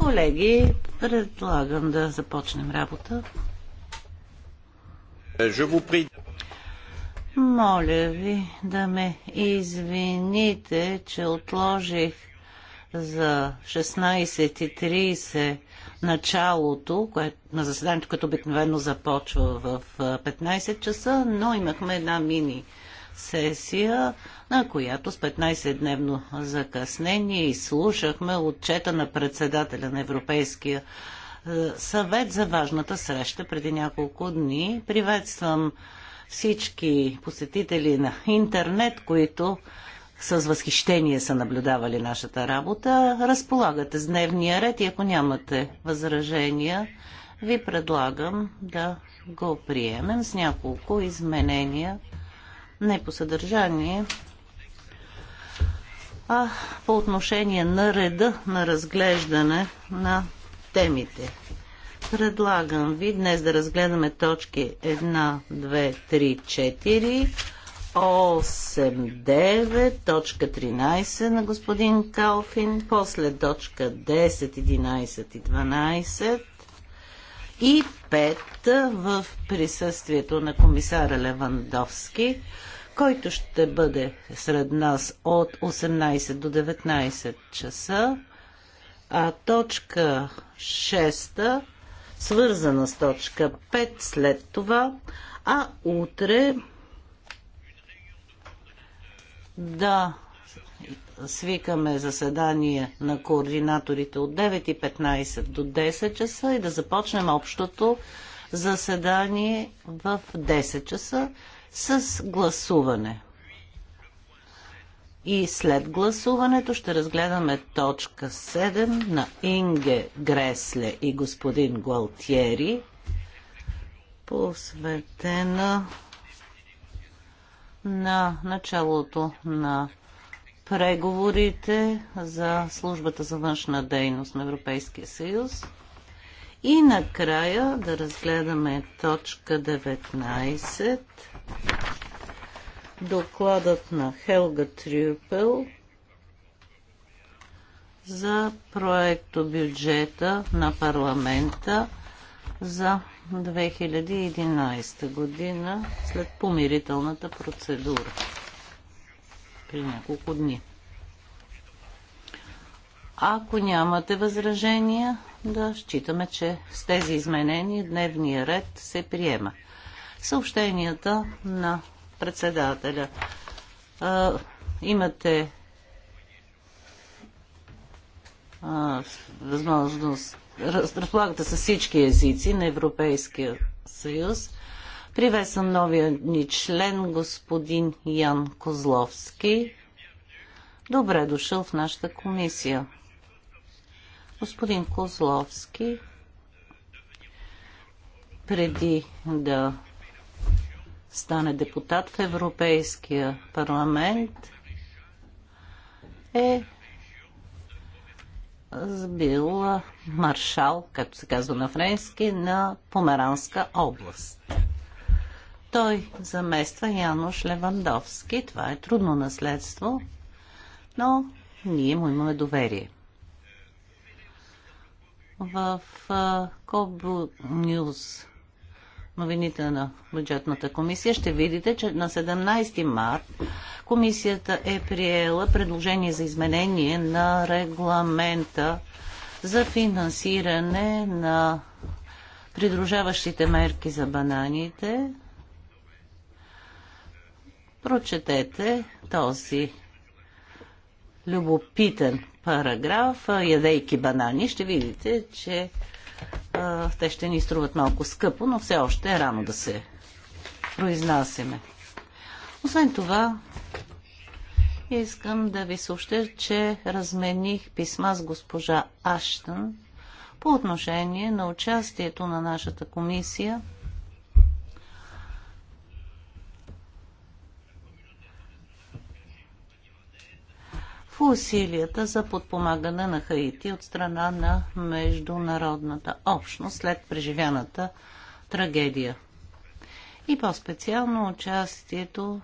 Колеги, предлагам да започнем работа. Моля ви да ме извините, че отложих за 16.30 началото кое, на заседанието, което обикновено започва в 15 часа, но имахме една мини сесия, на която с 15-дневно закъснение изслушахме отчета на председателя на Европейския е, съвет за важната среща преди няколко дни. Приветствам всички посетители на интернет, които с възхищение са наблюдавали нашата работа. Разполагате с дневния ред и ако нямате възражения, ви предлагам да го приемем с няколко изменения, не по съдържание, а по отношение на реда на разглеждане на темите. Предлагам ви днес да разгледаме точки 1, 2, 3, 4, 8, 9, точка 13 на господин Калфин, после точка 10, 11 и 12, и пет в присъствието на комисара Левандовски, който ще бъде сред нас от 18 до 19 часа, а точка 6 свързана с точка 5 след това, а утре да свикаме заседание на координаторите от 9.15 до 10 часа и да започнем общото заседание в 10 часа с гласуване. И след гласуването ще разгледаме точка 7 на Инге Гресле и господин Гуалтиери, посветена на началото на преговорите за службата за външна дейност на Европейския съюз. И накрая да разгледаме точка 19. Докладът на Хелга Трюпел за проекто бюджета на парламента за 2011 година след помирителната процедура при няколко дни. Ако нямате възражения, да считаме, че с тези изменения дневния ред се приема. Съобщенията на председателя. А, имате а, възможност, разполагате с всички езици на Европейския съюз. Привесвам новия ни член, господин Ян Козловски. Добре дошъл в нашата комисия. Господин Козловски, преди да стане депутат в Европейския парламент, е бил маршал, както се казва на френски, на Померанска област. Той замества Януш Левандовски. Това е трудно наследство, но ние му имаме доверие. В Кобо Ньюз новините на бюджетната комисия, ще видите, че на 17 март комисията е приела предложение за изменение на регламента за финансиране на придружаващите мерки за бананите прочетете този любопитен параграф, ядейки банани, ще видите, че а, те ще ни струват малко скъпо, но все още е рано да се произнасяме. Освен това, искам да ви съобщя, че размених писма с госпожа Аштън по отношение на участието на нашата комисия – в усилията за подпомагане на Хаити от страна на международната общност след преживяната трагедия. И по-специално участието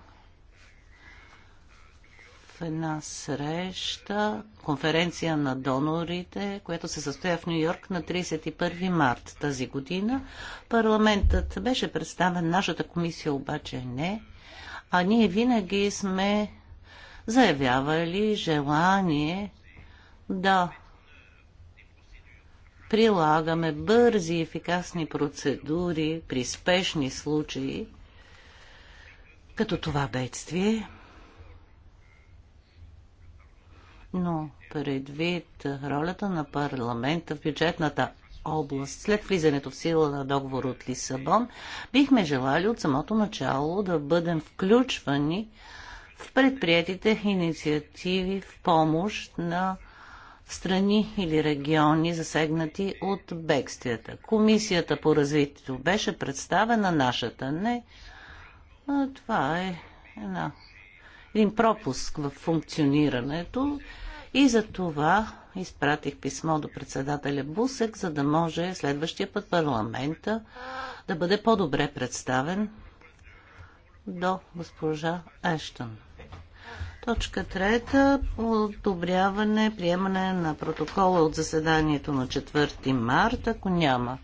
в една среща, конференция на донорите, която се състоя в Нью Йорк на 31 март тази година. Парламентът беше представен, нашата комисия обаче не. А ние винаги сме заявявали желание да прилагаме бързи и ефикасни процедури при спешни случаи, като това бедствие. Но предвид ролята на парламента в бюджетната област след влизането в сила на договор от Лисабон, бихме желали от самото начало да бъдем включвани в предприятите инициативи в помощ на страни или региони, засегнати от бегствията. Комисията по развитието беше представена, нашата не. Това е една, един пропуск в функционирането и за това изпратих писмо до председателя Бусек, за да може следващия път парламента да бъде по-добре представен до госпожа Ештън. Точка трета – одобряване, приемане на протокола от заседанието на 4 марта, ако няма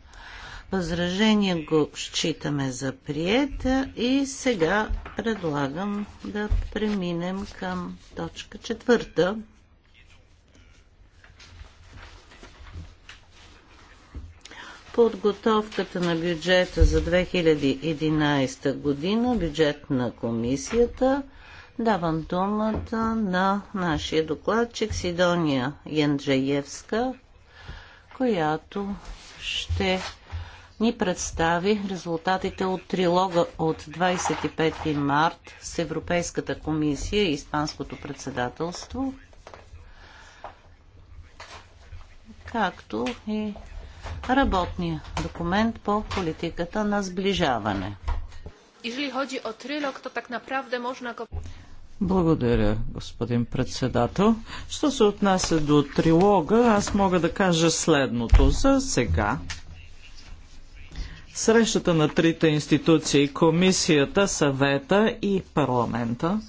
възражение, го считаме за приета и сега предлагам да преминем към точка четвърта. подготовката на бюджета за 2011 година, бюджет на комисията – Давам думата на нашия докладчик Сидония Янджаевска, която ще ни представи резултатите от трилога от 25 март с Европейската комисия и Испанското председателство, както и работния документ по политиката на сближаване. Благодаря, господин председател. Що се отнася до трилога, аз мога да кажа следното. За сега срещата на трите институции, комисията, съвета и парламента,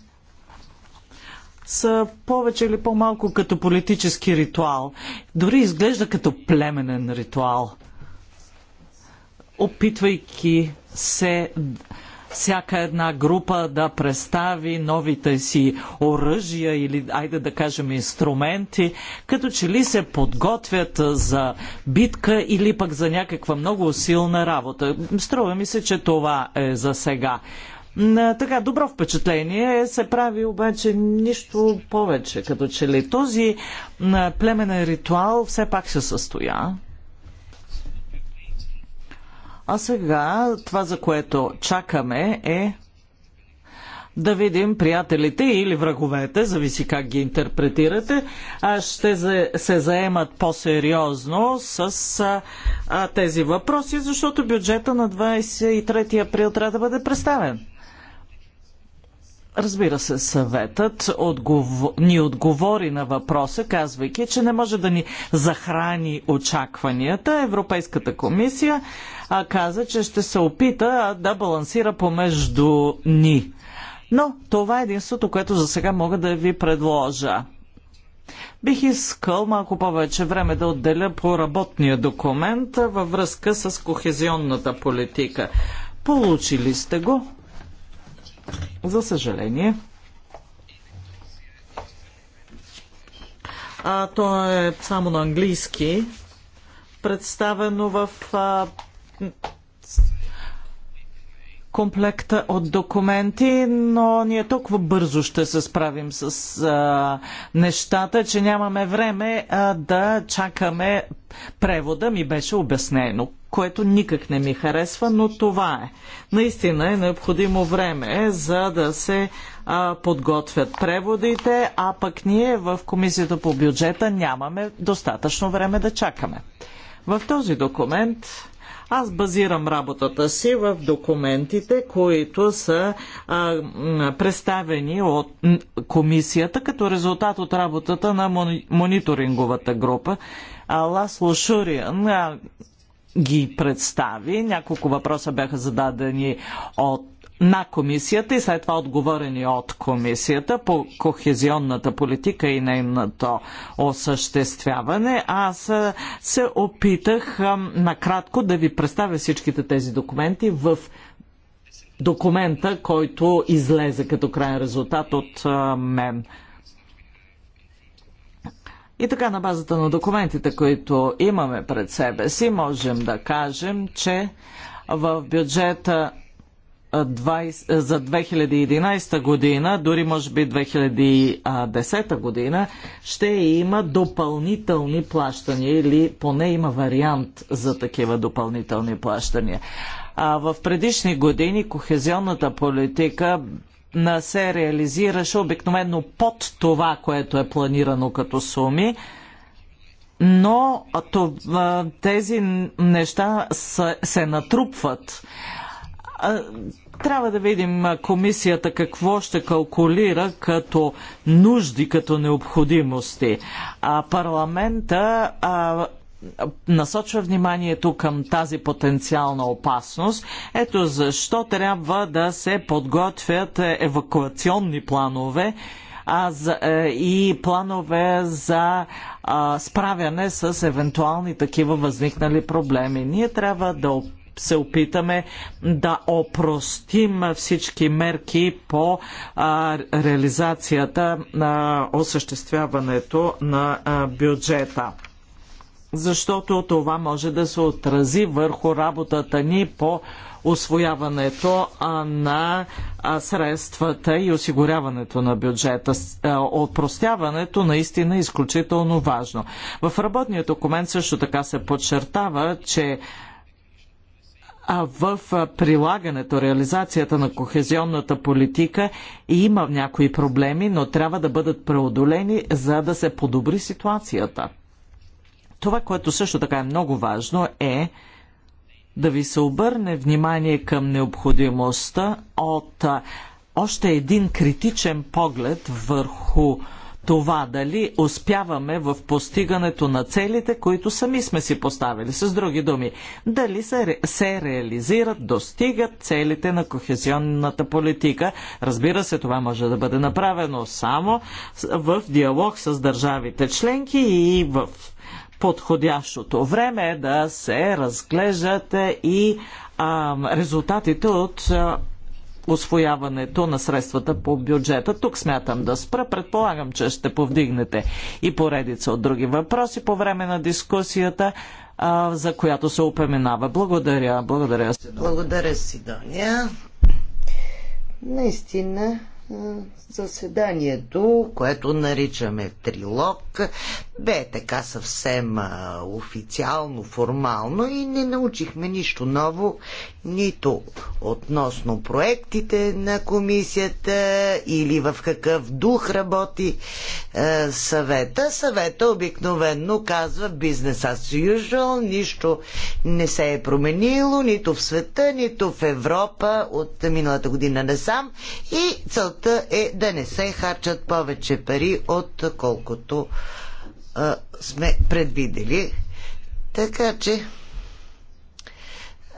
са повече или по-малко като политически ритуал. Дори изглежда като племенен ритуал. Опитвайки се всяка една група да представи новите си оръжия или, айде да кажем, инструменти, като че ли се подготвят за битка или пък за някаква много силна работа. Струва ми се, че това е за сега. Така, добро впечатление се прави обаче нищо повече, като че ли този племенен ритуал все пак се състоя. А сега това, за което чакаме е да видим приятелите или враговете, зависи как ги интерпретирате, ще се заемат по-сериозно с тези въпроси, защото бюджета на 23 април трябва да бъде представен. Разбира се, съветът отговор... ни отговори на въпроса, казвайки, че не може да ни захрани очакванията. Европейската комисия а, каза, че ще се опита да балансира помежду ни. Но това е единството, което за сега мога да ви предложа. Бих искал малко повече време да отделя по работния документ във връзка с кохезионната политика. Получили сте го? За съжаление, а, то е само на английски, представено в а, комплекта от документи, но ние толкова бързо ще се справим с а, нещата, че нямаме време а, да чакаме превода, ми беше обяснено, което никак не ми харесва, но това е. Наистина е необходимо време, за да се а, подготвят преводите, а пък ние в Комисията по бюджета нямаме достатъчно време да чакаме. В този документ аз базирам работата си в документите, които са а, представени от комисията като резултат от работата на мониторинговата група. Ласло Шуриан ги представи. Няколко въпроса бяха зададени от на комисията и след това отговорени от комисията по кохезионната политика и нейното осъществяване. Аз се опитах накратко да ви представя всичките тези документи в документа, който излезе като крайен резултат от мен. И така, на базата на документите, които имаме пред себе си, можем да кажем, че в бюджета 20, за 2011 година, дори може би 2010 година, ще има допълнителни плащания или поне има вариант за такива допълнителни плащания. А в предишни години кохезионната политика на се реализираше обикновено под това, което е планирано като суми, но тези неща се натрупват трябва да видим комисията какво ще калкулира като нужди, като необходимости. А парламента а, насочва вниманието към тази потенциална опасност. Ето защо трябва да се подготвят евакуационни планове а за, е, и планове за а, справяне с евентуални такива възникнали проблеми. Ние трябва да се опитаме да опростим всички мерки по а, реализацията на осъществяването на а, бюджета защото това може да се отрази върху работата ни по освояването на средствата и осигуряването на бюджета. Отпростяването наистина е изключително важно. В работния документ също така се подчертава, че в прилагането, реализацията на кохезионната политика има някои проблеми, но трябва да бъдат преодолени, за да се подобри ситуацията. Това, което също така е много важно, е да ви се обърне внимание към необходимостта от още един критичен поглед върху това дали успяваме в постигането на целите, които сами сме си поставили. С други думи, дали се, се реализират, достигат целите на кохезионната политика. Разбира се, това може да бъде направено само в диалог с държавите членки и в подходящото време е да се разглеждат и а, резултатите от а, освояването на средствата по бюджета. Тук смятам да спра. Предполагам, че ще повдигнете и поредица от други въпроси по време на дискусията, а, за която се упоменава. Благодаря. Благодаря, Сидония. Благодаря, Сидония. Наистина, заседанието, което наричаме трилог, бе така съвсем официално, формално и не научихме нищо ново, нито относно проектите на комисията или в какъв дух работи е, съвета. Съвета обикновенно казва бизнес as usual, нищо не се е променило, нито в света, нито в Европа от миналата година насам и целта целта е да не се харчат повече пари, отколкото а, сме предвидели. Така че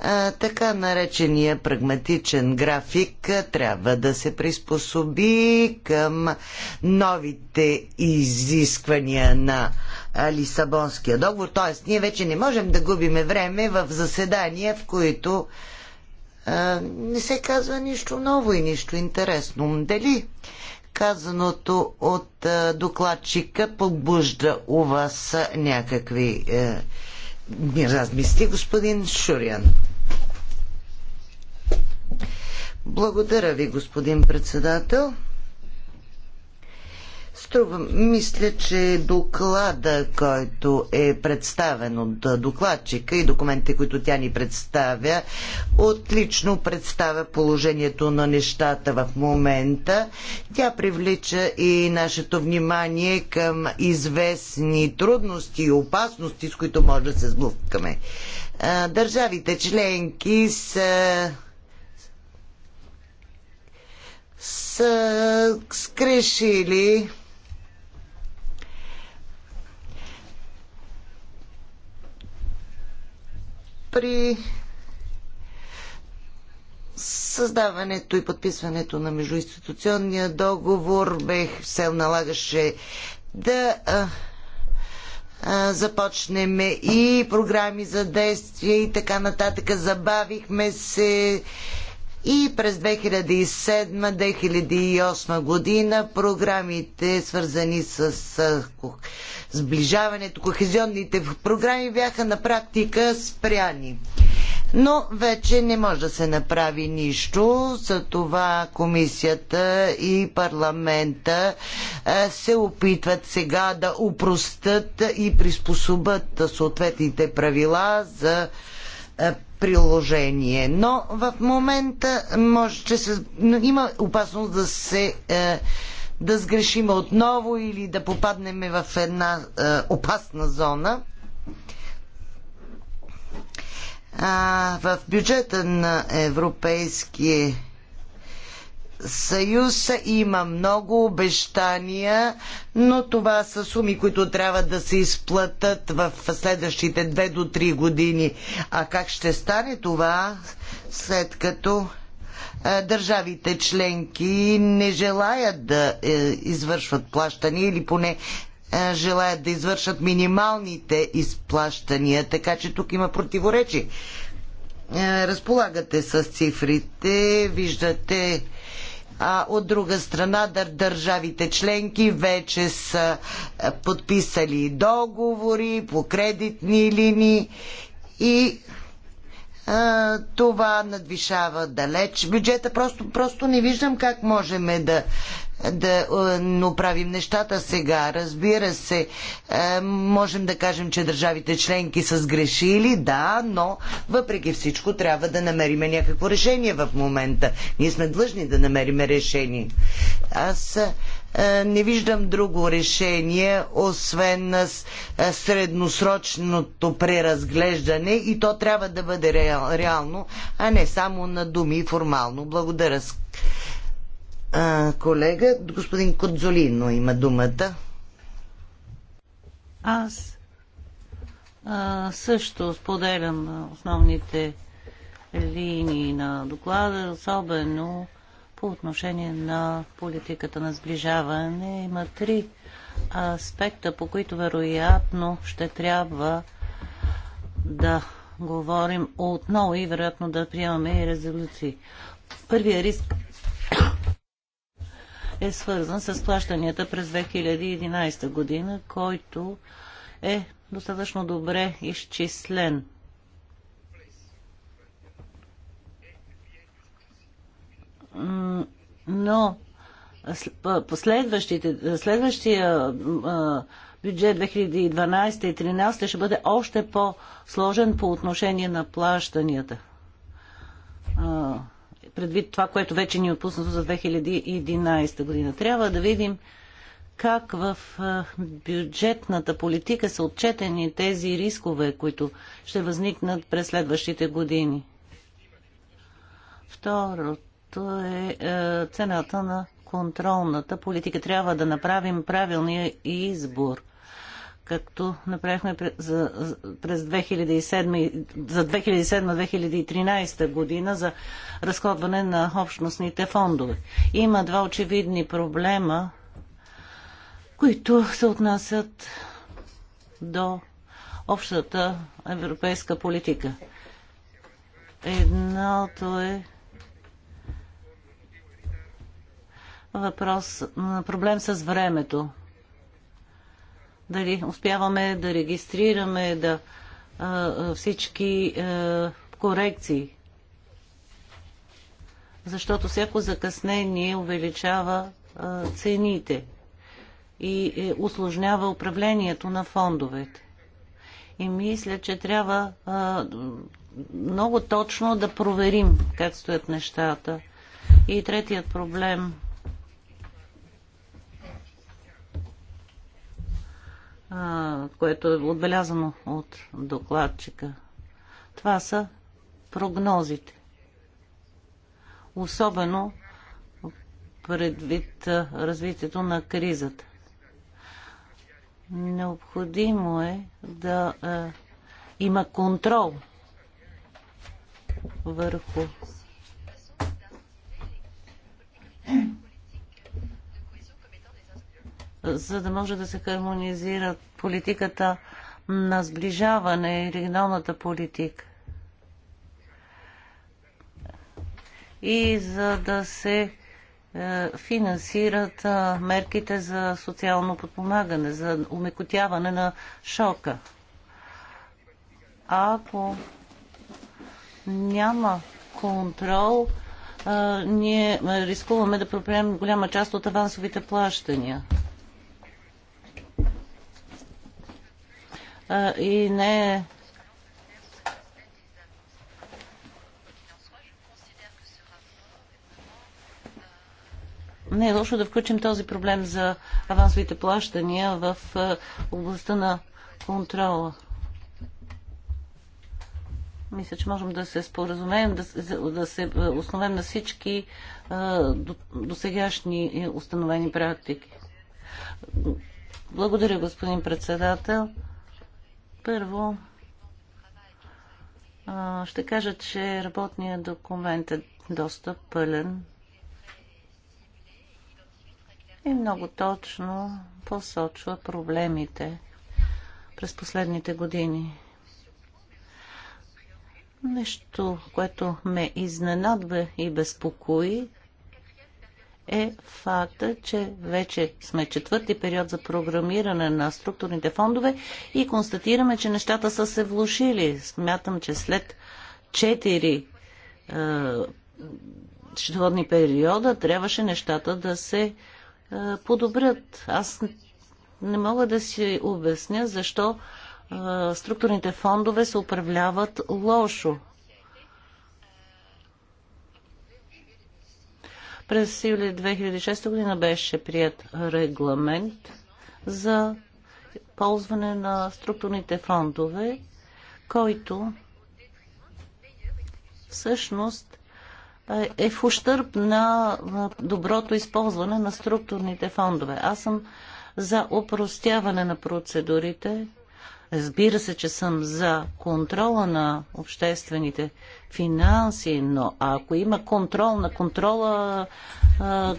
а, така наречения прагматичен график а, трябва да се приспособи към новите изисквания на а, Лисабонския договор. Тоест, ние вече не можем да губиме време в заседания, в които не се казва нищо ново и нищо интересно. Дали казаното от докладчика побужда у вас някакви е, размисли, господин Шурян? Благодаря ви, господин председател. Струва, мисля, че доклада, който е представен от докладчика и документите, които тя ни представя, отлично представя положението на нещата в момента. Тя привлича и нашето внимание към известни трудности и опасности, с които може да се сблъскаме. Държавите членки са са скрешили при създаването и подписването на междуинституционния договор бех се налагаше да а, а, започнем и програми за действие и така нататък. Забавихме се и през 2007-2008 година програмите, свързани с, сближаването, кохезионните програми бяха на практика спряни. Но вече не може да се направи нищо, за това комисията и парламента е, се опитват сега да упростат и приспособят съответните правила за е, приложение. Но в момента може, че се, има опасност да се е, да сгрешим отново или да попаднем в една е, опасна зона. А, в бюджета на Европейския съюз има много обещания, но това са суми, които трябва да се изплатат в следващите две до три години. А как ще стане това, след като е, държавите членки не желаят да е, извършват плащания или поне е, желаят да извършат минималните изплащания, така че тук има противоречие. Разполагате с цифрите, виждате а от друга страна държавите членки вече са е, подписали договори по кредитни линии и а, е, това надвишава далеч бюджета. Просто, просто не виждам как можем да, да е, направим нещата сега. Разбира се, е, можем да кажем, че държавите членки са сгрешили, да, но въпреки всичко трябва да намерим някакво решение в момента. Ние сме длъжни да намерим решение. Аз е, не виждам друго решение, освен на средносрочното преразглеждане и то трябва да бъде реално, а не само на думи и формално. Благодаря а, колега. Господин Кодзолино има думата. Аз а, също споделям основните линии на доклада, особено по отношение на политиката на сближаване. Има три аспекта, по които вероятно ще трябва да говорим отново и вероятно да приемаме и резолюции. Първия риск е свързан с плащанията през 2011 година, който е достатъчно добре изчислен. Но последващите, следващия бюджет 2012 и 2013 ще бъде още по-сложен по отношение на плащанията предвид това, което вече ни е отпуснато за 2011 година. Трябва да видим как в бюджетната политика са отчетени тези рискове, които ще възникнат през следващите години. Второто е цената на контролната политика. Трябва да направим правилния избор както направихме за, през 2007, за 2007-2013 година за разходване на общностните фондове. Има два очевидни проблема, които се отнасят до общата европейска политика. Едното е въпрос, проблем с времето дали успяваме да регистрираме да, а, всички а, корекции. Защото всяко закъснение увеличава а, цените и е, усложнява управлението на фондовете. И мисля, че трябва а, много точно да проверим как стоят нещата. И третият проблем което е отбелязано от докладчика. Това са прогнозите. Особено предвид развитието на кризата. Необходимо е да е, има контрол върху за да може да се хармонизира политиката на сближаване и регионалната политика. И за да се е, финансират е, мерките за социално подпомагане, за умекотяване на шока. Ако няма контрол, е, ние рискуваме да проприемем голяма част от авансовите плащания. а, и не е не е лошо да включим този проблем за авансовите плащания в областта на контрола. Мисля, че можем да се споразумеем, да, да се основем на всички досегашни е, установени практики. Благодаря, господин председател. Първо, ще кажа, че работният документ е доста пълен и много точно посочва проблемите през последните години. Нещо, което ме изненадва и безпокои, е факта, че вече сме четвърти период за програмиране на структурните фондове и констатираме, че нещата са се влушили. Смятам, че след четири е, счетоводни периода трябваше нещата да се е, подобрят. Аз не мога да си обясня защо е, структурните фондове се управляват лошо. През юли 2006 година беше прият регламент за ползване на структурните фондове, който всъщност е, е в ущърп на доброто използване на структурните фондове. Аз съм за упростяване на процедурите, Разбира се, че съм за контрола на обществените финанси, но ако има контрол на контрола,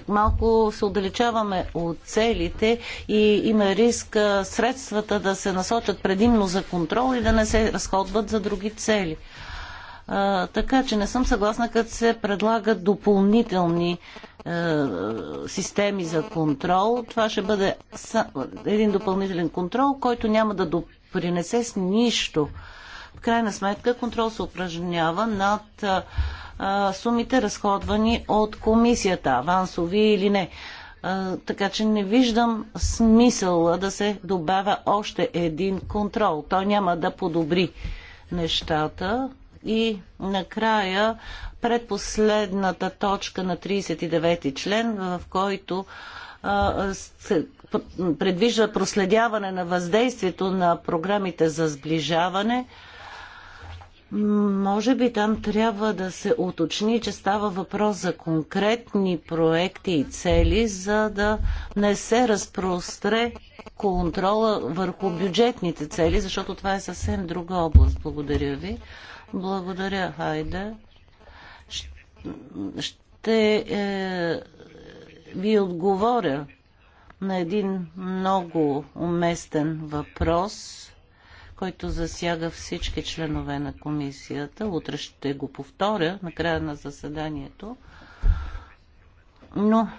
малко се отдалечаваме от целите и има риск средствата да се насочат предимно за контрол и да не се разходват за други цели. така че не съм съгласна, като се предлагат допълнителни системи за контрол. Това ще бъде един допълнителен контрол, който няма да, доп... Принесе с нищо. В крайна сметка контрол се упражнява над а, сумите разходвани от комисията, авансови или не. А, така че не виждам смисъл да се добавя още един контрол. Той няма да подобри нещата. И накрая предпоследната точка на 39 член, в който предвижда проследяване на въздействието на програмите за сближаване. Може би там трябва да се уточни, че става въпрос за конкретни проекти и цели, за да не се разпростре контрола върху бюджетните цели, защото това е съвсем друга област. Благодаря ви. Благодаря, Хайде. Ще е, ви отговоря на един много уместен въпрос, който засяга всички членове на комисията. Утре ще го повторя на края на заседанието. Но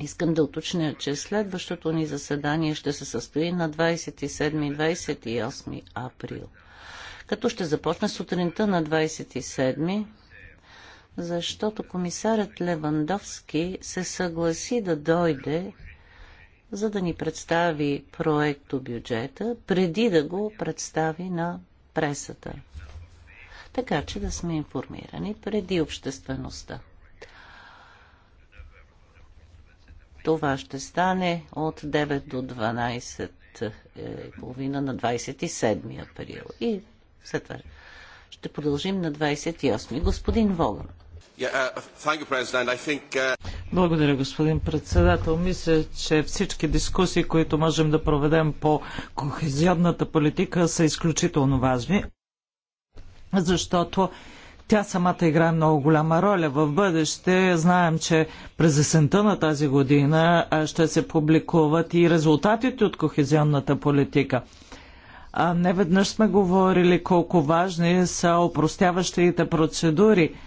искам да уточня, че следващото ни заседание ще се състои на 27 и 28 април. Като ще започне сутринта на 27 защото комисарят Левандовски се съгласи да дойде за да ни представи проекто бюджета, преди да го представи на пресата. Така че да сме информирани преди обществеността. Това ще стане от 9 до 12 е, половина на 27 април. И след това ще продължим на 28. Господин Воган. Yeah, uh, you, think, uh... Благодаря, господин председател. Мисля, че всички дискусии, които можем да проведем по кохезионната политика, са изключително важни, защото тя самата играе много голяма роля. В бъдеще знаем, че през есента на тази година ще се публикуват и резултатите от кохезионната политика. Не веднъж сме говорили колко важни са опростяващите процедури –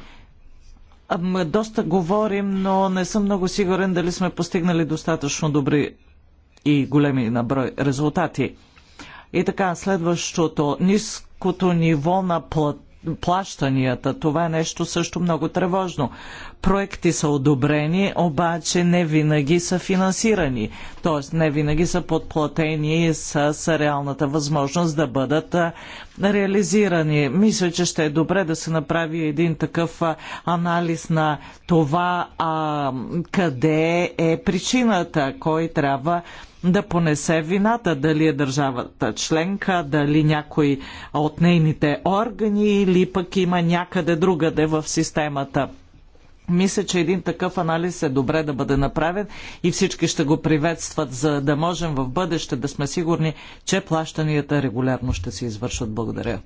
доста говорим, но не съм много сигурен дали сме постигнали достатъчно добри и големи наброй резултати. И така, следващото, ниското ниво на плащанията. Това е нещо също много тревожно проекти са одобрени, обаче не винаги са финансирани, т.е. не винаги са подплатени с реалната възможност да бъдат реализирани. Мисля, че ще е добре да се направи един такъв анализ на това а, къде е причината, кой трябва да понесе вината, дали е държавата членка, дали някой от нейните органи или пък има някъде другаде в системата. Мисля, че един такъв анализ е добре да бъде направен и всички ще го приветстват, за да можем в бъдеще да сме сигурни, че плащанията регулярно ще се извършват. Благодаря.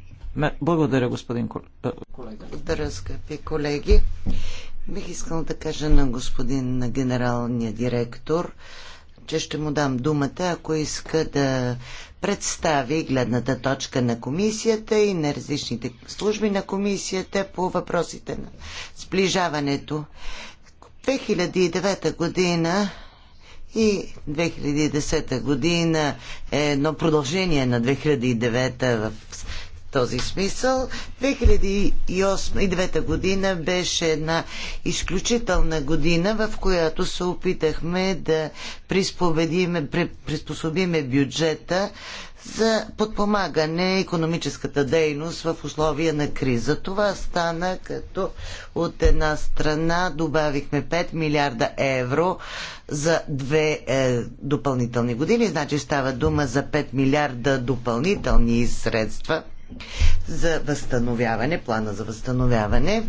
Благодаря, господин е, колега. Благодаря, скъпи колеги. Бих искал да кажа на господин на генералния директор, че ще му дам думата, ако иска да представи гледната точка на комисията и на различните служби на комисията по въпросите на сближаването. 2009 година и 2010 година е едно продължение на 2009 в този смисъл. 2008 и 2009 година беше една изключителна година, в която се опитахме да приспособиме бюджета за подпомагане економическата дейност в условия на криза. Това стана като от една страна добавихме 5 милиарда евро за две е, допълнителни години, значи става дума за 5 милиарда допълнителни средства – за възстановяване, плана за възстановяване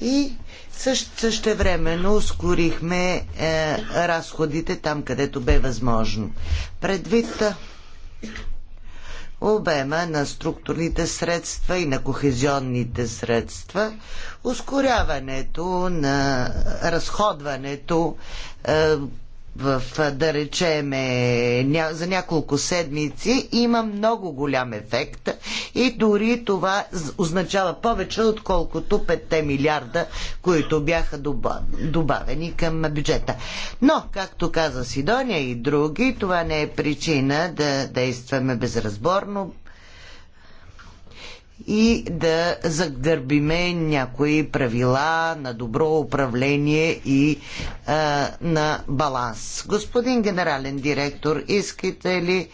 и също, също времено ускорихме е, разходите там, където бе възможно. Предвид е, обема на структурните средства и на кохезионните средства, ускоряването на разходването е, в, да речем, за няколко седмици, има много голям ефект и дори това означава повече, отколкото 5 милиарда, които бяха добавени към бюджета. Но, както каза Сидония и други, това не е причина да действаме безразборно, и да загърбиме някои правила на добро управление и а, на баланс. Господин генерален директор, искате ли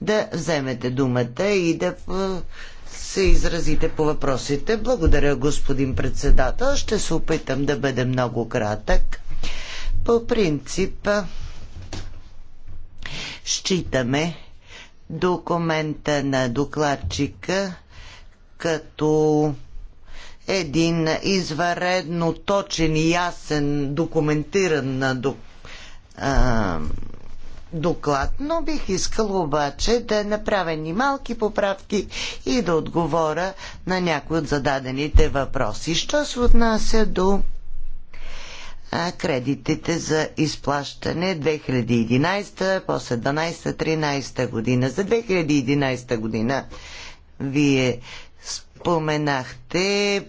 да вземете думата и да се изразите по въпросите? Благодаря, господин председател. Ще се опитам да бъде много кратък. По принцип, считаме документа на докладчика като един изваредно точен и ясен документиран доклад, но бих искал обаче да направя ни малки поправки и да отговоря на някои от зададените въпроси. Що се отнася до кредитите за изплащане 2011, после 12-13 година. За 2011 година вие споменахте е,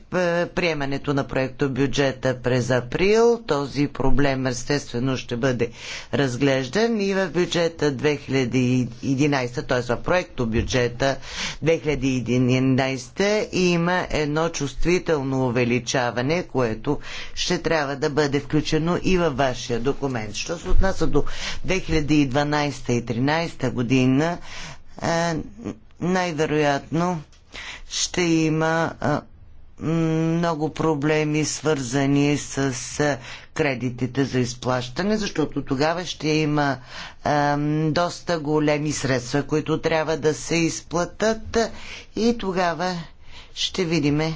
приемането на проекто бюджета през април. Този проблем естествено ще бъде разглеждан и в бюджета 2011, т.е. в проекто бюджета 2011 има едно чувствително увеличаване, което ще трябва да бъде включено и във вашия документ. Що се отнася до 2012 и 2013 година, е, най-вероятно ще има много проблеми, свързани с кредитите за изплащане, защото тогава ще има е, доста големи средства, които трябва да се изплатат и тогава ще видим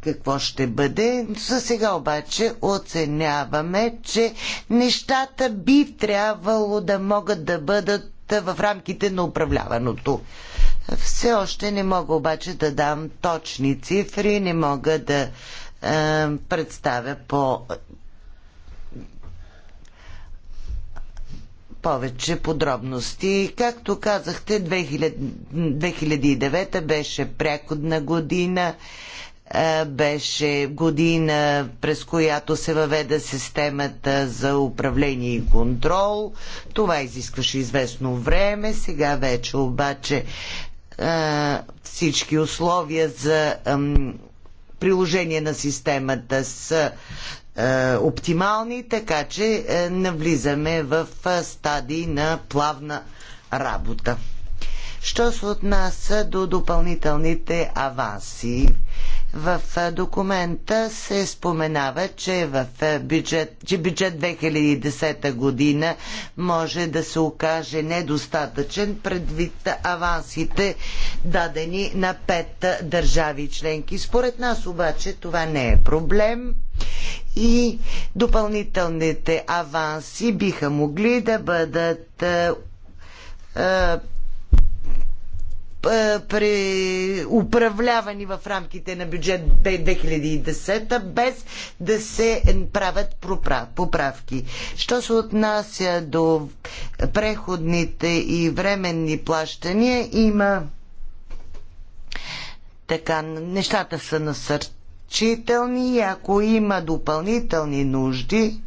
какво ще бъде. За сега обаче оценяваме, че нещата би трябвало да могат да бъдат в рамките на управляваното все още не мога обаче да дам точни цифри, не мога да е, представя по повече подробности. Както казахте, 2000, 2009 беше прякодна година, е, беше година, през която се въведе системата за управление и контрол. Това изискваше известно време. Сега вече обаче е, всички условия за приложение на системата са е, оптимални, така че е, навлизаме в стадии на плавна работа. Що се отнася до допълнителните аванси? В документа се споменава, че, в бюджет, че бюджет 2010 година може да се окаже недостатъчен предвид авансите дадени на пет държави членки. Според нас обаче това не е проблем и допълнителните аванси биха могли да бъдат е, пре, управлявани в рамките на бюджет 2010 без да се правят поправки. Що се отнася до преходните и временни плащания, има така, нещата са насърчителни и ако има допълнителни нужди,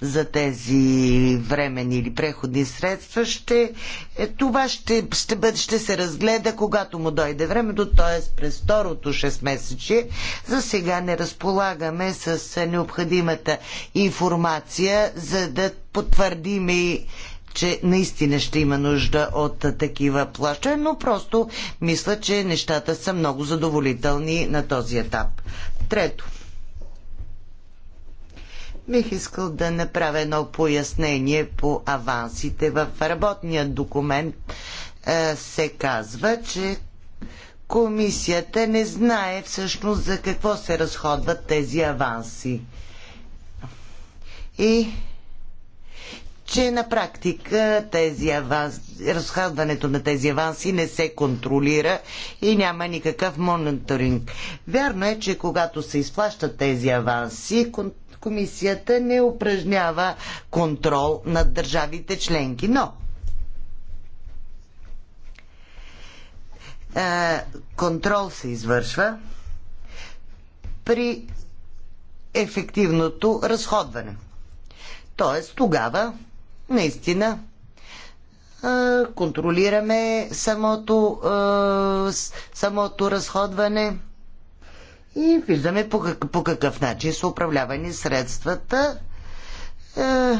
за тези времени или преходни средства, ще, е, това ще, ще, бъде, ще се разгледа, когато му дойде времето, т.е. през второто 6 месече. За сега не разполагаме с необходимата информация, за да потвърдим и че наистина ще има нужда от такива плаща. но просто мисля, че нещата са много задоволителни на този етап. Трето, Бих искал да направя едно пояснение по авансите. В работния документ е, се казва, че комисията не знае всъщност за какво се разходват тези аванси. И че на практика тези аванс, разходването на тези аванси не се контролира и няма никакъв мониторинг. Вярно е, че когато се изплащат тези аванси, комисията не упражнява контрол над държавите членки. Но е, контрол се извършва при ефективното разходване. Тоест тогава наистина е, контролираме самото, е, самото разходване и виждаме по, как, по какъв начин са управлявани средствата. Е,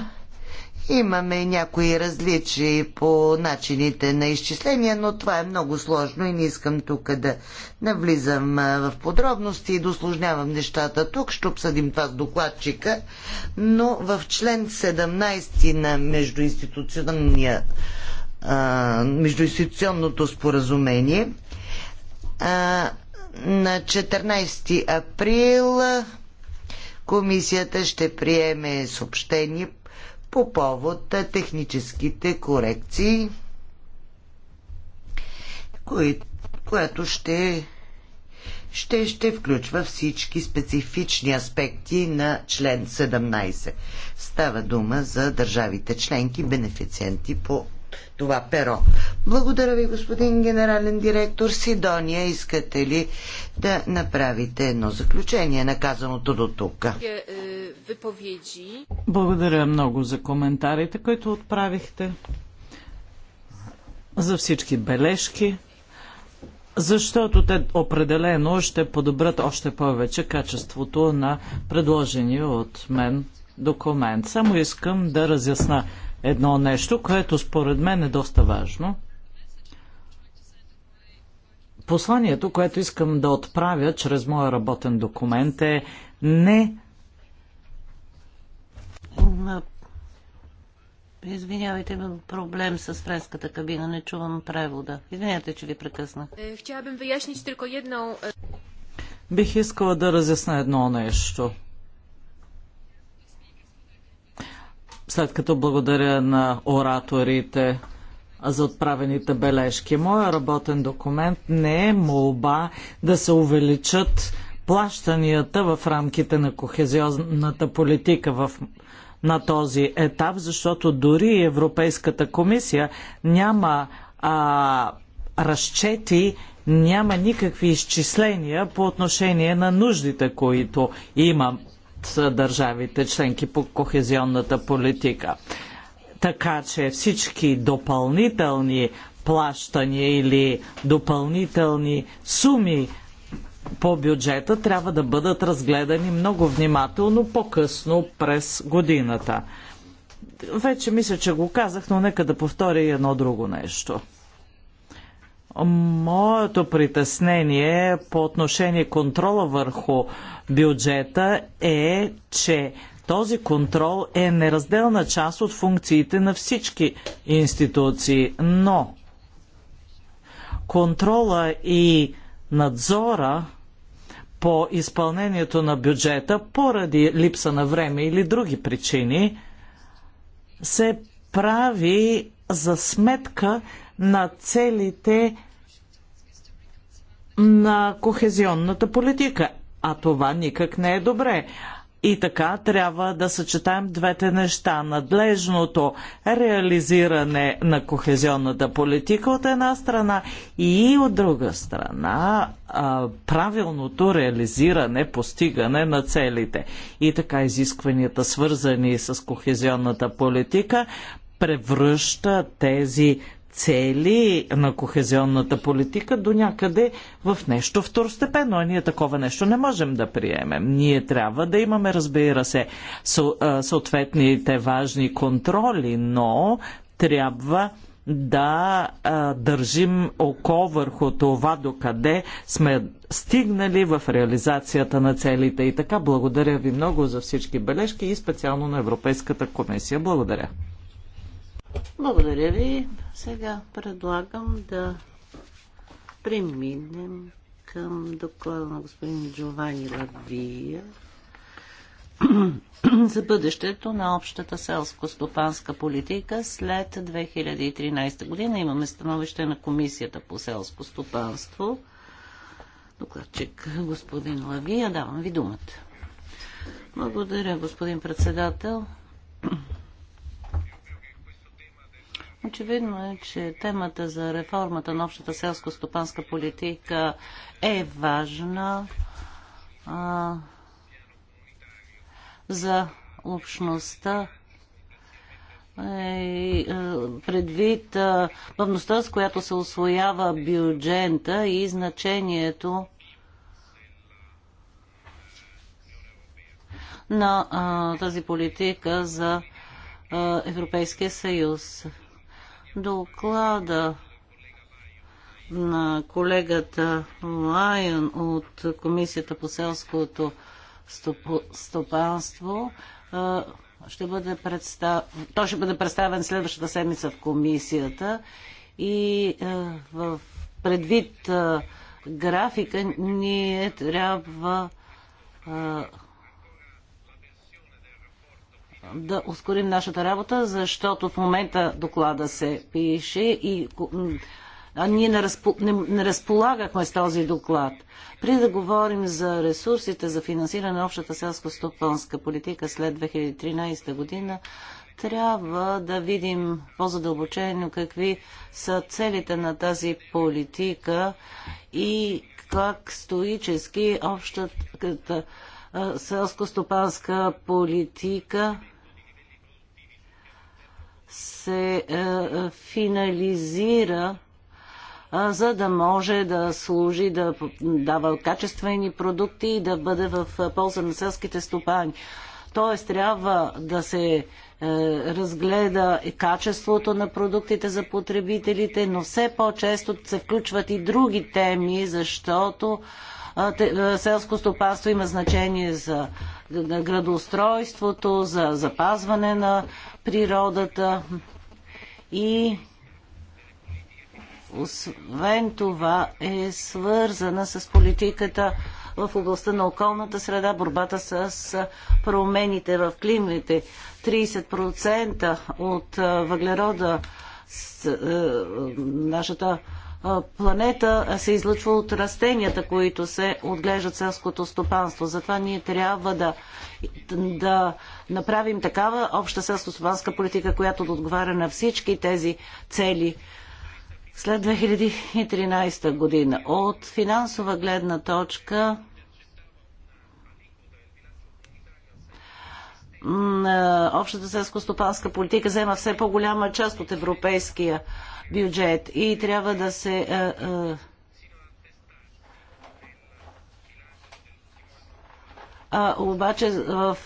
имаме някои различия по начините на изчисления, но това е много сложно и не искам тук да навлизам е, в подробности и да осложнявам нещата тук. Ще обсъдим това с докладчика, но в член 17 на междуинституционния е, междуинституционното споразумение а, е, на 14 април комисията ще приеме съобщение по повод техническите корекции, което ще, ще, ще включва всички специфични аспекти на член 17. Става дума за държавите членки, бенефициенти по това перо. Благодаря ви, господин генерален директор. Сидония, искате ли да направите едно заключение на казаното до тук? Е, е, Благодаря много за коментарите, които отправихте, за всички бележки, защото те определено ще подобрят още повече качеството на предложения от мен документ. Само искам да разясна едно нещо, което според мен е доста важно. Посланието, което искам да отправя чрез моя работен документ е не. Извинявайте, имам проблем с френската кабина, не чувам превода. Извинявайте, че ви прекъснах. Е, е, Бих искала да разясна едно нещо. след като благодаря на ораторите за отправените бележки. Моя работен документ не е молба да се увеличат плащанията в рамките на кохезионната политика в на този етап, защото дори Европейската комисия няма а, разчети, няма никакви изчисления по отношение на нуждите, които има държавите членки по кохезионната политика. Така че всички допълнителни плащания или допълнителни суми по бюджета трябва да бъдат разгледани много внимателно по-късно през годината. Вече мисля, че го казах, но нека да повторя и едно друго нещо. Моето притеснение по отношение контрола върху бюджета е, че този контрол е неразделна част от функциите на всички институции, но контрола и надзора по изпълнението на бюджета поради липса на време или други причини се прави за сметка на целите на кохезионната политика. А това никак не е добре. И така трябва да съчетаем двете неща. Надлежното реализиране на кохезионната политика от една страна и от друга страна правилното реализиране, постигане на целите. И така изискванията, свързани с кохезионната политика, превръща тези цели на кохезионната политика до някъде в нещо второстепенно. А ние такова нещо не можем да приемем. Ние трябва да имаме, разбира се, съответните важни контроли, но трябва да а, държим око върху това докъде сме стигнали в реализацията на целите. И така, благодаря ви много за всички бележки и специално на Европейската комисия. Благодаря. Благодаря ви. Сега предлагам да преминем към доклада на господин Джовани Лавия за бъдещето на общата селско-стопанска политика след 2013 година. Имаме становище на Комисията по селско стопанство. Докладчик господин Лавия, давам ви думата. Благодаря, господин председател. Очевидно е, че темата за реформата на общата селско-стопанска политика е важна а, за общността е, и е, предвид пъвността, е, с която се освоява бюджета и значението на а, тази политика за а, Европейския съюз доклада на колегата Лайон от Комисията по селското стопанство ще бъде представ... Той ще бъде представен следващата седмица в комисията и в предвид графика ние трябва да ускорим нашата работа, защото в момента доклада се пише и а ние не, разпо, не, не разполагахме с този доклад. При да говорим за ресурсите за финансиране на общата селско-стопанска политика след 2013 година, трябва да видим по-задълбочено какви са целите на тази политика и как стоически общата селско-стопанска политика се е, е, финализира за да може да служи, да дава качествени продукти и да бъде в е, полза на селските стопани. Тоест трябва да се разгледа разгледа качеството на продуктите за потребителите, но все по-често се включват и други теми, защото селско стопанство има значение за градоустройството, за запазване на природата и освен това е свързана с политиката в областта на околната среда, борбата с промените в климите. 30% от въглерода нашата планета се излъчва от растенията, които се отглеждат селското стопанство. Затова ние трябва да, да направим такава обща селско-стопанска политика, която да отговаря на всички тези цели. След 2013 година от финансова гледна точка общата селско-стопанска политика взема все по-голяма част от европейския бюджет и трябва да се а, е, е, а, обаче в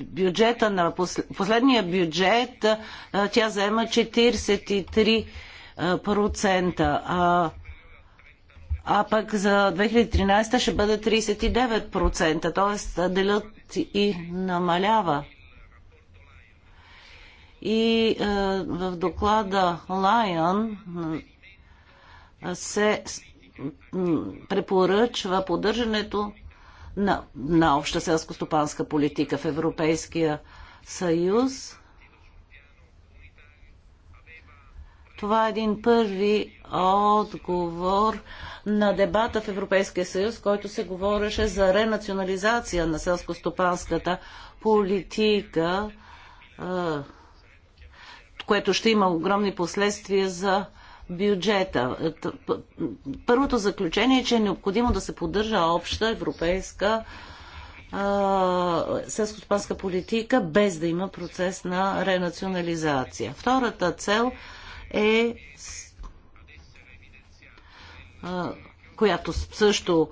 бюджета на последния бюджет а, е, тя заема 43%. А, а пък за 2013 ще бъде 39%, т.е. делът и намалява. И е, в доклада Lion е, се препоръчва поддържането на, на обща селско-стопанска политика в Европейския съюз. Това е един първи отговор на дебата в Европейския съюз, който се говореше за ренационализация на селско-стопанската политика. Е, което ще има огромни последствия за бюджета. Първото заключение е, че е необходимо да се поддържа обща европейска селскостопанска политика, без да има процес на ренационализация. Втората цел е която също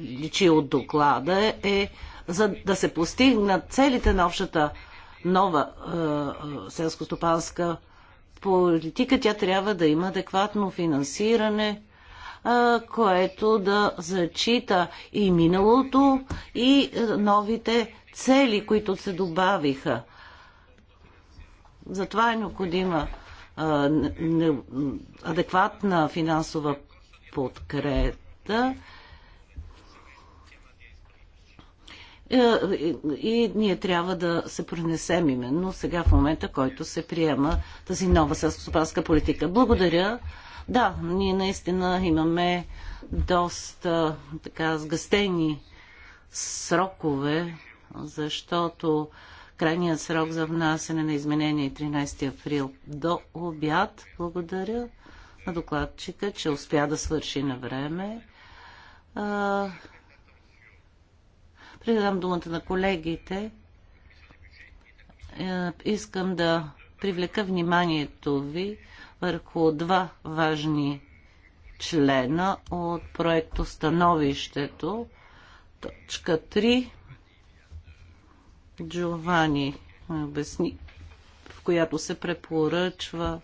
личи от доклада, е за да се постигнат целите на общата нова е, е стопанска политика, тя трябва да има адекватно финансиране, е, което да зачита и миналото, и е, новите цели, които се добавиха. Затова е необходима адекватна финансова подкрепа Е, и ние трябва да се пронесем именно сега в момента, който се приема тази нова селскостопанска политика. Благодаря. Да, ние наистина имаме доста така сгъстени срокове, защото крайният срок за внасене на изменение е 13 април до обяд. Благодаря на докладчика, че успя да свърши на време. Преди да дам думата на колегите, е, искам да привлека вниманието ви върху два важни члена от проекто Становището. Точка 3. Джовани е, обясни, в която се препоръчва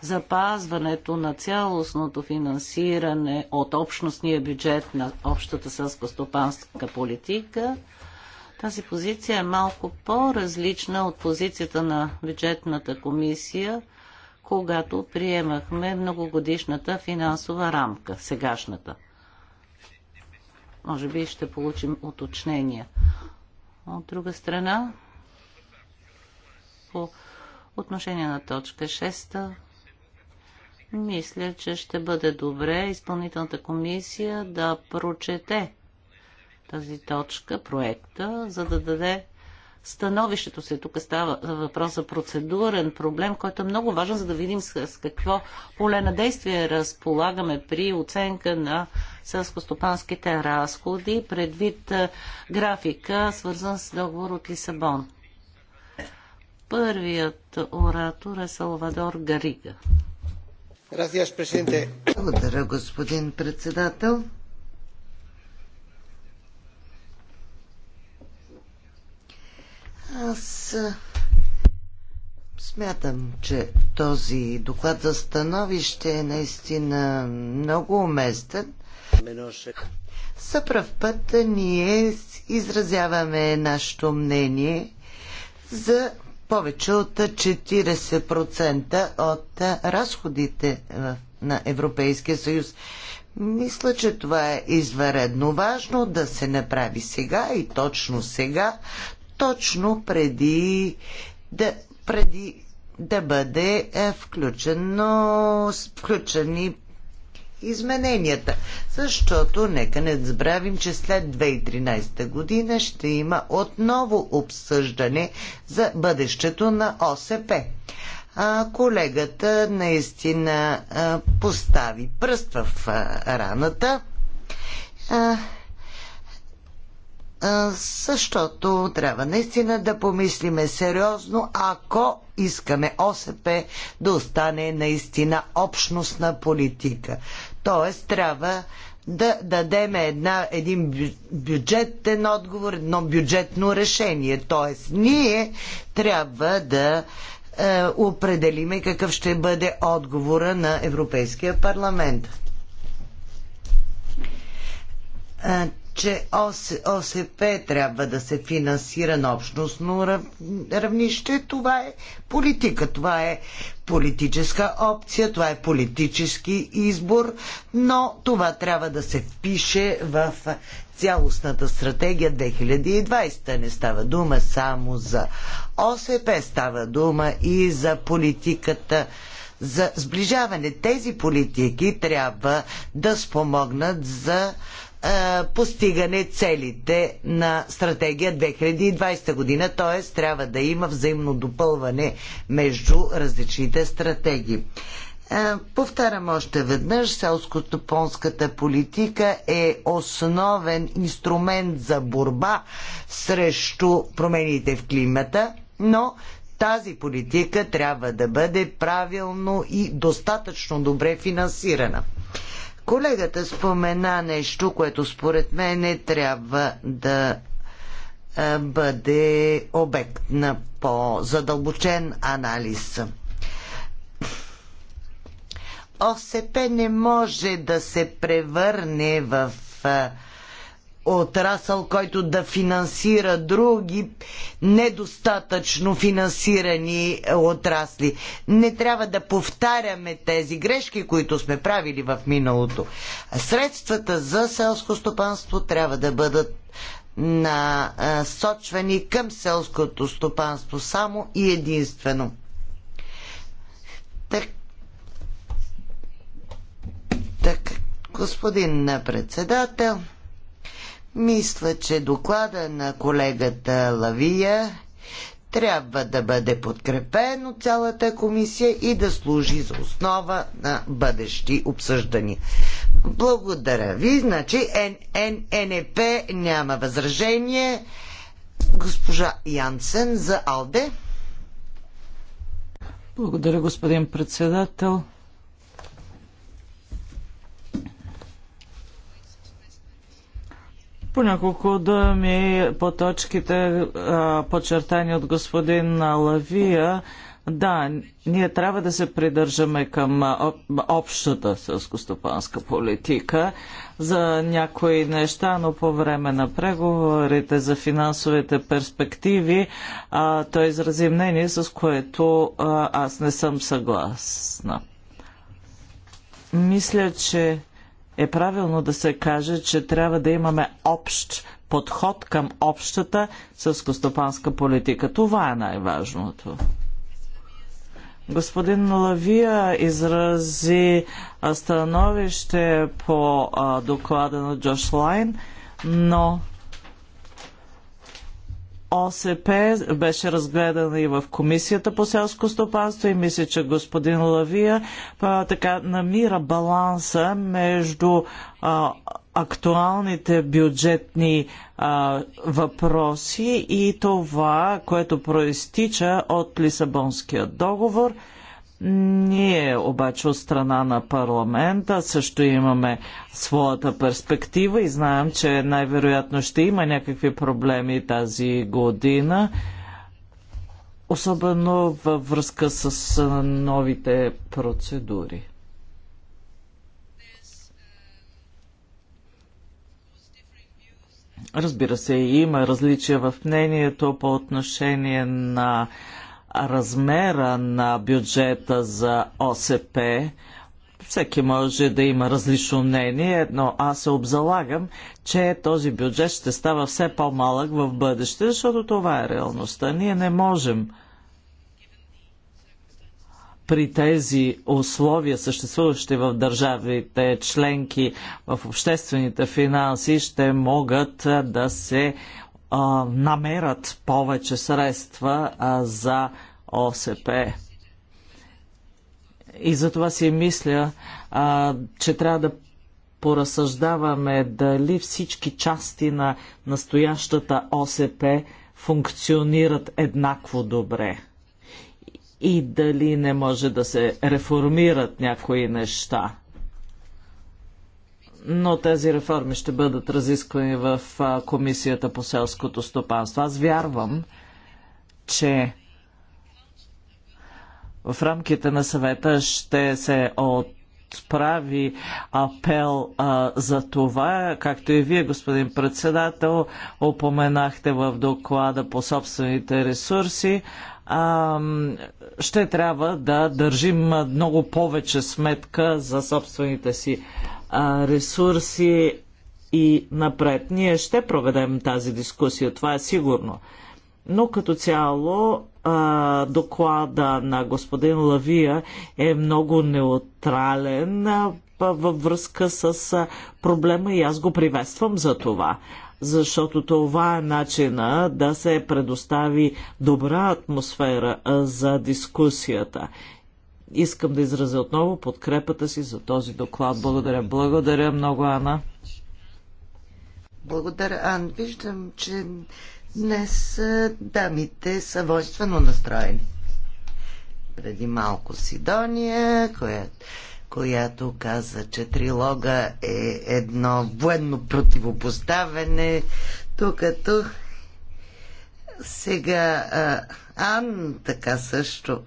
запазването на цялостното финансиране от общностния бюджет на общата сълскостопанска политика. Тази позиция е малко по-различна от позицията на бюджетната комисия, когато приемахме многогодишната финансова рамка, сегашната. Може би ще получим уточнения. От друга страна, по отношение на точка 6 мисля, че ще бъде добре изпълнителната комисия да прочете тази точка, проекта, за да даде становището се. Тук става въпрос за процедурен проблем, който е много важен, за да видим с какво поле на действие разполагаме при оценка на селско-стопанските разходи, предвид е, графика, свързан с договор от Лисабон. Първият оратор е Салвадор Гарига. Благодаря, господин председател. Аз смятам, че този доклад за становище е наистина много уместен. За пръв път ние изразяваме нашето мнение за повече от 40% от разходите на Европейския съюз. Мисля, че това е изваредно важно да се направи сега и точно сега, точно преди да, преди да бъде е, включено, включени измененията. Защото нека не забравим, че след 2013 година ще има отново обсъждане за бъдещето на ОСП. А, колегата наистина а, постави пръст в а, раната. А, защото трябва наистина да помислиме сериозно, ако искаме ОСП да остане наистина общностна политика. Тоест, трябва да дадем една, един бюджетен отговор, едно бюджетно решение. Тоест, ние трябва да е, определиме какъв ще бъде отговора на Европейския парламент. Е, че ОСП трябва да се финансира на общностно равнище. Това е политика, това е политическа опция, това е политически избор, но това трябва да се впише в цялостната стратегия 2020. Не става дума само за ОСП, става дума и за политиката за сближаване. Тези политики трябва да спомогнат за е, постигане целите на стратегия 2020 година, т.е. трябва да има взаимно допълване между различните стратегии. Е, повтарям още веднъж, селско топонската политика е основен инструмент за борба срещу промените в климата, но тази политика трябва да бъде правилно и достатъчно добре финансирана. Колегата спомена нещо, което според мен не трябва да е, бъде обект на по-задълбочен анализ. ОСП не може да се превърне в а, е, отрасъл, който да финансира други недостатъчно финансирани отрасли. Не трябва да повтаряме тези грешки, които сме правили в миналото. Средствата за селско стопанство трябва да бъдат насочвани към селското стопанство само и единствено. Так, так господин председател, мисля, че доклада на колегата Лавия трябва да бъде подкрепен от цялата комисия и да служи за основа на бъдещи обсъждания. Благодаря ви. Значи ННП няма възражение. Госпожа Янсен за Алде. Благодаря, господин председател. Понякога да ми по точките, подчертани от господин Лавия, да, ние трябва да се придържаме към общата сълскостопанска политика за някои неща, но по време на преговорите за финансовите перспективи а, той изрази мнение, с което а, аз не съм съгласна. Мисля, че е правилно да се каже, че трябва да имаме общ подход към общата сълскостопанска политика. Това е най-важното. Господин Лавия изрази становище по доклада на Джош Лайн, но ОСП беше разгледана и в Комисията по селско стопанство и мисля, че господин Лавия а, така намира баланса между а, актуалните бюджетни а, въпроси и това, което проистича от Лисабонския договор – ние обаче от страна на парламента също имаме своята перспектива и знаем, че най-вероятно ще има някакви проблеми тази година, особено във връзка с новите процедури. Разбира се, има различия в мнението по отношение на размера на бюджета за ОСП, всеки може да има различно мнение, но аз се обзалагам, че този бюджет ще става все по-малък в бъдеще, защото това е реалността. Ние не можем при тези условия, съществуващи в държавите членки, в обществените финанси, ще могат да се а, намерят повече средства а, за ОСП. И затова си мисля, а, че трябва да поразсъждаваме дали всички части на настоящата ОСП функционират еднакво добре и дали не може да се реформират някои неща. Но тези реформи ще бъдат разисквани в Комисията по селското стопанство. Аз вярвам, че в рамките на съвета ще се от отправи апел а, за това, както и вие, господин председател, опоменахте в доклада по собствените ресурси. А, ще трябва да държим много повече сметка за собствените си а, ресурси и напред. Ние ще проведем тази дискусия, това е сигурно. Но като цяло доклада на господин Лавия е много неутрален във връзка с проблема и аз го приветствам за това. Защото това е начина да се предостави добра атмосфера за дискусията. Искам да изразя отново подкрепата си за този доклад. Благодаря. Благодаря много, Ана. Благодаря, Ан. Виждам, че Днес дамите са войствено настроени. Преди малко Сидония, която която каза, че трилога е едно военно противопоставяне. Тук като сега а, Ан така също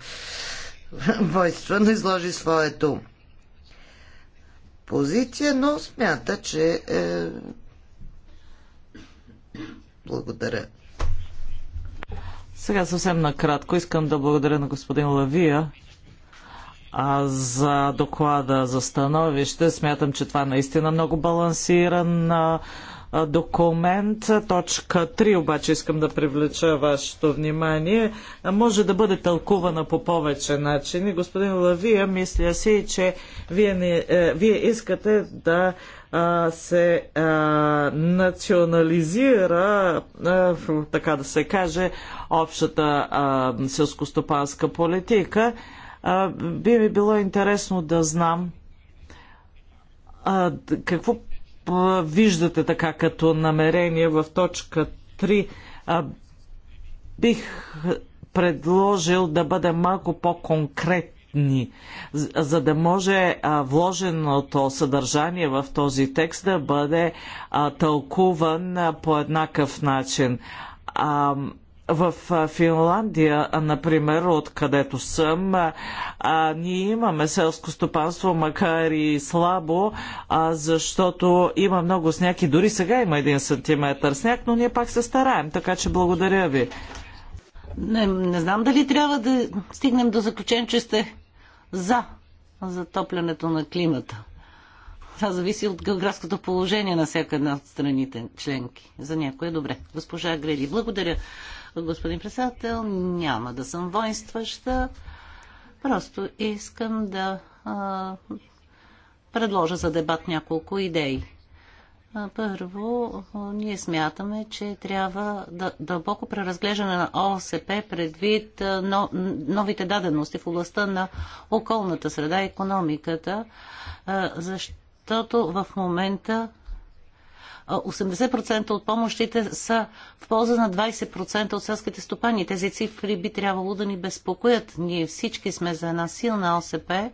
войствено изложи своето позиция, но смята, че е... благодаря. Сега съвсем накратко искам да благодаря на господин Лавия а за доклада за становище. Смятам, че това е наистина много балансиран документ. Точка 3 обаче искам да привлеча вашето внимание. Може да бъде тълкувана по повече начини. Господин Лавия, мисля си, че вие, не, е, вие искате да а, се а, национализира, а, така да се каже, общата селскостопанска политика, а, би ми било интересно да знам а, какво а, виждате така като намерение в точка 3. А, бих предложил да бъде малко по-конкретен дни, за да може а, вложеното съдържание в този текст да бъде а, тълкуван а, по еднакъв начин. А, в Финландия, например, откъдето съм, а, ние имаме селско стопанство, макар и слабо, а, защото има много сняг и дори сега има един сантиметър сняг, но ние пак се стараем, така че благодаря ви. Не, не знам дали трябва да стигнем до заключение, че сте за затоплянето на климата. Това зависи от географското положение на всяка една от страните членки. За някои е добре. Госпожа Грели, благодаря, господин председател. Няма да съм воинстваща. Просто искам да а, предложа за дебат няколко идеи. Първо, ние смятаме, че трябва да, дълбоко преразглеждане на ОСП предвид но, новите дадености в областта на околната среда и економиката, защото в момента 80% от помощите са в полза на 20% от селските стопани. Тези цифри би трябвало да ни безпокоят. Ние всички сме за една силна ОСП,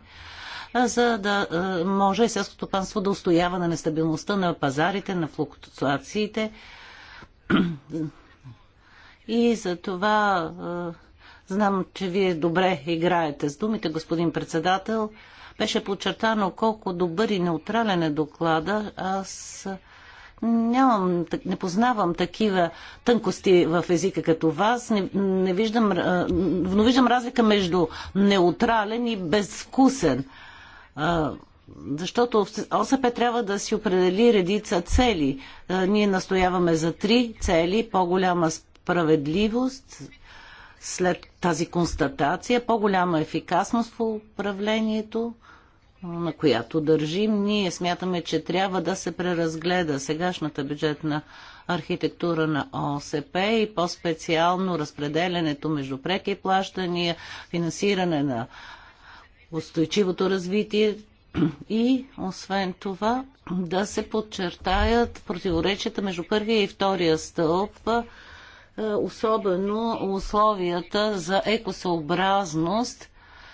за да може селското панство да устоява на нестабилността на пазарите, на флуктуациите. И за това знам, че вие добре играете с думите, господин председател. Беше подчертано колко добър и неутрален е доклада. Аз нямам, не познавам такива тънкости в езика като вас. Не, не виждам, но виждам разлика между неутрален и безвкусен защото ОСП трябва да си определи редица цели. Ние настояваме за три цели по-голяма справедливост след тази констатация, по-голяма ефикасност в управлението, на която държим. Ние смятаме, че трябва да се преразгледа сегашната бюджетна архитектура на ОСП и по-специално разпределенето между преки плащания, финансиране на устойчивото развитие и освен това да се подчертаят противоречията между първия и втория стълб, е, особено условията за екосъобразност,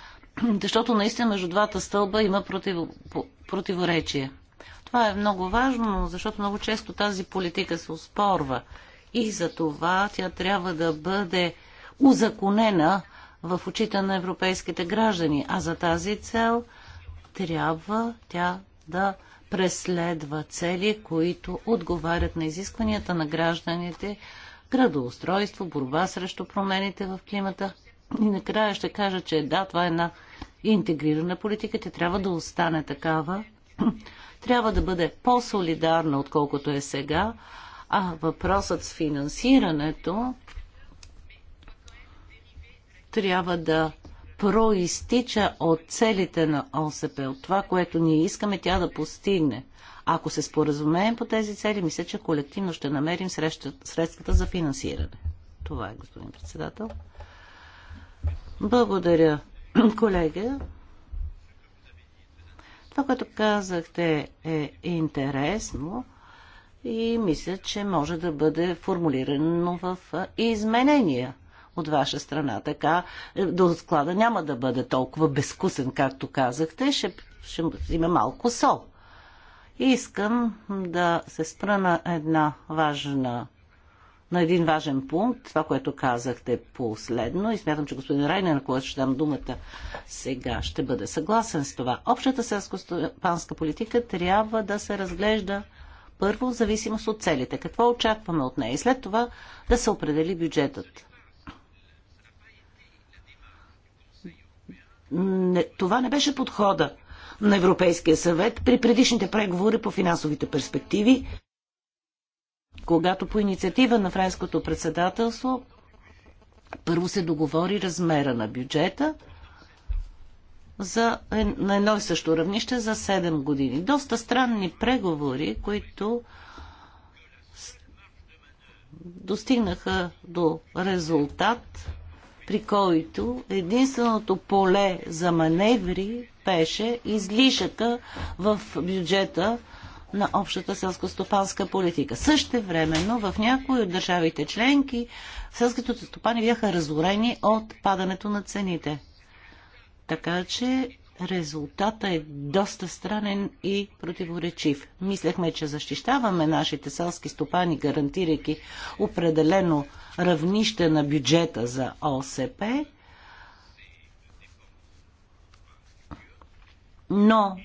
защото наистина между двата стълба има против... противоречие. Това е много важно, защото много често тази политика се успорва и за това тя трябва да бъде узаконена в очите на европейските граждани, а за тази цел трябва тя да преследва цели, които отговарят на изискванията на гражданите, градоустройство, борба срещу промените в климата. И накрая ще кажа, че да, това е една интегрирана политика, тя трябва да остане такава, трябва да бъде по-солидарна, отколкото е сега, а въпросът с финансирането трябва да проистича от целите на ОСП, от това, което ние искаме тя да постигне. Ако се споразумеем по тези цели, мисля, че колективно ще намерим средствата за финансиране. Това е, господин председател. Благодаря, колега. Това, което казахте, е интересно и мисля, че може да бъде формулирано в изменения от ваша страна. Така е, до склада няма да бъде толкова безкусен, както казахте. Ще, ще има малко сол. И искам да се спра на една важна на един важен пункт, това, което казахте последно и смятам, че господин Райнер, на който ще дам думата сега, ще бъде съгласен с това. Общата селско-стопанска политика трябва да се разглежда първо в зависимост от целите. Какво очакваме от нея и след това да се определи бюджетът. не, това не беше подхода на Европейския съвет при предишните преговори по финансовите перспективи, когато по инициатива на френското председателство първо се договори размера на бюджета за, е, на едно и също равнище за 7 години. Доста странни преговори, които достигнаха до резултат при който единственото поле за маневри беше излишъка в бюджета на общата селскостопанска политика. Също времено в някои от държавите членки селските стопани бяха разорени от падането на цените. Така че резултата е доста странен и противоречив. Мислехме, че защищаваме нашите селски стопани, гарантирайки определено равнище на бюджета за ОСП, но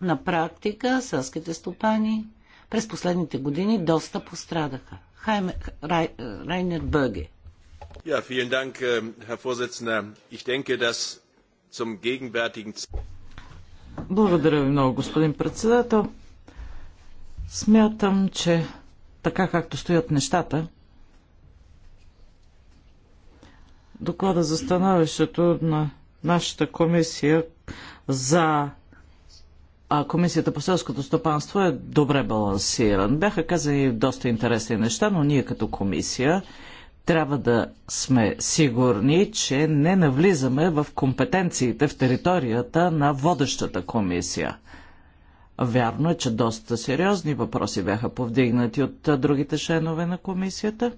на практика селските стопани през последните години доста пострадаха. Хайме, Рай, Райнер Бърге. Ja, vielen Dank, äh, Herr Vorsitzender. Ich denke, dass zum gegenwärtigen Благодаря ви много, господин председател. Смятам, че така както стоят нещата, доклада за становището на нашата комисия за а Комисията по селското стопанство е добре балансиран. Бяха казани доста интересни неща, но ние като комисия трябва да сме сигурни, че не навлизаме в компетенциите в територията на водещата комисия. Вярно е, че доста сериозни въпроси бяха повдигнати от другите членове на комисията.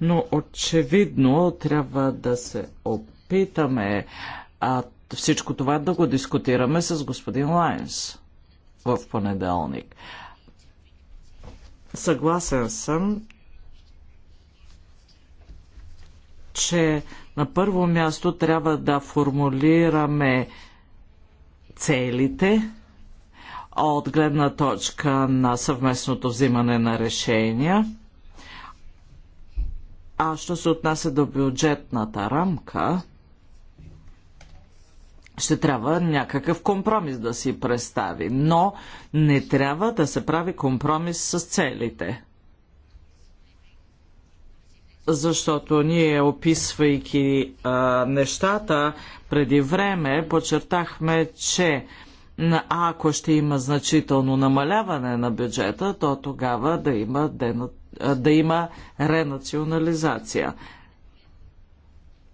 Но очевидно трябва да се опитаме а, всичко това да го дискутираме с господин Лайнс в понеделник. Съгласен съм, че на първо място трябва да формулираме целите от гледна точка на съвместното взимане на решения. А що се отнася до бюджетната рамка, ще трябва някакъв компромис да си представи, но не трябва да се прави компромис с целите защото ние, описвайки а, нещата преди време, подчертахме, че ако ще има значително намаляване на бюджета, то тогава да има, дена, да има ренационализация.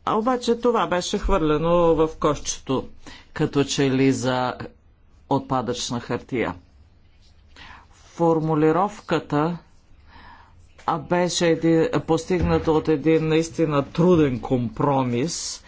А обаче това беше хвърлено в кошчето, като че ли за отпадъчна хартия. Формулировката беше един, постигнато от един наистина труден компромис.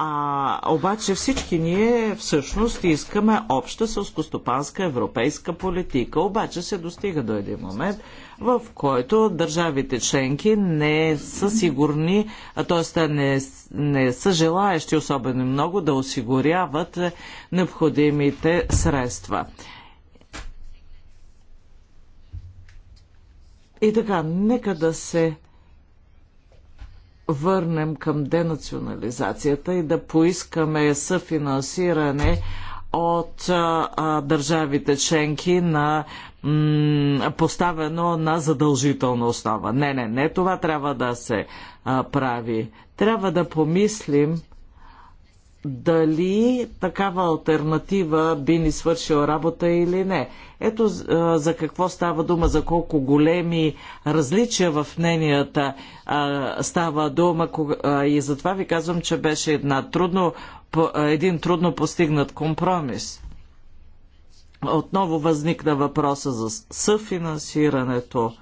А, обаче всички ние всъщност искаме обща сълскостопанска европейска политика. Обаче се достига до един момент, в който държавите членки не са сигурни, т.е. Не, не са желаещи особено много да осигуряват е, необходимите средства. И така, нека да се върнем към денационализацията и да поискаме съфинансиране от а, а, държавите членки на поставено на задължителна основа. Не, не, не, това трябва да се а, прави. Трябва да помислим дали такава альтернатива би ни свършила работа или не. Ето за какво става дума, за колко големи различия в мненията става дума и затова ви казвам, че беше една трудно, един трудно постигнат компромис. Отново възникна въпроса за съфинансирането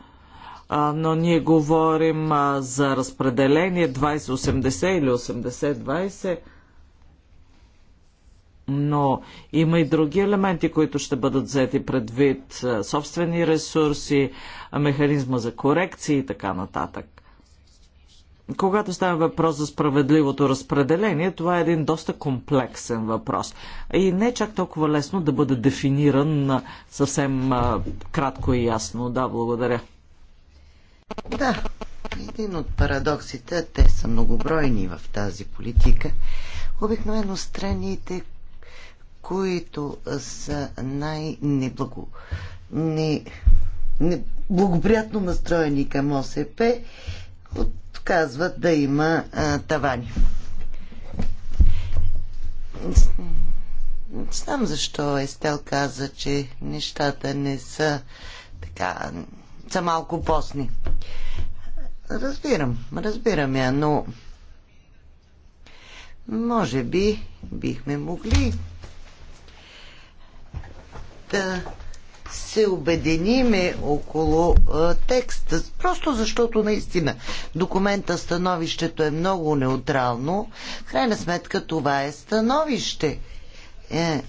но ние говорим за разпределение 20-80 или 80-20 но има и други елементи, които ще бъдат взети предвид собствени ресурси, механизма за корекции и така нататък. Когато става въпрос за справедливото разпределение, това е един доста комплексен въпрос. И не е чак толкова лесно да бъде дефиниран съвсем кратко и ясно. Да, благодаря. Да, един от парадоксите, те са многобройни в тази политика. Обикновено страните, които са най-неблаго... Не, благоприятно настроени към ОСП, отказват да има а, тавани. Знам защо Естел каза, че нещата не са така, са малко постни. Разбирам, разбирам я, но може би бихме могли да се обединиме около а, текста, просто защото наистина документа становището е много неутрално. крайна сметка това е становище. Е,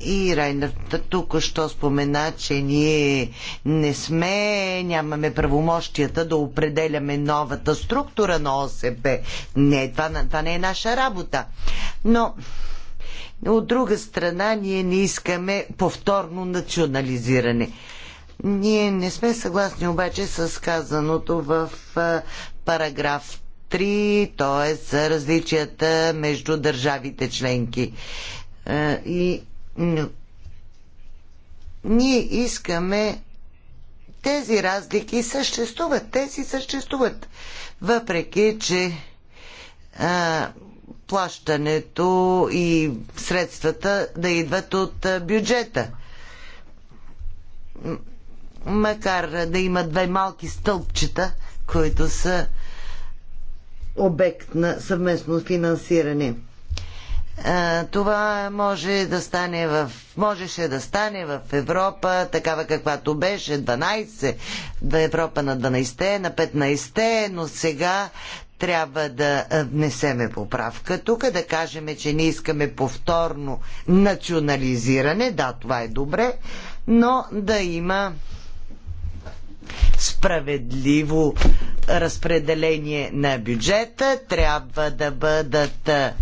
и Райнер тук що спомена, че ние не сме, нямаме правомощията да определяме новата структура на ОСП. Не, това, това не е наша работа. Но от друга страна, ние не искаме повторно национализиране. Ние не сме съгласни обаче с казаното в параграф 3, т.е. за различията между държавите членки. И ние искаме тези разлики съществуват. Тези съществуват. Въпреки, че плащането и средствата да идват от бюджета. Макар да има две малки стълбчета, които са обект на съвместно финансиране. Това може да стане в, можеше да стане в Европа, такава каквато беше, 12, в Европа на 12 на 15 но сега трябва да внесеме поправка тук, да кажем, че не искаме повторно национализиране, да, това е добре, но да има справедливо разпределение на бюджета, трябва да бъдат е,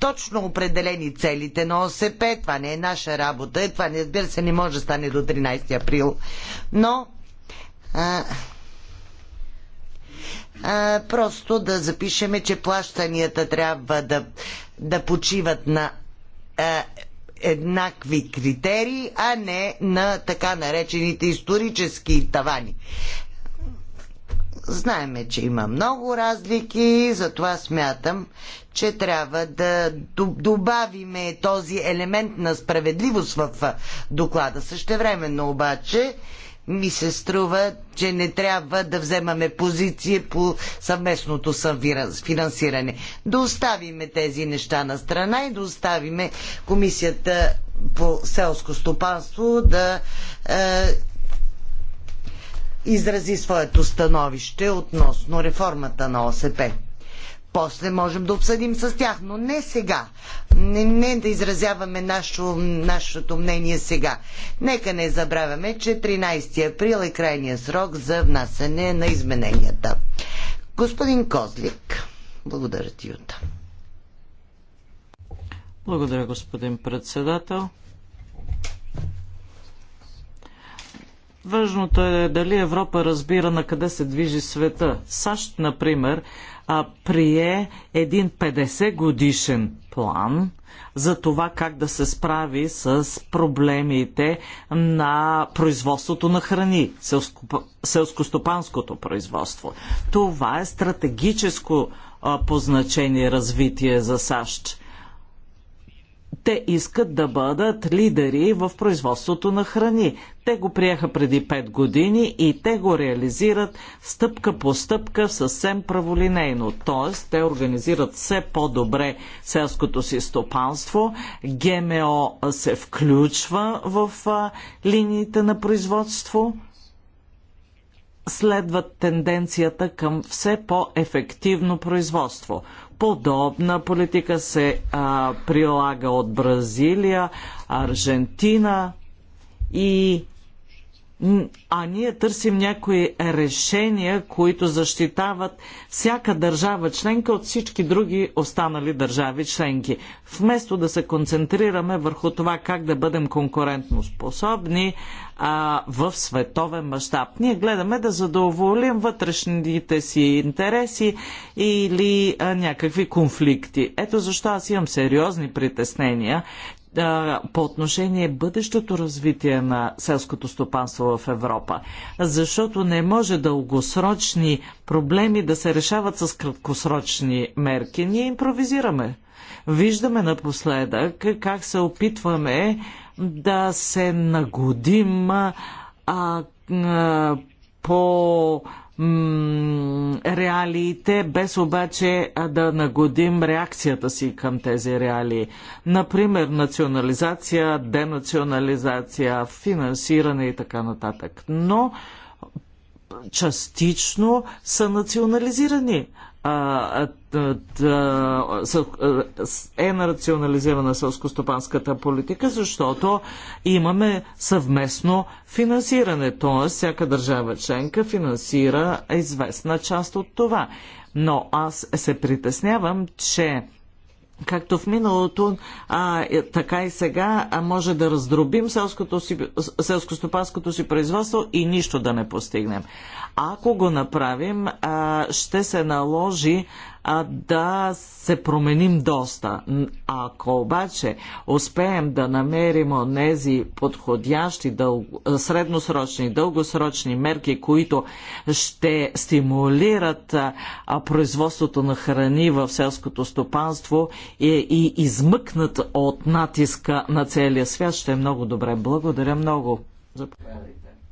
точно определени целите на ОСП. Това не е наша работа. Това, не, разбира се, не може да стане до 13 април. Но е, просто да запишеме, че плащанията трябва да, да почиват на а, е, еднакви критерии, а не на така наречените исторически тавани. Знаеме, че има много разлики, затова смятам, че трябва да добавиме този елемент на справедливост в е, доклада. Същевременно обаче ми се струва, че не трябва да вземаме позиция по съвместното финансиране. Да оставиме тези неща на страна и да оставиме комисията по селско стопанство да е, изрази своето становище относно реформата на ОСП после можем да обсъдим с тях, но не сега. Не, не да изразяваме нашо, нашото мнение сега. Нека не забравяме, че 13 април е крайният срок за внасене на измененията. Господин Козлик, благодаря ти, от. Благодаря, господин председател. Важното е дали Европа разбира на къде се движи света. САЩ, например, а, прие един 50 годишен план за това как да се справи с проблемите на производството на храни, селскостопанското производство. Това е стратегическо а, по значение развитие за САЩ. Те искат да бъдат лидери в производството на храни. Те го приеха преди 5 години и те го реализират стъпка по стъпка съвсем праволинейно. Тоест, те организират все по-добре селското си стопанство. ГМО се включва в линиите на производство следват тенденцията към все по-ефективно производство. Подобна политика се а, прилага от Бразилия, Аржентина и а ние търсим някои решения, които защитават всяка държава членка от всички други останали държави членки. Вместо да се концентрираме върху това как да бъдем конкурентноспособни а, в световен мащаб. Ние гледаме да задоволим вътрешните си интереси или а, някакви конфликти. Ето защо аз имам сериозни притеснения, по отношение бъдещото развитие на селското стопанство в Европа. Защото не може дългосрочни проблеми да се решават с краткосрочни мерки. Ние импровизираме. Виждаме напоследък как се опитваме да се нагодим а, а, по реалиите, без обаче да нагодим реакцията си към тези реалии. Например, национализация, денационализация, финансиране и така нататък. Но частично са национализирани е нарационализирана рационализирана селскостопанската политика, защото имаме съвместно финансиране, т.е. всяка държава членка финансира известна част от това. Но аз се притеснявам, че както в миналото, а, е, така и сега а може да раздробим селско-стопанското си производство и нищо да не постигнем. Ако го направим, а, ще се наложи а, да се променим доста. Ако обаче успеем да намерим онези подходящи дъл... средносрочни, дългосрочни мерки, които ще стимулират а, производството на храни в селското стопанство и, и измъкнат от натиска на целия свят, ще е много добре. Благодаря много.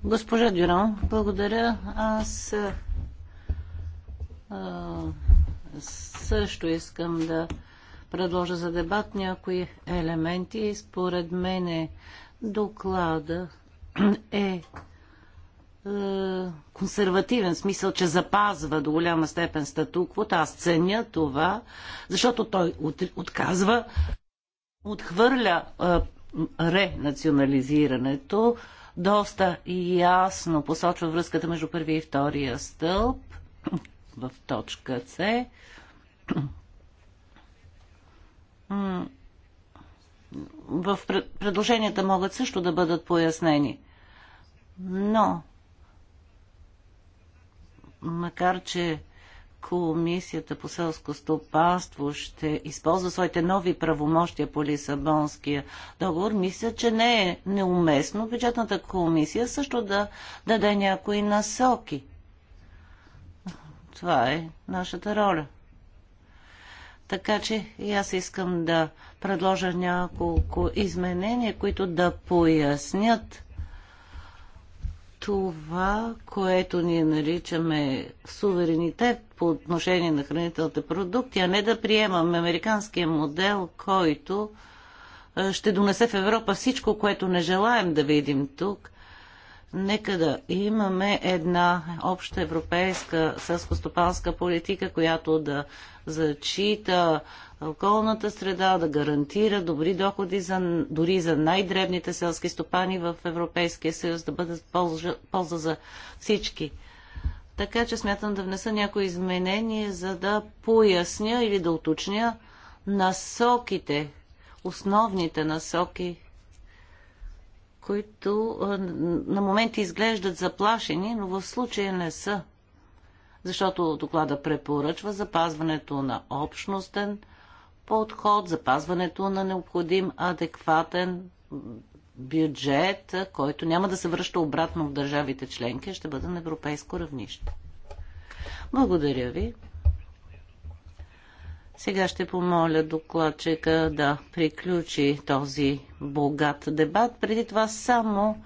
Госпожа Дюран, благодаря. Аз а, също искам да предложа за дебат някои елементи. Според мен е, доклада е, е консервативен смисъл, че запазва до голяма степен статуквото. Аз ценя това, защото той отказва, отхвърля е, ренационализирането, доста ясно посочва връзката между първия и втория стълб, в точка С. В предложенията могат също да бъдат пояснени. Но, макар че Комисията по селско стопанство ще използва своите нови правомощия по Лисабонския договор, мисля, че не е неуместно бюджетната комисия също да даде някои насоки. Това е нашата роля. Така че и аз искам да предложа няколко изменения, които да пояснят това, което ние наричаме суверенитет по отношение на хранителните продукти, а не да приемаме американския модел, който ще донесе в Европа всичко, което не желаем да видим тук Нека да имаме една обща европейска селскостопанска политика, която да зачита околната среда, да гарантира добри доходи за, дори за най-дребните селски стопани в Европейския съюз, да бъдат полза, полза за всички. Така че смятам да внеса някои изменения, за да поясня или да уточня насоките, основните насоки които на момент изглеждат заплашени, но в случая не са. Защото доклада препоръчва запазването на общностен подход, запазването на необходим адекватен бюджет, който няма да се връща обратно в държавите членки, ще бъде на европейско равнище. Благодаря ви. Сега ще помоля докладчика да приключи този богат дебат. Преди това само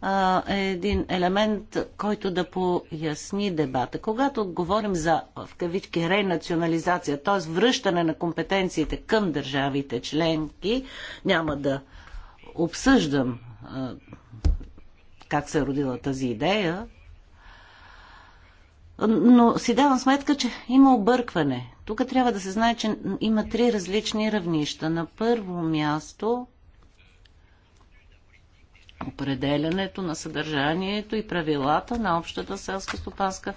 а, един елемент, който да поясни дебата. Когато говорим за, в кавички, ренационализация, т.е. връщане на компетенциите към държавите членки, няма да обсъждам а, как се е родила тази идея, но си давам сметка, че има объркване. Тук трябва да се знае, че има три различни равнища. На първо място определянето на съдържанието и правилата на общата селско-стопанска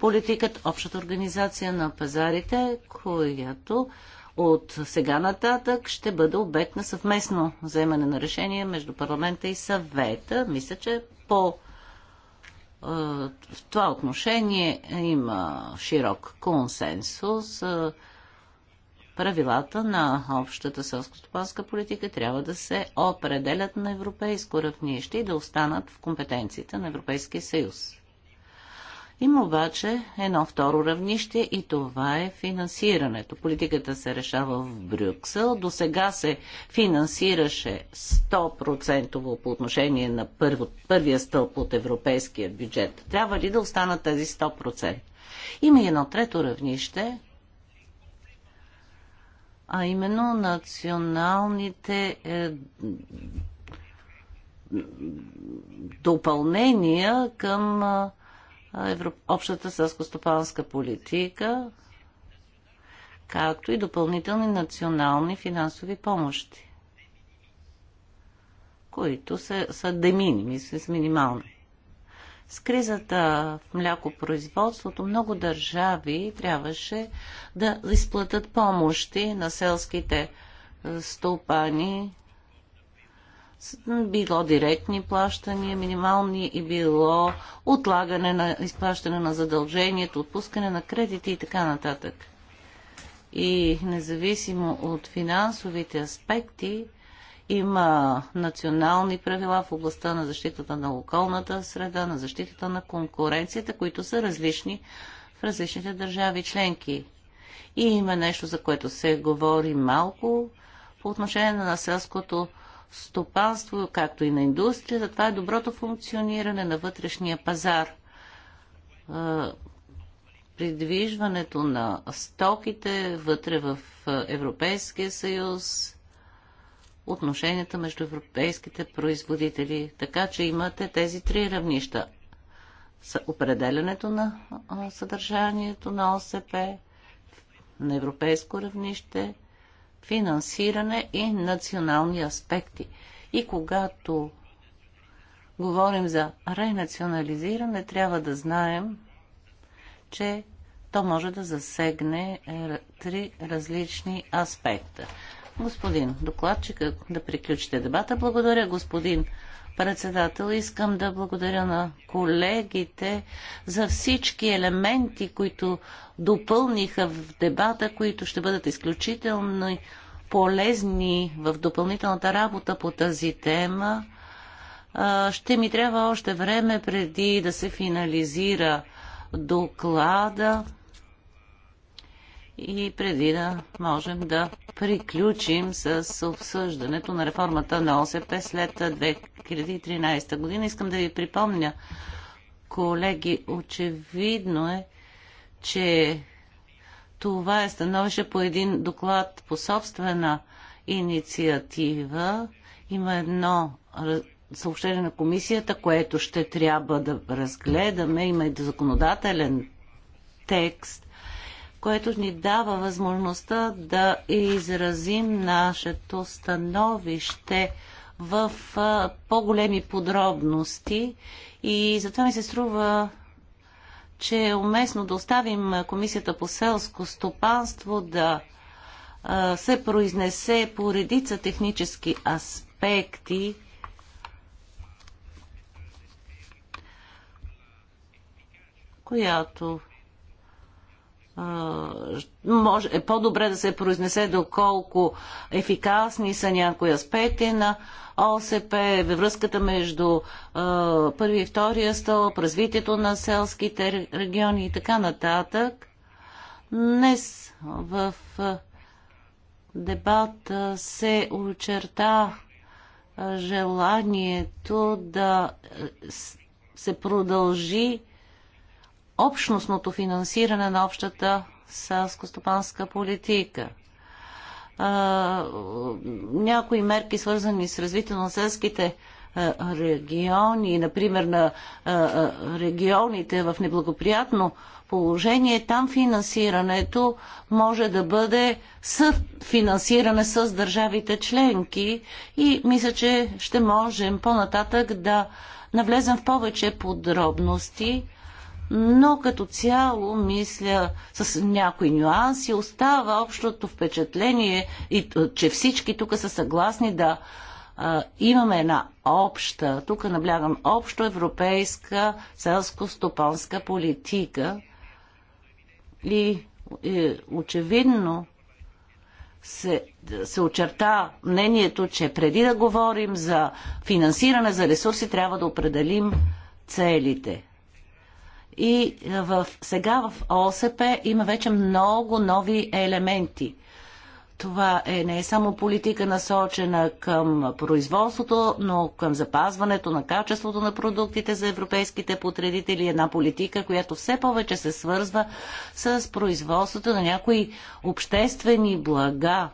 политика, общата организация на пазарите, която от сега нататък ще бъде обект на съвместно вземане на решение между парламента и съвета. Мисля, че по е, в това отношение има широк консенсус. Е, правилата на общата селскостопанска политика трябва да се определят на европейско равнище и да останат в компетенциите на Европейския съюз. Има обаче едно второ равнище и това е финансирането. Политиката се решава в Брюксел. До сега се финансираше 100% по отношение на първо, първия стълб от европейския бюджет. Трябва ли да останат тези 100%? Има и едно трето равнище, а именно националните е, допълнения към е, Европ... общата селскостопанска политика, както и допълнителни национални финансови помощи, които са, са демини, мисля, с минимални. С кризата в млякопроизводството много държави трябваше да изплатят помощи на селските е, стопани, било директни плащания, минимални и било отлагане на изплащане на задължението, отпускане на кредити и така нататък. И независимо от финансовите аспекти, има национални правила в областта на защитата на околната среда, на защитата на конкуренцията, които са различни в различните държави членки. И има нещо, за което се говори малко по отношение на селското стопанство, както и на индустрията. Това е доброто функциониране на вътрешния пазар. Придвижването на стоките вътре в Европейския съюз отношенията между европейските производители. Така че имате тези три равнища. Определянето на съдържанието на ОСП на европейско равнище, финансиране и национални аспекти. И когато говорим за ренационализиране, трябва да знаем, че то може да засегне е, три различни аспекта. Господин докладчик, да приключите дебата. Благодаря, господин председател. Искам да благодаря на колегите за всички елементи, които допълниха в дебата, които ще бъдат изключително полезни в допълнителната работа по тази тема. Ще ми трябва още време преди да се финализира доклада и преди да можем да приключим с обсъждането на реформата на ОСП след 2013 година. Искам да ви припомня, колеги, очевидно е, че това е становище по един доклад по собствена инициатива. Има едно съобщение на комисията, което ще трябва да разгледаме. Има и законодателен текст което ни дава възможността да изразим нашето становище в по-големи подробности и затова ми се струва, че е уместно да оставим Комисията по селско стопанство да се произнесе по редица технически аспекти, която може, е по-добре да се произнесе доколко ефикасни са някои аспекти на ОСП, връзката между а, първи и втория стълб, развитието на селските региони и така нататък. Днес в а, дебата се очерта желанието да се продължи общностното финансиране на общата селско-стопанска политика. някои мерки, свързани с развитие на селските региони, например на регионите в неблагоприятно положение, там финансирането може да бъде съфинансиране с държавите членки и мисля, че ще можем по-нататък да навлезем в повече подробности но като цяло, мисля, с някои нюанси, остава общото впечатление, и, че всички тук са съгласни да а, имаме една обща, тук наблягам, общо европейска селско-стопанска политика. И, и е, очевидно се, се очерта мнението, че преди да говорим за финансиране, за ресурси, трябва да определим целите. И е, в, сега в ОСП има вече много нови елементи. Това е не е само политика насочена към производството, но към запазването на качеството на продуктите за европейските потребители. Една политика, която все повече се свързва с производството на някои обществени блага,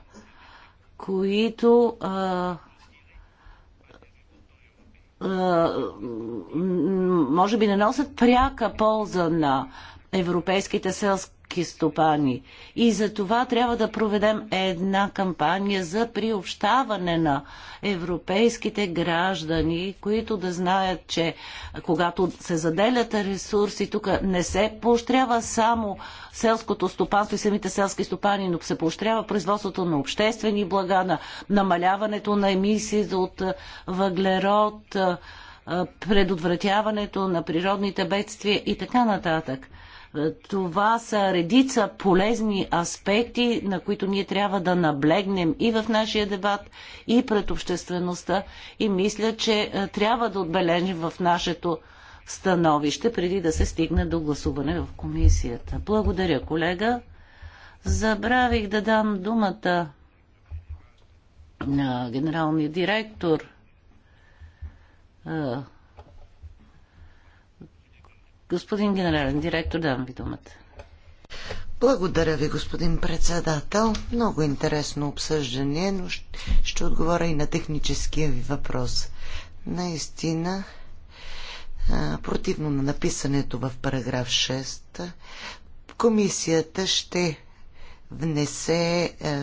които а, е, може би не носят пряка полза на европейските селски селски стопани. И за това трябва да проведем една кампания за приобщаване на европейските граждани, които да знаят, че когато се заделят ресурси, тук не се поощрява само селското стопанство и самите селски стопани, но се поощрява производството на обществени блага, на намаляването на емисии от въглерод, предотвратяването на природните бедствия и така нататък. Е, това са редица полезни аспекти, на които ние трябва да наблегнем и в нашия дебат, и пред обществеността. И мисля, че е, трябва да отбележим в нашето становище, преди да се стигне до гласуване в комисията. Благодаря, колега. Забравих да дам думата на генералния директор е, Господин генерален директор, давам ви думата. Благодаря ви, господин председател. Много интересно обсъждане, но ще отговоря и на техническия ви въпрос. Наистина, противно на написането в параграф 6, комисията ще внесе е,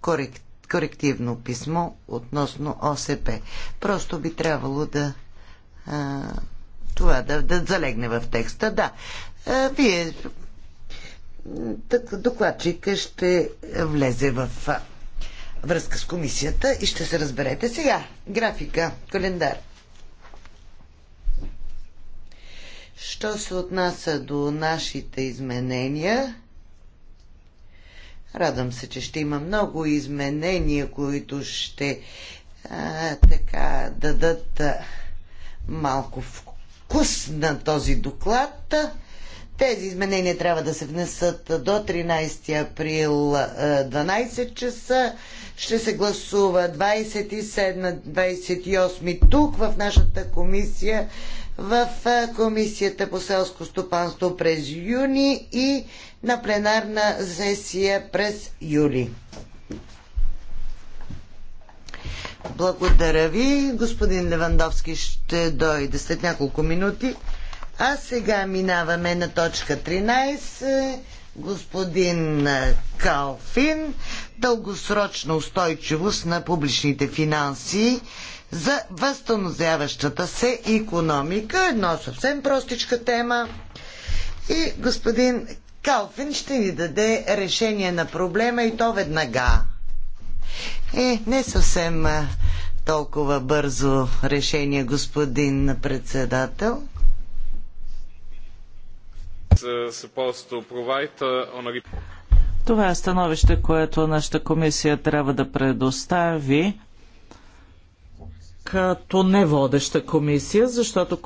корект, корективно писмо относно ОСП. Просто би трябвало да това да, да залегне в текста. Да, вие докладчика ще влезе в връзка с комисията и ще се разберете. Сега, графика, календар. Що се отнася до нашите изменения, радвам се, че ще има много изменения, които ще а, така дадат а, малко в вкус на този доклад. Тези изменения трябва да се внесат до 13 април 12 часа. Ще се гласува 27-28 тук в нашата комисия, в комисията по селско стопанство през юни и на пленарна сесия през юли. Благодаря ви. Господин Левандовски ще дойде след няколко минути. А сега минаваме на точка 13. Господин Калфин, дългосрочна устойчивост на публичните финанси за възстановяващата се економика. Едно съвсем простичка тема. И господин Калфин ще ни даде решение на проблема и то веднага е не съвсем толкова бързо решение, господин председател. Това е становище, което нашата комисия трябва да предостави като не водеща комисия, защото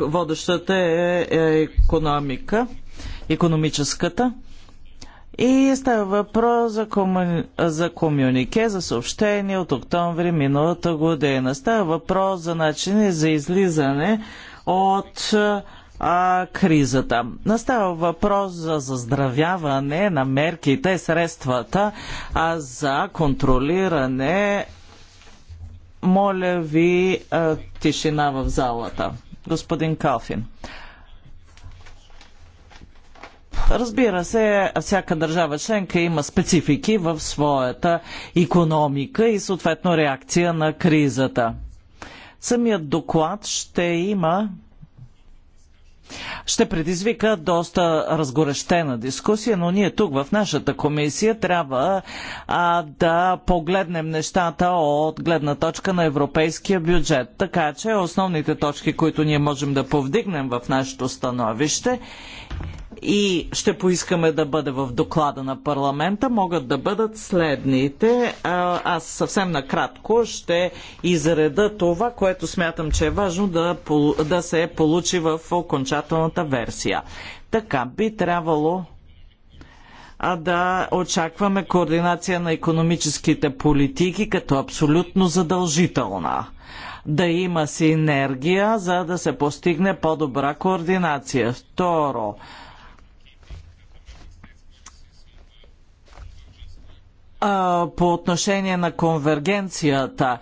водещата е, е економика, економическата. И става въпрос за, кому... за комюнике, за съобщение от октомври миналата година. Става въпрос за начини за излизане от а, кризата. Настава въпрос за заздравяване на мерките, и средствата а за контролиране. Моля ви а, тишина в залата. Господин Калфин. Разбира се, всяка държава членка има специфики в своята економика и съответно реакция на кризата. Самият доклад ще има ще предизвика доста разгорещена дискусия, но ние тук в нашата комисия трябва а, да погледнем нещата от гледна точка на европейския бюджет. Така че основните точки, които ние можем да повдигнем в нашето становище и ще поискаме да бъде в доклада на парламента, могат да бъдат следните. Аз съвсем накратко ще изреда това, което смятам, че е важно да, да се получи в окончателната версия. Така би трябвало а да очакваме координация на економическите политики като абсолютно задължителна. Да има синергия, за да се постигне по-добра координация. Второ, а, по отношение на конвергенцията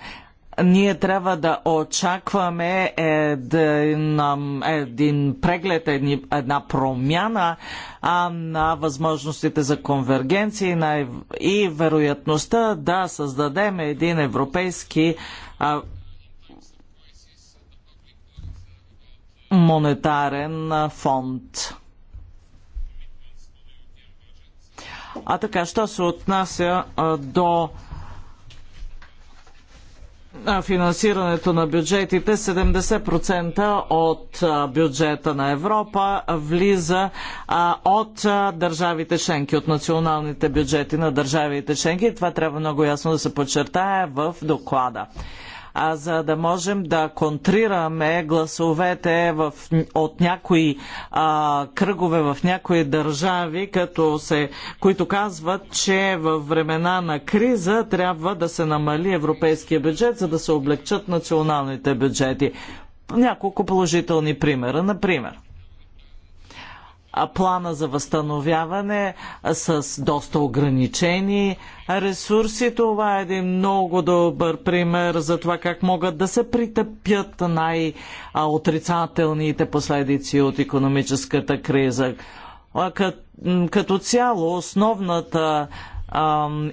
ние трябва да очакваме един, един преглед, една промяна а, на възможностите за конвергенция на, и вероятността да създадем един европейски а, монетарен фонд. А така, що се отнася до финансирането на бюджетите, 70% от бюджета на Европа влиза от държавите членки, от националните бюджети на държавите членки. Това трябва много ясно да се подчертае в доклада а за да можем да контрираме гласовете в, от някои а, кръгове в някои държави, като се, които казват, че във времена на криза трябва да се намали европейския бюджет, за да се облегчат националните бюджети. Няколко положителни примера. Например, плана за възстановяване с доста ограничени ресурси. Това е един много добър пример за това как могат да се притъпят най-отрицателните последици от економическата криза. Като цяло, основната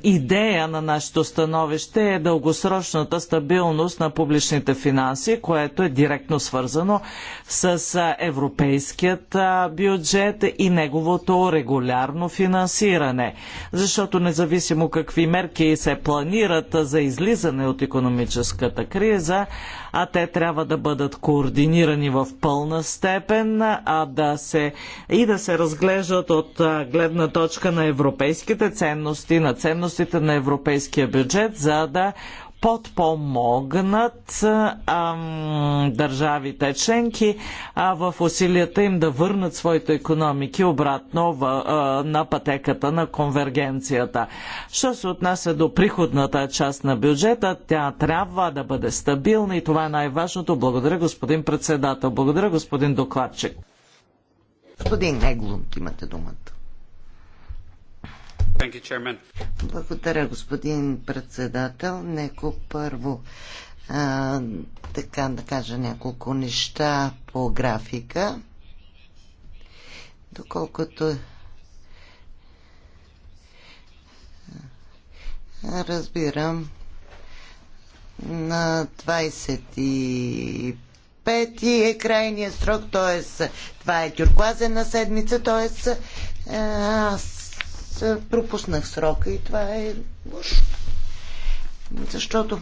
идея на нашето становище е дългосрочната стабилност на публичните финанси, което е директно свързано с европейският бюджет и неговото регулярно финансиране. Защото независимо какви мерки се планират за излизане от економическата криза, а те трябва да бъдат координирани в пълна степен а да се, и да се разглеждат от гледна точка на европейските ценности, на ценностите на европейския бюджет, за да подпомогнат ам, държавите членки а, в усилията им да върнат своите економики обратно в, а, на пътеката на конвергенцията. Що се отнася до приходната част на бюджета, тя трябва да бъде стабилна и това е най-важното. Благодаря, господин председател. Благодаря, господин докладчик. Господин Неглун, имате думата. Благодаря, господин председател. Неко първо а, така да кажа няколко неща по графика. Доколкото разбирам, на 25 е крайния срок, т.е. това е тюркуазена седмица, т.е. аз пропуснах срока и това е лошо. Защото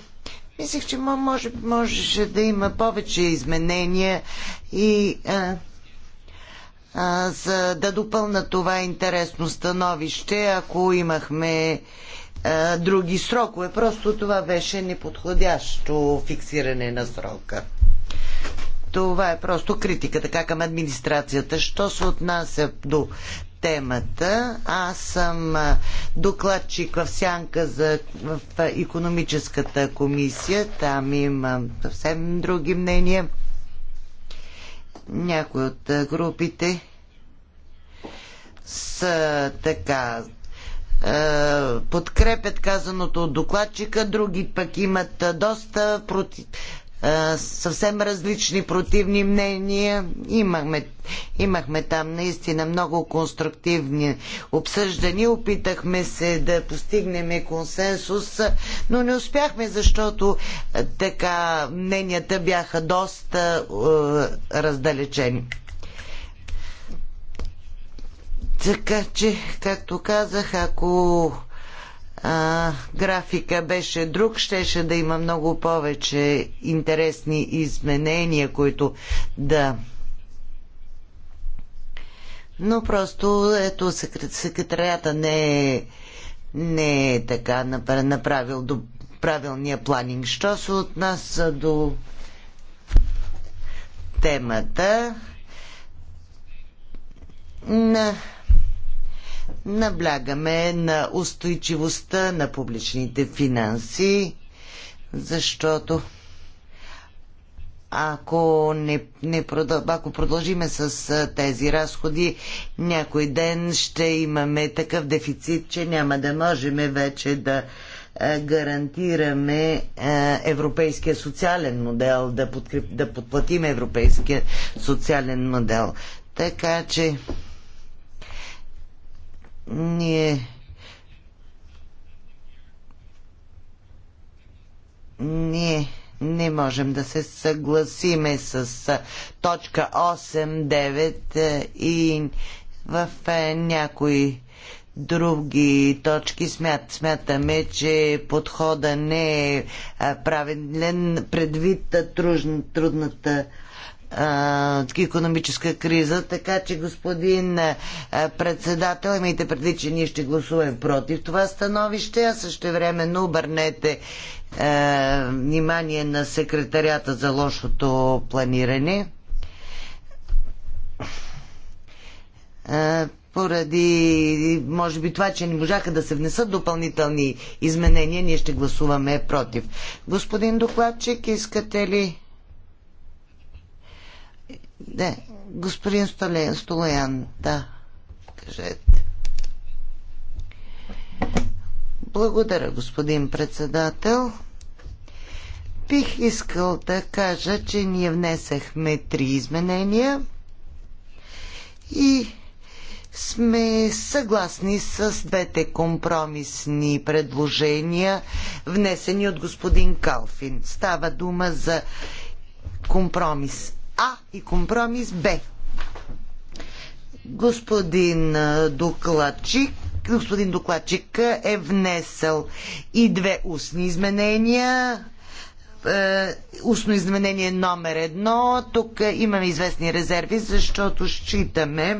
мислех, че може, можеше да има повече изменения и а, а, за да допълна това интересно становище, ако имахме а, други срокове. Просто това беше неподходящо фиксиране на срока. Това е просто критика така към администрацията. Що се отнася до темата. Аз съм докладчик в сянка за, в економическата комисия. Там имам съвсем други мнения. Някои от групите са така подкрепят казаното от докладчика, други пък имат доста против, съвсем различни противни мнения. Имахме, имахме там наистина много конструктивни обсъждания. Опитахме се да постигнем консенсус, но не успяхме, защото така мненията бяха доста е, раздалечени. Така че, както казах, ако а, графика беше друг, щеше да има много повече интересни изменения, които да. Но просто ето секретарията не е, не е така направил до правилния планинг. Що се отнася до темата на наблягаме на устойчивостта на публичните финанси, защото ако, не, не продъл... ако продължиме с тези разходи, някой ден ще имаме такъв дефицит, че няма да можем вече да гарантираме европейския социален модел, да, подкреп, да подплатим европейския социален модел. Така че ние ние не можем да се съгласиме с точка 8, 9 и в някои други точки смят, смятаме, че подхода не е правилен предвид трудната а, економическа криза, така че господин а, председател, имайте преди, че ние ще гласуваме против това становище, а също времено обърнете а, внимание на секретарята за лошото планиране. А, поради, може би, това, че не можаха да се внесат допълнителни изменения, ние ще гласуваме против. Господин докладчик, искате ли да, господин Столен, Столоян, да, кажете. Благодаря, господин председател. Бих искал да кажа, че ние внесахме три изменения и сме съгласни с двете компромисни предложения, внесени от господин Калфин. Става дума за компромис а и компромис Б. Господин докладчик, господин докладчик е внесъл и две устни изменения е, устно изменение номер едно. Тук имаме известни резерви, защото считаме,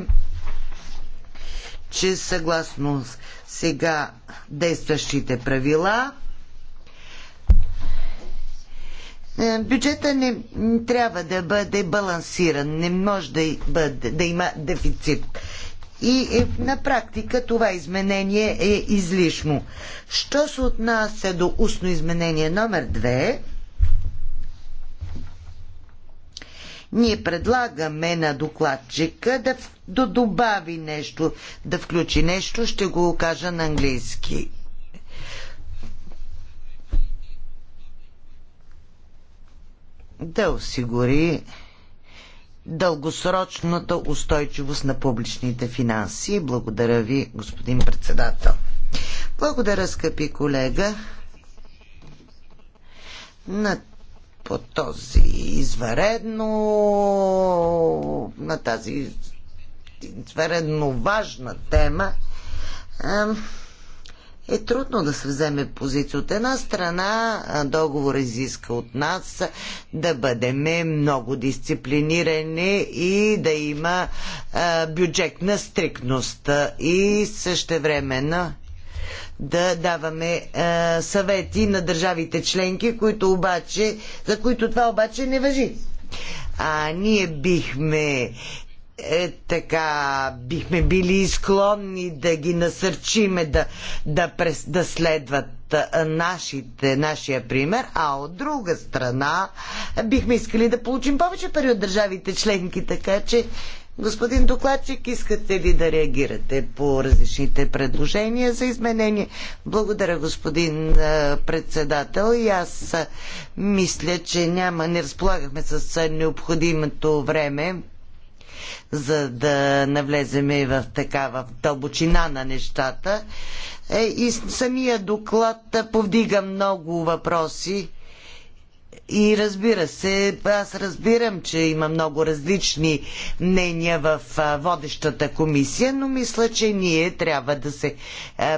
че съгласно сега действащите правила, Е, бюджета не трябва да бъде балансиран, не може да, бъде, да има дефицит. И е, на практика това изменение е излишно. Що се отнася до устно изменение номер 2, ние предлагаме на докладчика да, да добави нещо, да включи нещо, ще го кажа на английски. да осигури дългосрочната устойчивост на публичните финанси. Благодаря ви, господин председател. Благодаря, скъпи колега. На по този изваредно на тази изваредно важна тема е трудно да се вземе позиция. От една страна договор изиска от нас да бъдем много дисциплинирани и да има бюджетна стрикност и същевременно да даваме е, съвети на държавите членки, които обаче, за които това обаче не въжи. А ние бихме е, така бихме били склонни да ги насърчиме да, да, прес, да следват нашите, нашия пример, а от друга страна бихме искали да получим повече пари от държавите членки, така че Господин докладчик, искате ли да реагирате по различните предложения за изменение? Благодаря, господин председател. И аз мисля, че няма, не разполагахме с необходимото време за да навлеземе в такава дълбочина на нещата. Е, и самия доклад повдига много въпроси. И разбира се, аз разбирам, че има много различни мнения в водещата комисия, но мисля, че ние трябва да се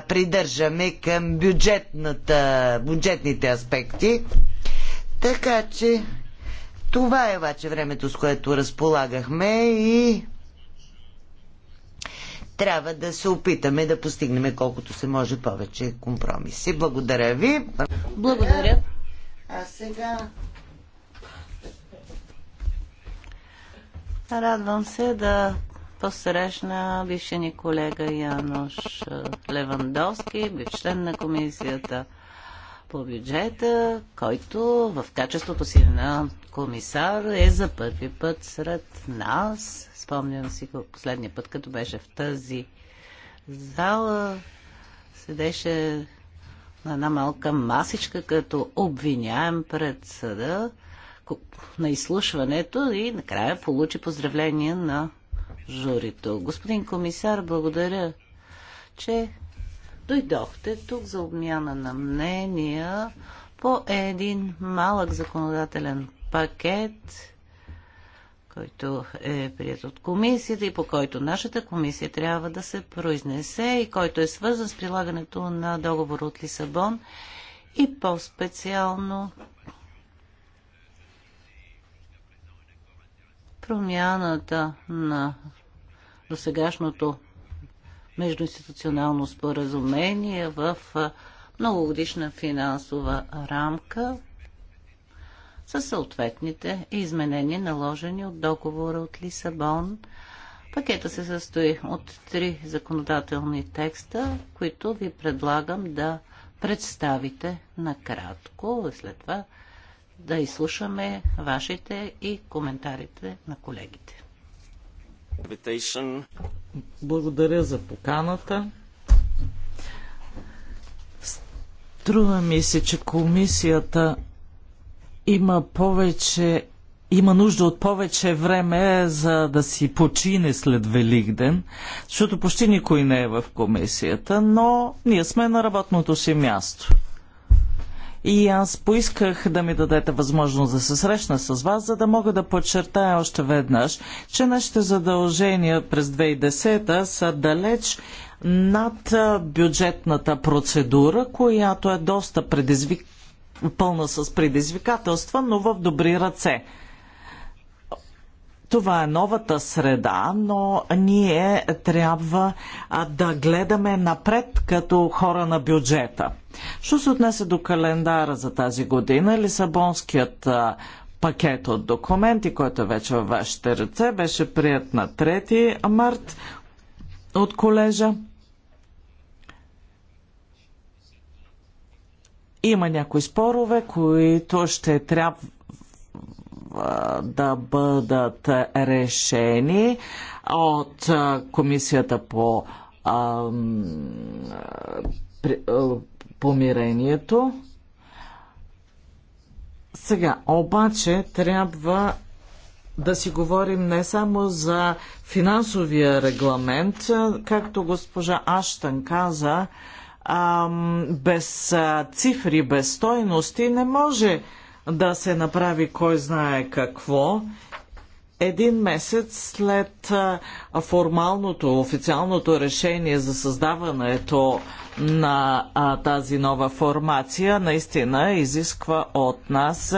придържаме към бюджетните аспекти. Така че това е обаче времето, с което разполагахме и трябва да се опитаме да постигнем колкото се може повече компромиси. Благодаря ви. Благодаря. А сега. Радвам се да посрещна бившия ни колега Янош Левандовски, бив член на комисията по бюджета, който в качеството си на комисар е за първи път сред нас. Спомням си последния път, като беше в тази зала, седеше на една малка масичка, като обвиняем пред съда на изслушването и накрая получи поздравление на журито. Господин комисар, благодаря, че дойдохте тук за обмяна на мнения по един малък законодателен пакет, който е прият от комисията и по който нашата комисия трябва да се произнесе и който е свързан с прилагането на договор от Лисабон и по-специално промяната на досегашното междуинституционално споразумение в многогодишна финансова рамка, със съответните изменения, наложени от договора от Лисабон. Пакета се състои от три законодателни текста, които ви предлагам да представите накратко. След това да изслушаме вашите и коментарите на колегите. Благодаря за поканата. Струва ми се, че комисията има повече има нужда от повече време за да си почине след Великден, защото почти никой не е в комисията, но ние сме на работното си място. И аз поисках да ми дадете възможност да се срещна с вас, за да мога да подчертая още веднъж, че нашите задължения през 2010 са далеч над бюджетната процедура, която е доста предизвик пълна с предизвикателства, но в добри ръце. Това е новата среда, но ние трябва да гледаме напред като хора на бюджета. Що се отнесе до календара за тази година, Лисабонският пакет от документи, който е вече във вашите ръце, беше прият на 3 март от колежа. Има някои спорове, които ще трябва да бъдат решени от Комисията по помирението. Сега, обаче, трябва да си говорим не само за финансовия регламент, както госпожа Аштън каза, без цифри, без стойности не може да се направи кой знае какво. Един месец след формалното, официалното решение за създаването на а, тази нова формация, наистина изисква от нас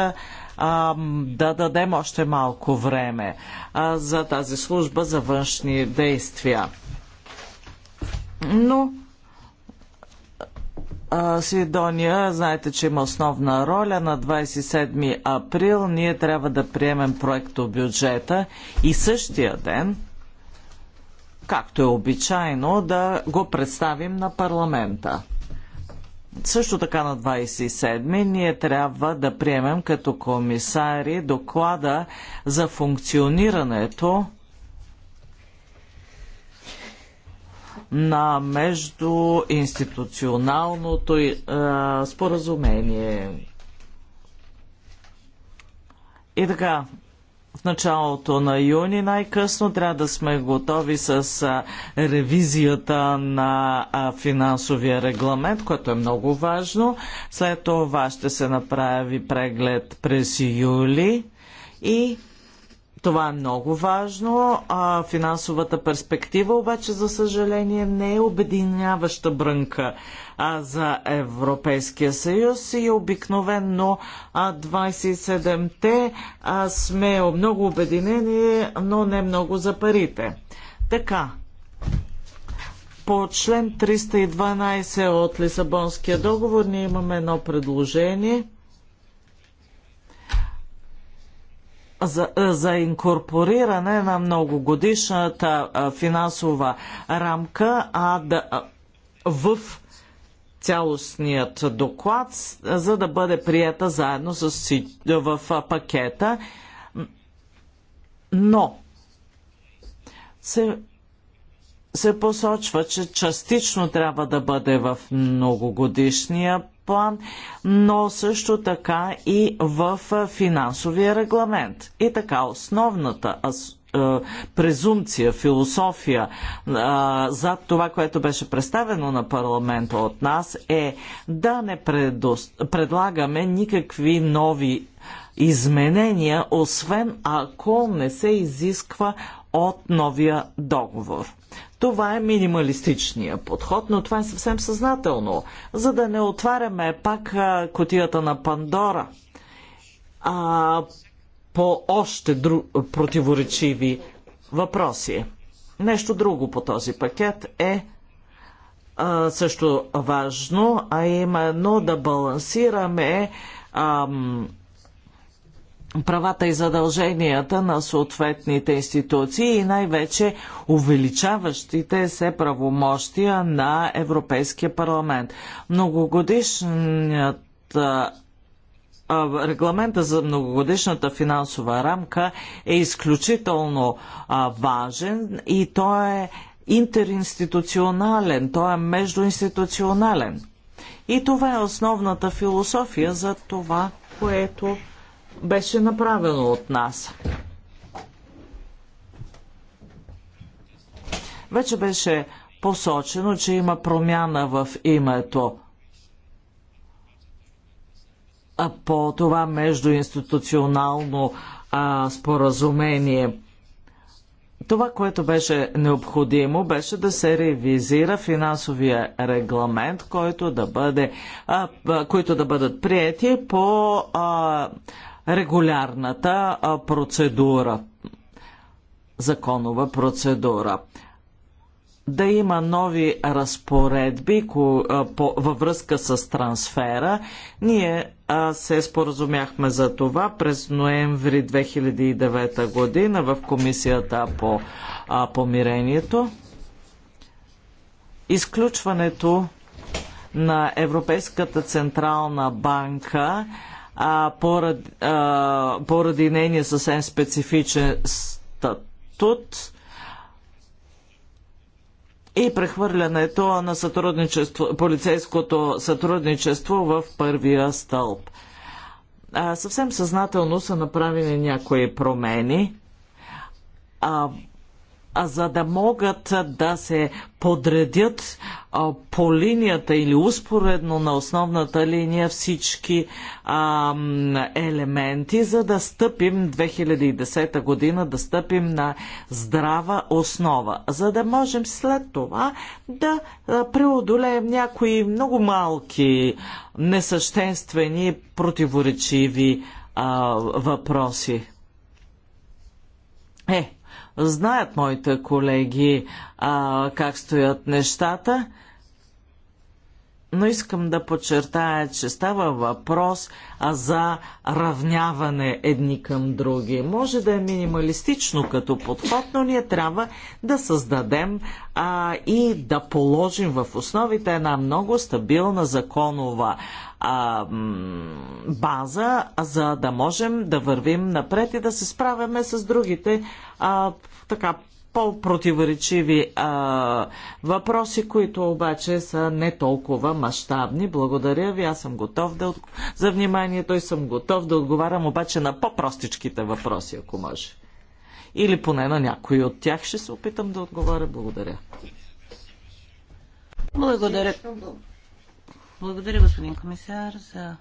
а, да дадем още малко време а, за тази служба за външни действия. Но Сидония, знаете, че има основна роля. На 27 април ние трябва да приемем проекто бюджета и същия ден, както е обичайно, да го представим на парламента. Също така на 27 ние трябва да приемем като комисари доклада за функционирането на междуинституционалното е, споразумение. И така, в началото на юни най-късно трябва да сме готови с ревизията на финансовия регламент, което е много важно. След това ще се направи преглед през юли и това е много важно. А финансовата перспектива обаче, за съжаление, не е обединяваща брънка а за Европейския съюз и обикновенно 27-те сме много обединени, но не много за парите. Така, по член 312 от Лисабонския договор ние имаме едно предложение – за, е, за инкорпориране на многогодишната е, финансова рамка, а да, е, в цялостният доклад, за да бъде прията заедно с, в пакета. Но се, се посочва, че частично трябва да бъде в многогодишния план, но също така и в финансовия регламент. И така, основната презумпция, философия а, за това, което беше представено на парламента от нас е да не предос... предлагаме никакви нови изменения, освен ако не се изисква от новия договор. Това е минималистичния подход, но това е съвсем съзнателно, за да не отваряме пак котията на Пандора а, по още дру... противоречиви въпроси. Нещо друго по този пакет е а, също важно, а именно да балансираме А, правата и задълженията на съответните институции и най-вече увеличаващите се правомощия на Европейския парламент. Многогодишният регламента за многогодишната финансова рамка е изключително важен и той е интеринституционален, той е междуинституционален. И това е основната философия за това, което беше направено от нас. Вече беше посочено, че има промяна в името по това междуинституционално а, споразумение. Това, което беше необходимо, беше да се ревизира финансовия регламент, който да бъде, а, които да бъдат прияти по а, регулярната процедура, законова процедура. Да има нови разпоредби във връзка с трансфера. Ние се споразумяхме за това през ноември 2009 година в Комисията по помирението. Изключването на Европейската централна банка а, поради, а, поради нейния съвсем специфичен статут и прехвърлянето на сътрудничество, полицейското сътрудничество в първия стълб. А, съвсем съзнателно са направени някои промени. А, за да могат да се подредят по линията или успоредно на основната линия всички а, елементи, за да стъпим 2010 година, да стъпим на здрава основа, за да можем след това да преодолеем някои много малки, несъществени, противоречиви а, въпроси. Е, знаят моите колеги а, как стоят нещата, но искам да подчертая, че става въпрос а за равняване едни към други. Може да е минималистично като подход, но ние трябва да създадем а, и да положим в основите една много стабилна законова а, база, за да можем да вървим напред и да се справяме с другите а, така по-противоречиви въпроси, които обаче са не толкова мащабни. Благодаря ви, аз съм готов да от... за вниманието и съм готов да отговарям обаче на по-простичките въпроси, ако може. Или поне на някои от тях ще се опитам да отговоря. Благодаря. Благодаря. Благодаря, господин комисар, за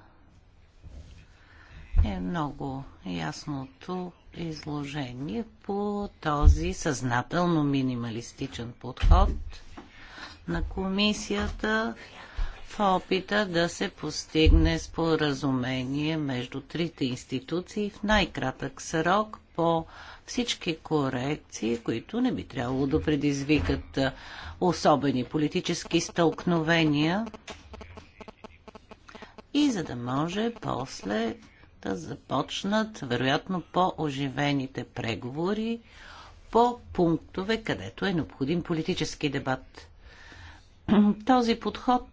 е много ясното изложение по този съзнателно минималистичен подход на комисията в опита да се постигне споразумение между трите институции в най-кратък срок по всички корекции, които не би трябвало да предизвикат особени политически стълкновения и за да може после да започнат, вероятно, по-оживените преговори по пунктове, където е необходим политически дебат. Този подход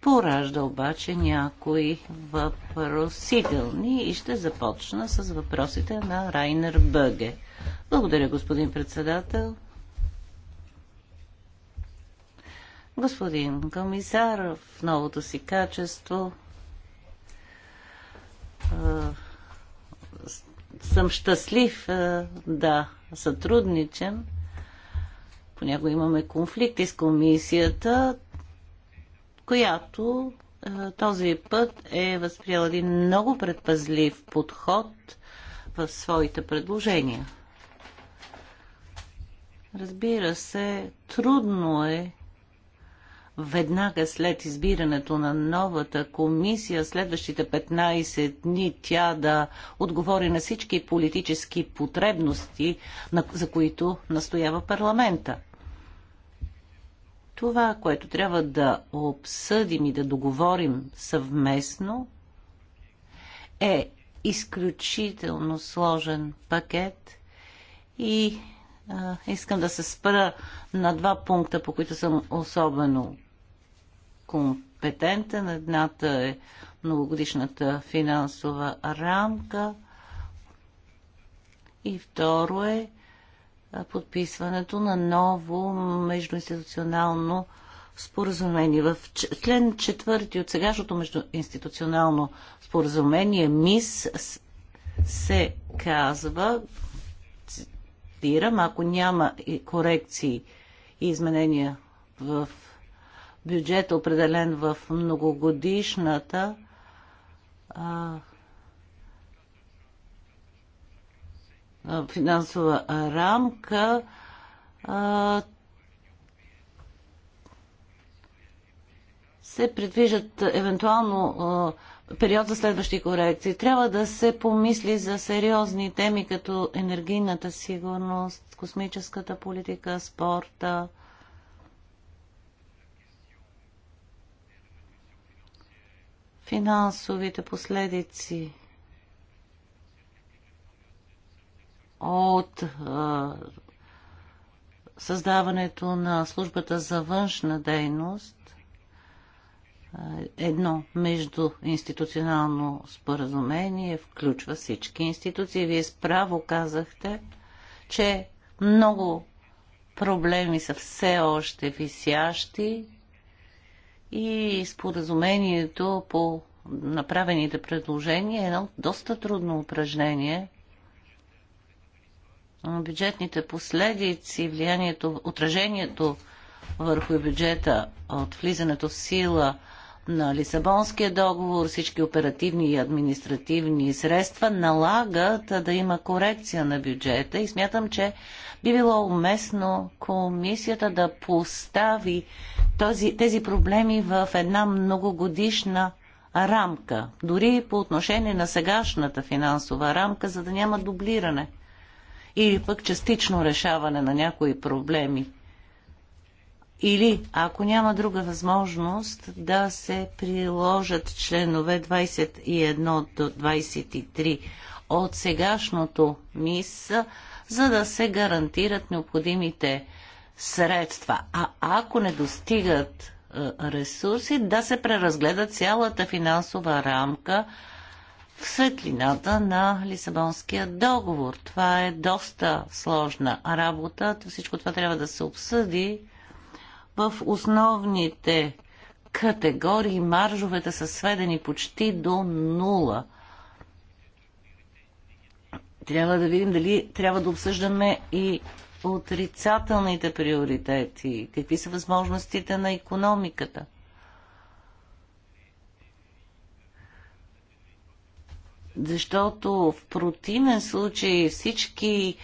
поражда обаче някои въпросителни и ще започна с въпросите на Райнер Бъге. Благодаря, господин председател. Господин комисар, в новото си качество съм щастлив да сътрудничам. Понякога имаме конфликти с комисията, която този път е възприела един много предпазлив подход в своите предложения. Разбира се, трудно е веднага след избирането на новата комисия, следващите 15 дни тя да отговори на всички политически потребности, за които настоява парламента. Това, което трябва да обсъдим и да договорим съвместно, е изключително сложен пакет и а, искам да се спра на два пункта, по които съм особено компетентен. Едната е многогодишната финансова рамка и второ е подписването на ново междуинституционално споразумение. В член четвърти от сегашното междуинституционално споразумение МИС се казва, цитирам, ако няма корекции и изменения в бюджет, определен в многогодишната а, финансова рамка, а, се предвиждат евентуално а, период за следващи корекции. Трябва да се помисли за сериозни теми като енергийната сигурност, космическата политика, спорта, финансовите последици от а, създаването на службата за външна дейност едно между институционално споразумение включва всички институции. Вие справо казахте, че много проблеми са все още висящи и споразумението по направените предложения е едно доста трудно упражнение. Бюджетните последици, влиянието, отражението върху бюджета от влизането в сила на Лисабонския договор, всички оперативни и административни средства налагат да има корекция на бюджета и смятам, че би било уместно комисията да постави този, тези проблеми в една многогодишна рамка, дори по отношение на сегашната финансова рамка, за да няма дублиране или пък частично решаване на някои проблеми. Или, ако няма друга възможност, да се приложат членове 21 до 23 от сегашното МИС, за да се гарантират необходимите средства. А ако не достигат е, ресурси, да се преразгледа цялата финансова рамка в светлината на Лисабонския договор. Това е доста сложна работа. Всичко това трябва да се обсъди в основните категории. Маржовете са сведени почти до нула. Трябва да видим дали трябва да обсъждаме и отрицателните приоритети? Какви са възможностите на економиката? Защото в противен случай всички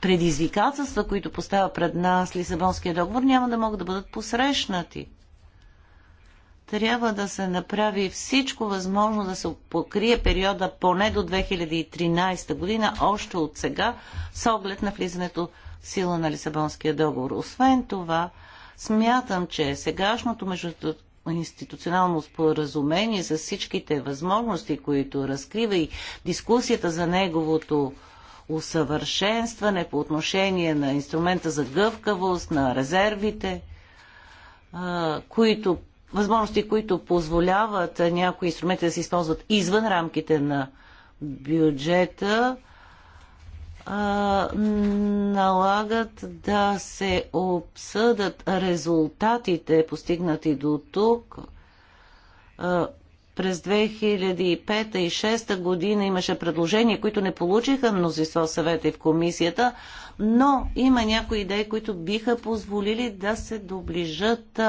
предизвикателства, които поставя пред нас Лисабонския договор, няма да могат да бъдат посрещнати. Трябва да се направи всичко възможно да се покрие периода поне до 2013 година, още от сега, с оглед на влизането сила на Лисабонския договор. Освен това, смятам, че сегашното между институционално споразумение с всичките възможности, които разкрива и дискусията за неговото усъвършенстване по отношение на инструмента за гъвкавост, на резервите, които, възможности, които позволяват някои инструменти да се използват извън рамките на бюджета, а, налагат да се обсъдат резултатите, постигнати до тук. през 2005 и 2006 година имаше предложения, които не получиха мнозинство съвета и в комисията, но има някои идеи, които биха позволили да се доближат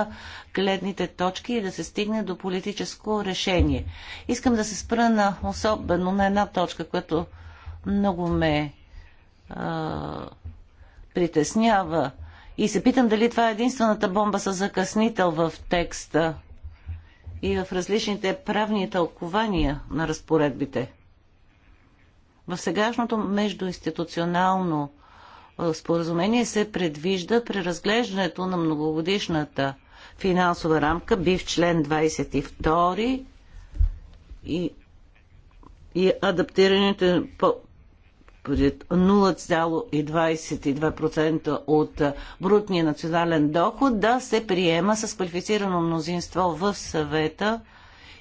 гледните точки и да се стигне до политическо решение. Искам да се спра на особено на една точка, която много ме а, притеснява. И се питам дали това е единствената бомба с закъснител в текста и в различните правни тълкования на разпоредбите. В сегашното междуинституционално споразумение се предвижда преразглеждането на многогодишната финансова рамка, бив член 22 и, и адаптирането 0,22% от брутния национален доход да се приема с квалифицирано мнозинство в съвета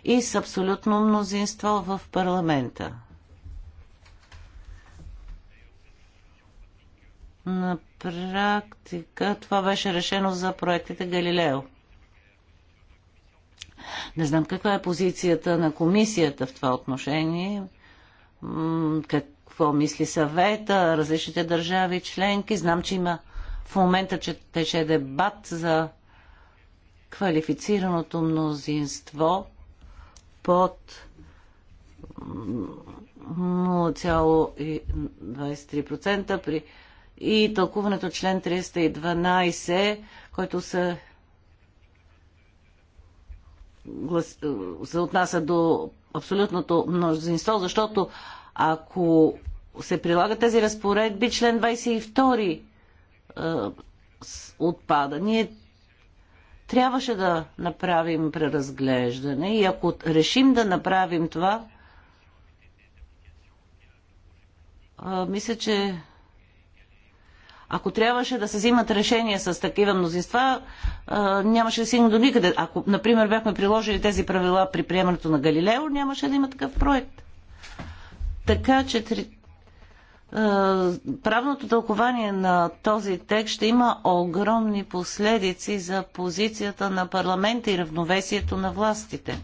и с абсолютно мнозинство в парламента. На практика това беше решено за проектите Галилео. Не знам каква е позицията на комисията в това отношение. Как какво мисли съвета, различните държави членки. Знам, че има в момента, че тече дебат за квалифицираното мнозинство под 0,23% при и тълкуването член 312, който се се отнася до абсолютното мнозинство, защото ако се прилагат тези разпоредби, член 22 е, отпада. Ние трябваше да направим преразглеждане и ако решим да направим това, е, мисля, че ако трябваше да се взимат решения с такива мнозинства, е, нямаше да стигне до никъде. Ако, например, бяхме приложили тези правила при приемането на Галилео, нямаше да има такъв проект. Така че е, правното тълкование на този текст ще има огромни последици за позицията на парламента и равновесието на властите.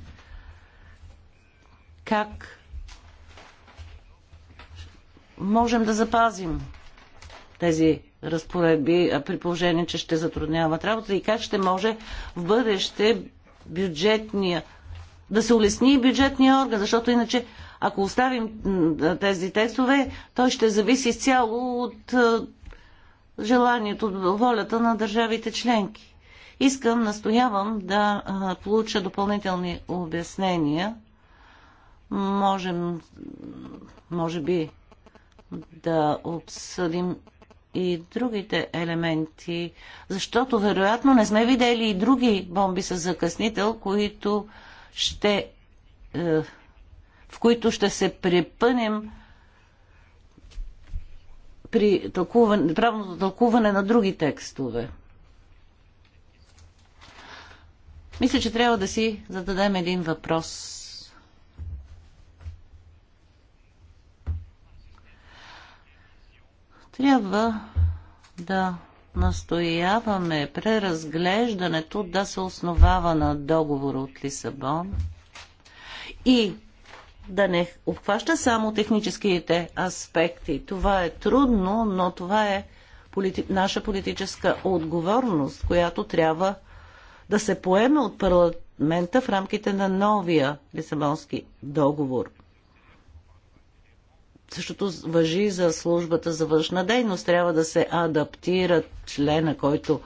Как можем да запазим тези разпоредби, при положение, че ще затрудняват работа и как ще може в бъдеще бюджетния да се улесни бюджетния орган, защото иначе ако оставим тези текстове, той ще зависи изцяло от желанието, от волята на държавите членки. Искам, настоявам да получа допълнителни обяснения. Можем, може би, да обсъдим и другите елементи, защото вероятно не сме видели и други бомби с закъснител, които ще, е, в които ще се препънем при тълкуване, правното тълкуване на други текстове. Мисля, че трябва да си зададем един въпрос. Трябва да настояваме преразглеждането да се основава на договора от Лисабон и да не обхваща само техническите аспекти. Това е трудно, но това е полити... наша политическа отговорност, която трябва да се поеме от парламента в рамките на новия Лисабонски договор. Същото въжи за службата за външна дейност. Трябва да се адаптира члена, който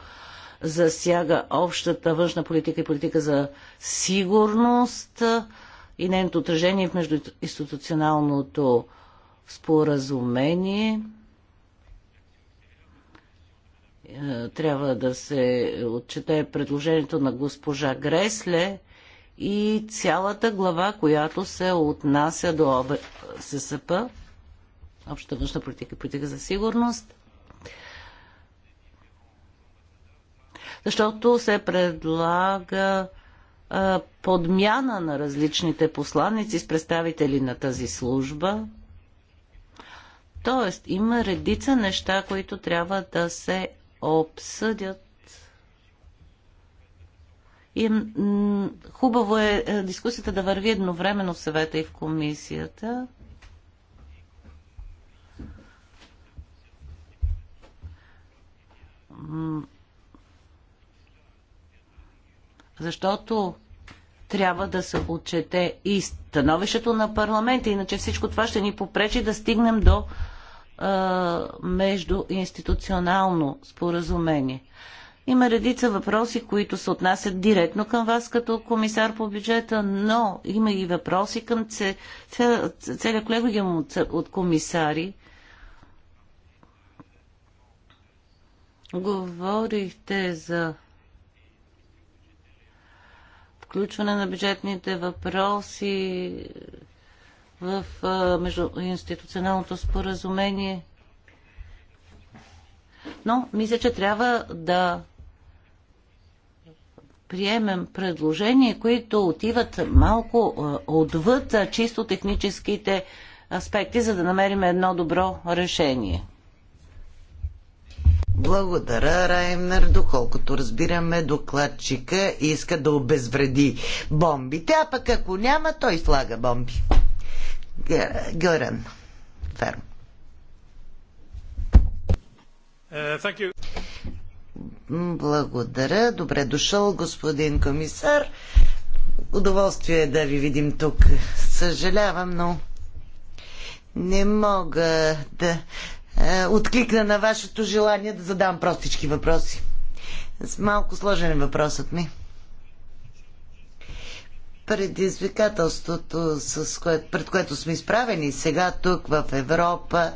засяга общата външна политика и политика за сигурност и нейното отражение в междуинституционалното споразумение. Трябва да се отчете предложението на госпожа Гресле и цялата глава, която се отнася до ОБ... ССП общата външна политика и политика за сигурност. Защото се предлага подмяна на различните посланици с представители на тази служба. Тоест, има редица неща, които трябва да се обсъдят. И хубаво е, е дискусията да върви едновременно в съвета и в комисията. Защото трябва да се отчете и становището на парламента, иначе всичко това ще ни попречи да стигнем до е, междуинституционално споразумение. Има редица въпроси, които се отнасят директно към вас като комисар по бюджета, но има и въпроси към целия колегиум от комисари, Говорихте за включване на бюджетните въпроси в междуинституционалното споразумение. Но мисля, че трябва да приемем предложения, които отиват малко отвъд чисто техническите аспекти, за да намерим едно добро решение. Благодаря, Раймер. Доколкото разбираме, докладчика иска да обезвреди бомбите, а пък ако няма, той слага бомби. Гърън. Ферм. Е, Благодаря. Добре дошъл, господин комисар. Удоволствие е да ви видим тук. Съжалявам, но не мога да е, откликна на вашето желание да задам простички въпроси. С Малко сложен е въпросът ми. Предизвикателството, с кое, пред което сме изправени сега тук в Европа,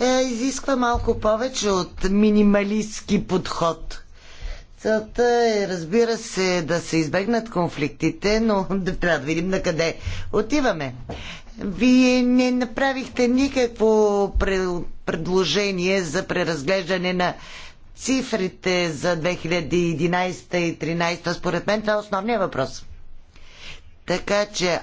е, изисква малко повече от минималистски подход. Целта е, разбира се, да се избегнат конфликтите, но да трябва да видим на къде отиваме. Вие не направихте никакво предложение за преразглеждане на цифрите за 2011 и 2013. Според мен това е основният въпрос. Така че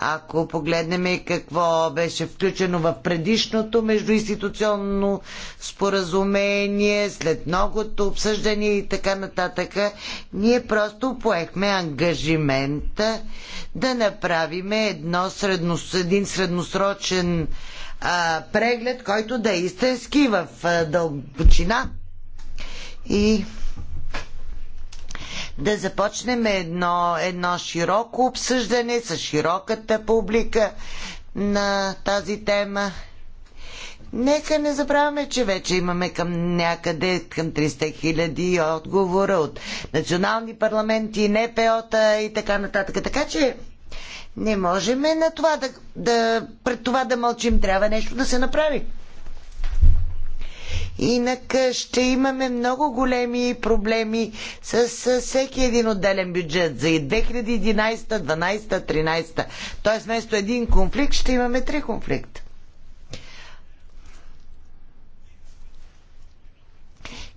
ако погледнем и какво беше включено в предишното междуинституционно споразумение, след многото обсъждане и така нататък, ние просто поехме ангажимента да направим едно средно, един средносрочен а, преглед, който да е истински в а, дълбочина. И да започнем едно, едно широко обсъждане с широката публика на тази тема. Нека не забравяме, че вече имаме към някъде към 300 хиляди отговора от национални парламенти, НПО-та и така нататък. Така че не можем на това да, да, пред това да мълчим. Трябва нещо да се направи. Инак ще имаме много големи проблеми с, с всеки един отделен бюджет за 2011, 2012, 2013. Тоест, вместо един конфликт ще имаме три конфликта.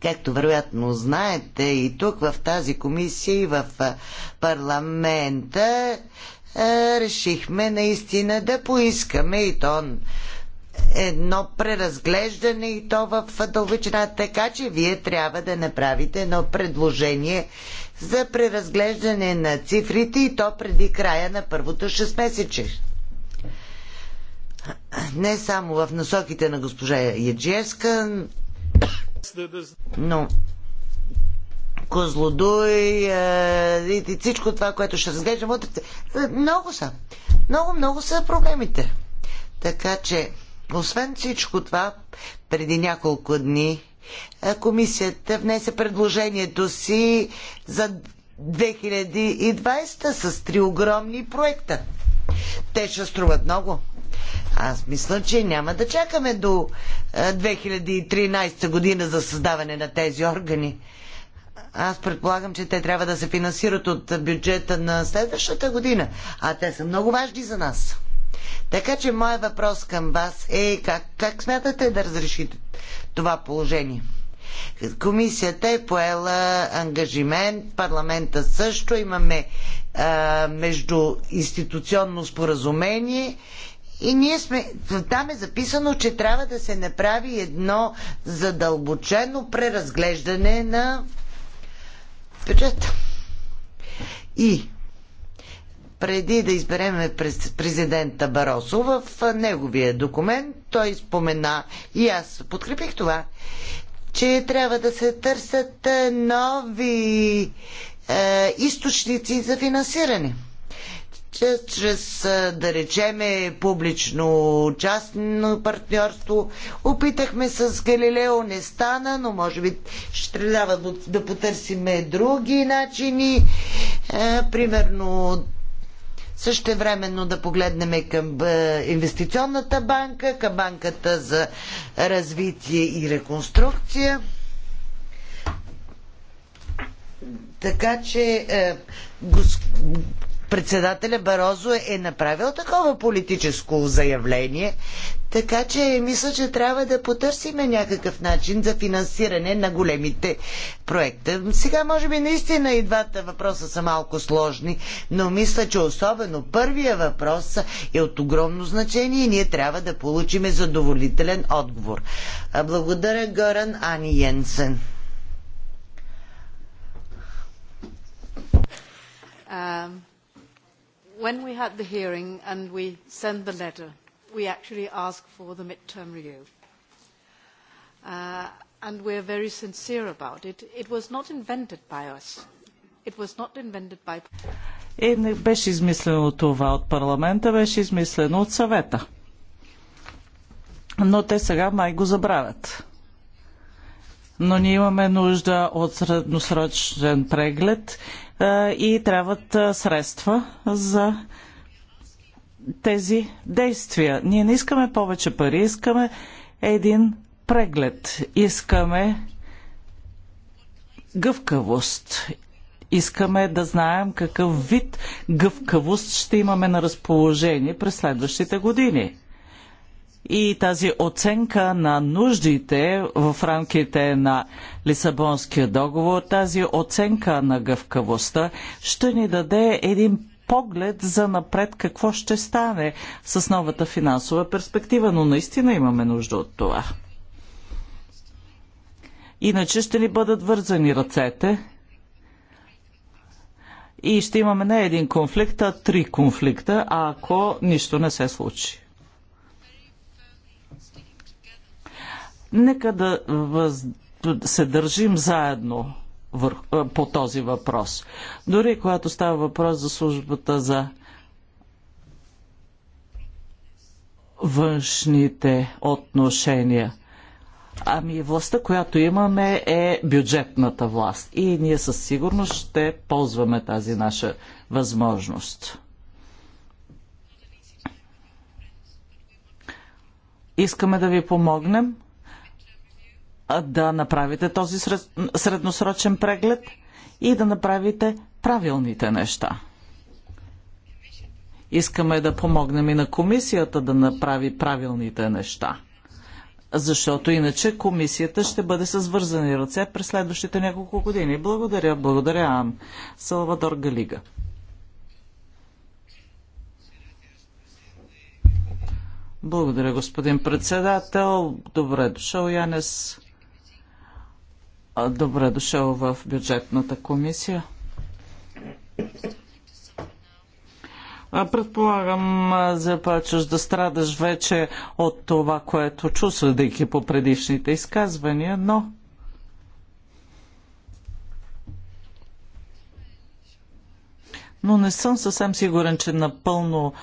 Както вероятно знаете, и тук в тази комисия, и в парламента решихме наистина да поискаме и то едно преразглеждане и то в дълбочина. Така че вие трябва да направите едно предложение за преразглеждане на цифрите и то преди края на първото 6 месече. Не само в насоките на госпожа Яджиевска, но Козлодуй е, и, всичко това, което ще разглеждам утре. Много са. Много, много са проблемите. Така че освен всичко това, преди няколко дни комисията внесе предложението си за 2020 с три огромни проекта. Те ще струват много. Аз мисля, че няма да чакаме до 2013 година за създаване на тези органи. Аз предполагам, че те трябва да се финансират от бюджета на следващата година, а те са много важни за нас. Така че моят въпрос към вас е как, как смятате да разрешите това положение? Комисията е поела ангажимент, парламента също, имаме а, междуинституционно споразумение и ние сме, там е записано, че трябва да се направи едно задълбочено преразглеждане на бюджета. И преди да избереме президента Баросо, в неговия документ той спомена, и аз подкрепих това, че трябва да се търсят нови е, източници за финансиране. Чрез, чрез да речеме, публично-частно партньорство. Опитахме с Галилео, не стана, но може би ще трябва да потърсиме други начини. Е, примерно Същевременно да погледнем към е, инвестиционната банка, към банката за развитие и реконструкция. Така че, е, председателя Барозо е направил такова политическо заявление, така че мисля, че трябва да потърсим някакъв начин за финансиране на големите проекта. Сега, може би, наистина и двата въпроса са малко сложни, но мисля, че особено първия въпрос е от огромно значение и ние трябва да получим задоволителен отговор. Благодаря, Горан Ани Йенсен. Um when we had the hearing and we sent the letter, we actually asked for the midterm review. Uh, and we're very sincere about it. It was not invented by us. It was not invented by... Е, не беше измислено това от парламента, беше измислено от съвета. Но те сега май го забравят. Но ние имаме нужда от средносрочен преглед и трябват средства за тези действия. Ние не искаме повече пари, искаме един преглед, искаме гъвкавост. Искаме да знаем какъв вид гъвкавост ще имаме на разположение през следващите години и тази оценка на нуждите в рамките на Лисабонския договор, тази оценка на гъвкавостта ще ни даде един поглед за напред какво ще стане с новата финансова перспектива, но наистина имаме нужда от това. Иначе ще ни бъдат вързани ръцете и ще имаме не един конфликт, а три конфликта, ако нищо не се случи. Нека да въз... се държим заедно вър... по този въпрос. Дори когато става въпрос за службата за външните отношения. Ами властта, която имаме е бюджетната власт и ние със сигурност ще ползваме тази наша възможност. Искаме да ви помогнем да направите този средносрочен преглед и да направите правилните неща. Искаме да помогнем и на комисията да направи правилните неща. Защото иначе комисията ще бъде с вързани ръце през следващите няколко години. Благодаря, благодаря, Ан. Салвадор Галига. Благодаря, господин председател. Добре дошъл, Янес. Добре дошъл в бюджетната комисия. Предполагам, започваш да страдаш вече от това, което чувствайки по предишните изказвания, но... Но не съм съвсем сигурен, че напълно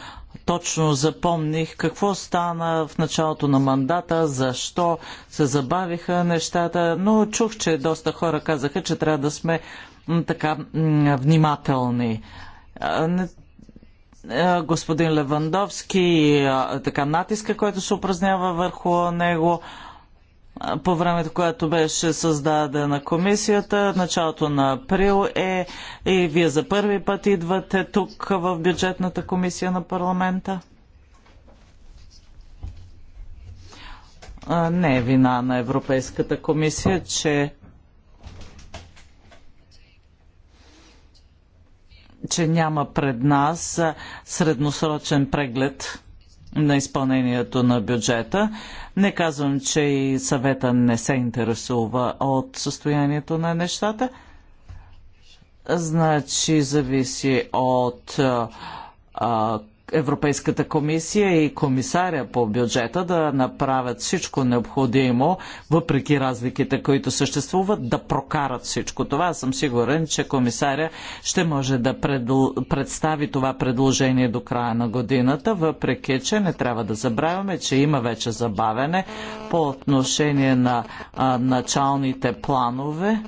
точно запомних какво стана в началото на мандата, защо се забавиха нещата, но чух, че доста хора казаха, че трябва да сме така внимателни. Господин Левандовски и така натиска, който се упражнява върху него, по времето, което беше създадена комисията, началото на април е и вие за първи път идвате тук в бюджетната комисия на парламента? Не е вина на Европейската комисия, че че няма пред нас средносрочен преглед на изпълнението на бюджета. Не казвам, че и съвета не се интересува от състоянието на нещата. Значи зависи от а, Европейската комисия и комисаря по бюджета да направят всичко необходимо, въпреки разликите, които съществуват, да прокарат всичко това. Аз съм сигурен, че комисаря ще може да предл... представи това предложение до края на годината, въпреки, че не трябва да забравяме, че има вече забавене по отношение на а, началните планове.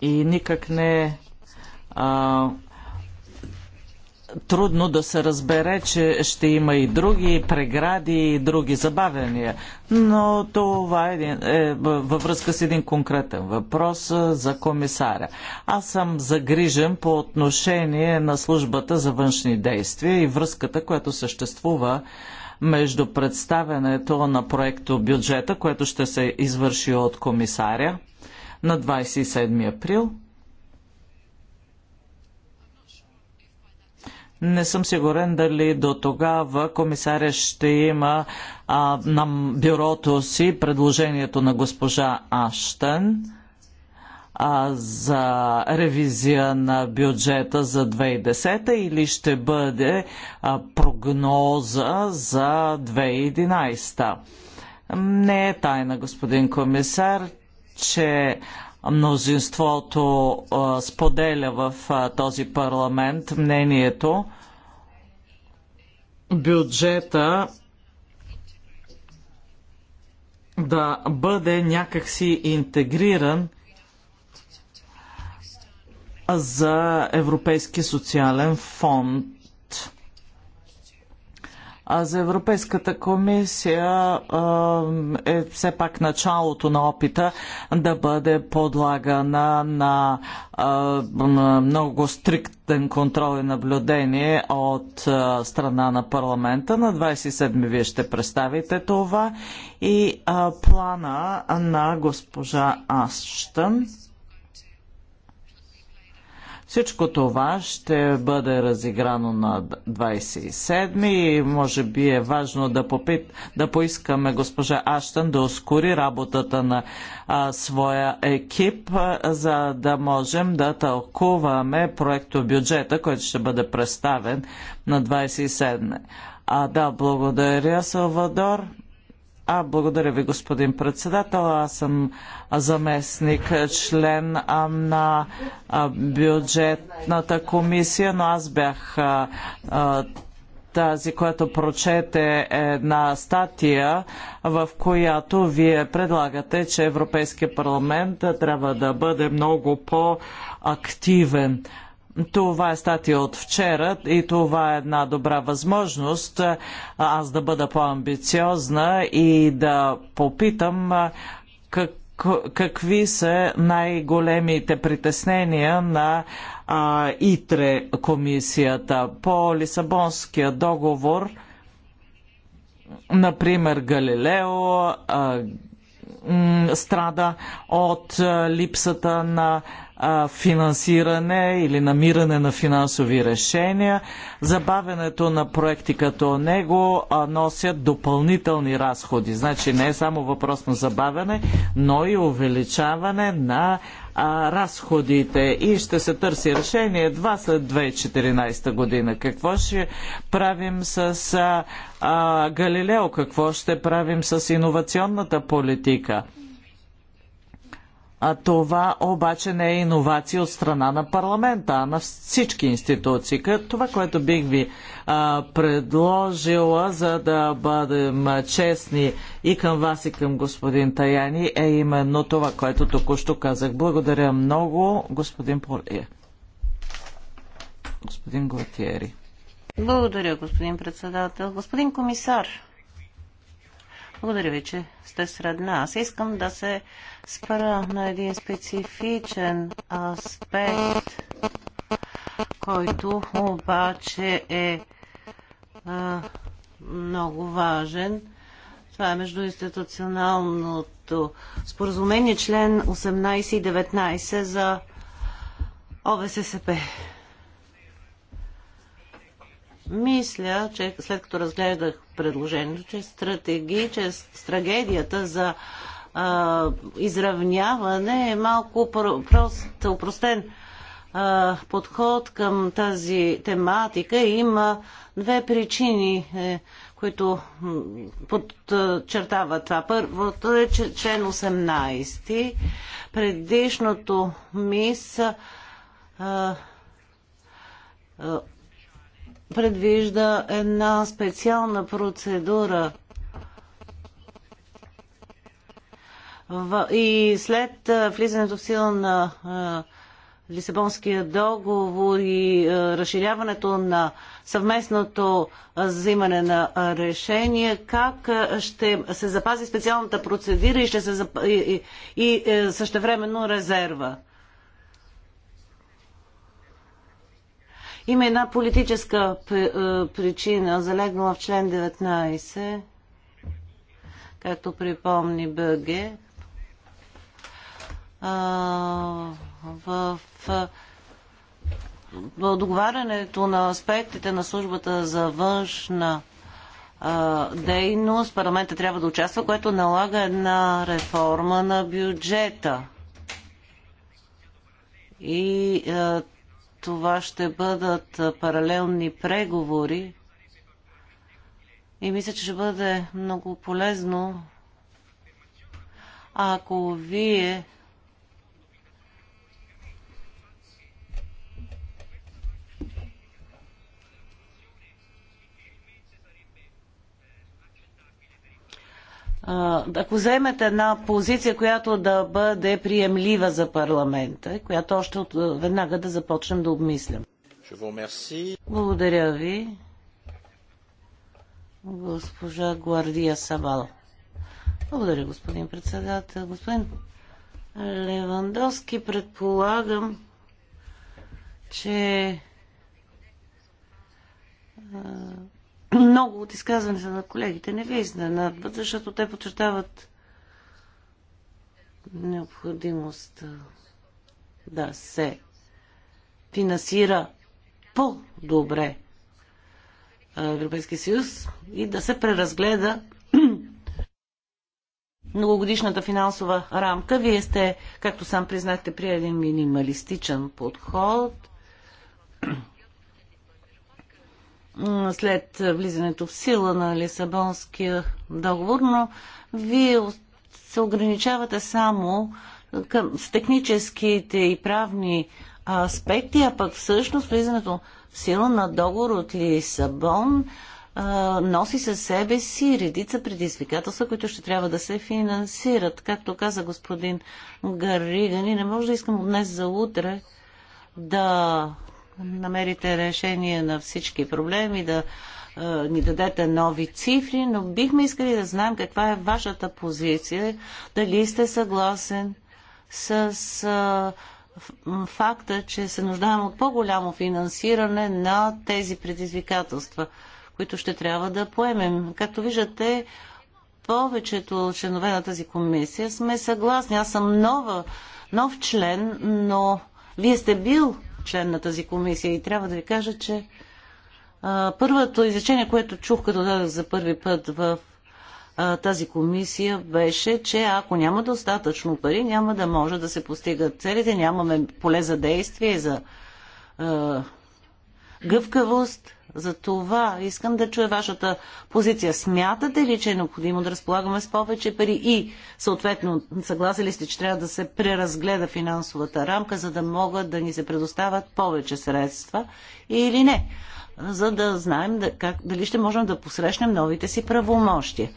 И никак не е а, трудно да се разбере, че ще има и други прегради и други забавяния. Но това е, един, е във връзка с един конкретен въпрос за комисаря. Аз съм загрижен по отношение на службата за външни действия и връзката, която съществува между представянето на проекто бюджета, което ще се извърши от комисаря на 27 април – Не съм сигурен дали до тогава комисаря ще има а, на бюрото си предложението на госпожа Аштен а, за ревизия на бюджета за 2010 или ще бъде а, прогноза за 2011. Не е тайна, господин комисар, че мнозинството а, споделя в а, този парламент мнението, бюджета да бъде някакси интегриран за Европейски социален фонд а за Европейската комисия е все пак началото на опита да бъде подлагана на много стриктен контрол и наблюдение от страна на парламента. На 27 вие ще представите това и плана на госпожа Аштън всичко това ще бъде разиграно на 27 и може би е важно да, попит, да поискаме госпожа Аштън да ускори работата на а, своя екип, а, за да можем да тълкуваме проекто бюджета, който ще бъде представен на 27. А да, благодаря, Салвадор. А, благодаря ви, господин председател. Аз съм заместник член на бюджетната комисия, но аз бях тази, която прочете една статия, в която вие предлагате, че Европейския парламент трябва да бъде много по-активен това е статия от вчера и това е една добра възможност аз да бъда по-амбициозна и да попитам как, какви са най-големите притеснения на а, ИТРЕ комисията по Лисабонския договор, например Галилео, а, страда от липсата на финансиране или намиране на финансови решения. Забавянето на проекти като него носят допълнителни разходи. Значи не е само въпрос на забавяне, но и увеличаване на а, разходите и ще се търси решение едва след 2014 година. Какво ще правим с а, а, Галилео? Какво ще правим с иновационната политика? А това обаче не е иновация от страна на парламента, а на всички институции. Това, което бих ви а, предложила, за да бъдем честни и към вас, и към господин Таяни, е именно това, което току-що казах. Благодаря много, господин Полия. Господин Готиери. Благодаря, господин председател. Господин комисар, благодаря ви, че сте сред нас. Искам да се спра на един специфичен аспект, който обаче е а, много важен. Това е междуинституционалното споразумение, член 18 и 19 за ОВССП. Мисля, че след като разгледах предложението, че стратегическа, стратегията за а, изравняване е малко прост, упростен а, подход към тази тематика. Има две причини, е, които подчертава това. Първото е член 18. Предишното мис а, а, предвижда една специална процедура И след влизането в сила на Лисабонския договор и разширяването на съвместното взимане на решения, как ще се запази специалната процедура и, ще се зап... и, и, и е, същевременно резерва. Има една политическа е, причина, залегнала в член 19, както припомни Бъге, в договарянето на аспектите на службата за външна дейност парламента трябва да участва, което налага една реформа на бюджета. И а, това ще бъдат паралелни преговори. И мисля, че ще бъде много полезно, ако вие ако вземете една позиция, която да бъде приемлива за парламента, която още от, веднага да започнем да обмислям. Благодаря ви. Госпожа Гвардия Савал. Благодаря, господин председател. Господин Левандовски, предполагам, че много от изказването на колегите не ви изненадват, защото те подчертават необходимост да се финансира по-добре Европейския съюз и да се преразгледа многогодишната финансова рамка. Вие сте, както сам признахте, при един минималистичен подход след влизането в сила на Лисабонския договор, но вие се ограничавате само към, с техническите и правни аспекти, а пък всъщност влизането в сила на договор от Лисабон а, носи със себе си редица предизвикателства, които ще трябва да се финансират. Както каза господин Гаригани, не може да искам от днес за утре да намерите решение на всички проблеми, да ни дадете нови цифри, но бихме искали да знаем каква е вашата позиция, дали сте съгласен с факта, че се нуждаем от по-голямо финансиране на тези предизвикателства, които ще трябва да поемем. Както виждате, повечето членове на тази комисия сме съгласни. Аз съм нова, нов член, но вие сте бил член на тази комисия и трябва да ви кажа, че а, първото изречение, което чух като дадах за първи път в а, тази комисия беше, че ако няма достатъчно пари, няма да може да се постигат целите, нямаме поле за действие, за а, гъвкавост – за това искам да чуя вашата позиция. Смятате ли, че е необходимо да разполагаме с повече пари и съответно съгласили ли сте, че трябва да се преразгледа финансовата рамка, за да могат да ни се предоставят повече средства или не? За да знаем да, как, дали ще можем да посрещнем новите си правомощия.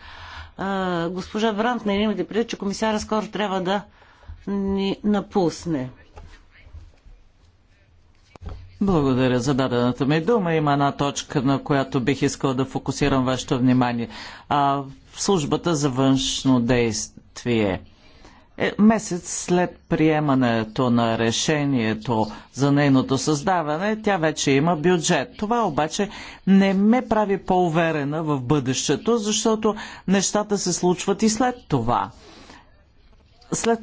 А, госпожа Брант, не имате преди, че комисара скоро трябва да ни напусне. Благодаря за дадената ми дума. Има една точка, на която бих искал да фокусирам вашето внимание. А, службата за външно действие. Е, месец след приемането на решението за нейното създаване, тя вече има бюджет. Това обаче не ме прави по-уверена в бъдещето, защото нещата се случват и след това. След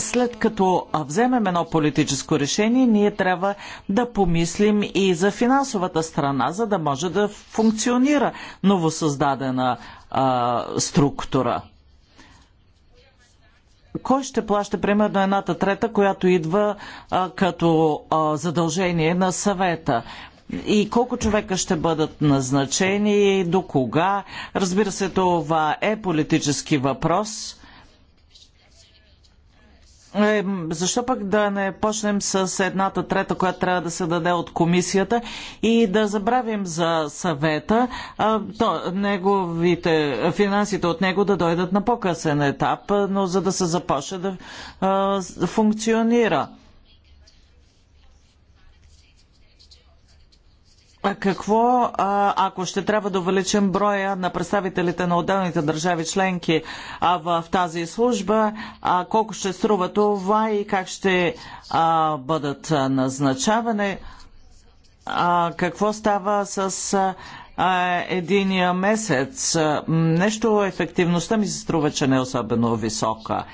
след като вземем едно политическо решение, ние трябва да помислим и за финансовата страна, за да може да функционира новосъздадена а, структура. Кой ще плаща, примерно, едната трета, която идва а, като а, задължение на съвета? и колко човека ще бъдат назначени, до кога. Разбира се, това е политически въпрос. Е, защо пък да не почнем с едната трета, която трябва да се даде от комисията и да забравим за съвета, а, то, неговите, финансите от него да дойдат на по-късен етап, но за да се започне да а, функционира. какво, ако ще трябва да увеличим броя на представителите на отделните държави членки в тази служба, колко ще струва това и как ще бъдат назначаване? какво става с а, единия месец. Нещо ефективността ми се струва, че не е особено висока.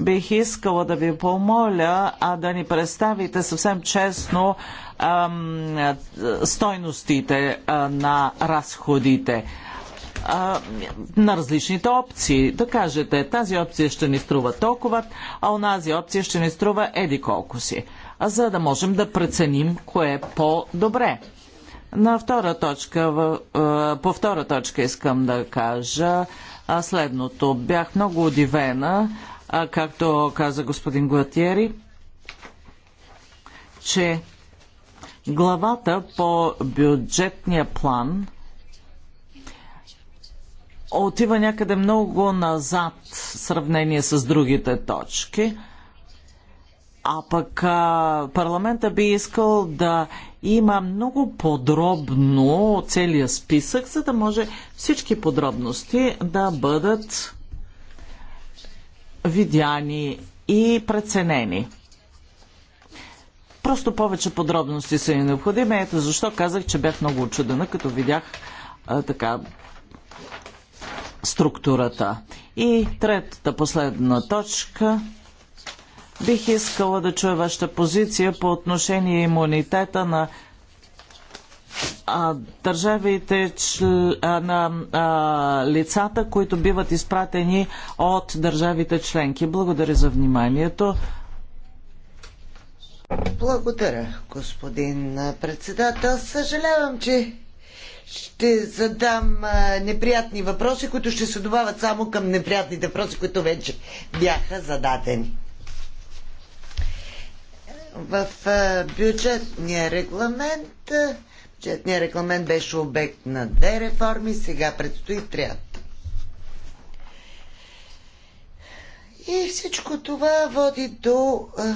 Бих искала да ви помоля а да ни представите съвсем честно ам, стойностите а, на разходите а, на различните опции. Да кажете, тази опция ще ни струва толкова, а онази опция ще ни струва еди колко си. А за да можем да преценим кое е по-добре. На втора точка, е, по втора точка искам да кажа следното. Бях много удивена, както каза господин Гуатиери, че главата по бюджетния план отива някъде много назад в сравнение с другите точки – а пък а, парламента би искал да има много подробно целият списък, за да може всички подробности да бъдат видяни и преценени. Просто повече подробности са ни необходими. Ето защо казах, че бях много очудена, като видях а, така структурата. И третата последна точка – Бих искала да чуя вашата позиция по отношение имунитета на а, държавите чл... а, на а, лицата, които биват изпратени от държавите членки. Благодаря за вниманието. Благодаря, господин председател. Съжалявам, че ще задам неприятни въпроси, които ще се добавят само към неприятните въпроси, които вече бяха зададени в бюджетния регламент. Бюджетния регламент беше обект на две реформи, сега предстои трят. И всичко това води до а,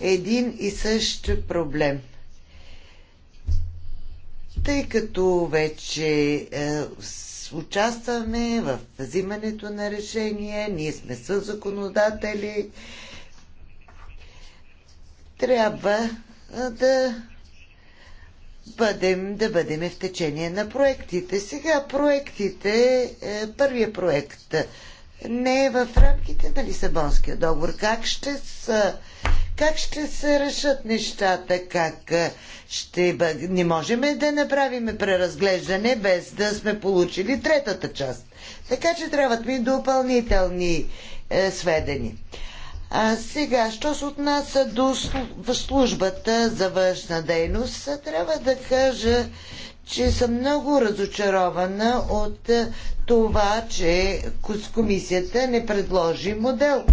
един и същ проблем. Тъй като вече е, участваме в взимането на решения, ние сме със законодатели, трябва да бъдем, да бъдем в течение на проектите. Сега проектите, първия е, първият проект не е в рамките на Лисабонския договор. Как ще са как ще се решат нещата, как е, ще бъ... Не можем да направим преразглеждане без да сме получили третата част. Така че трябват ми допълнителни е, сведения. А, сега, що се отнася до службата за външна дейност, трябва да кажа, че съм много разочарована от това, че комисията не предложи модел.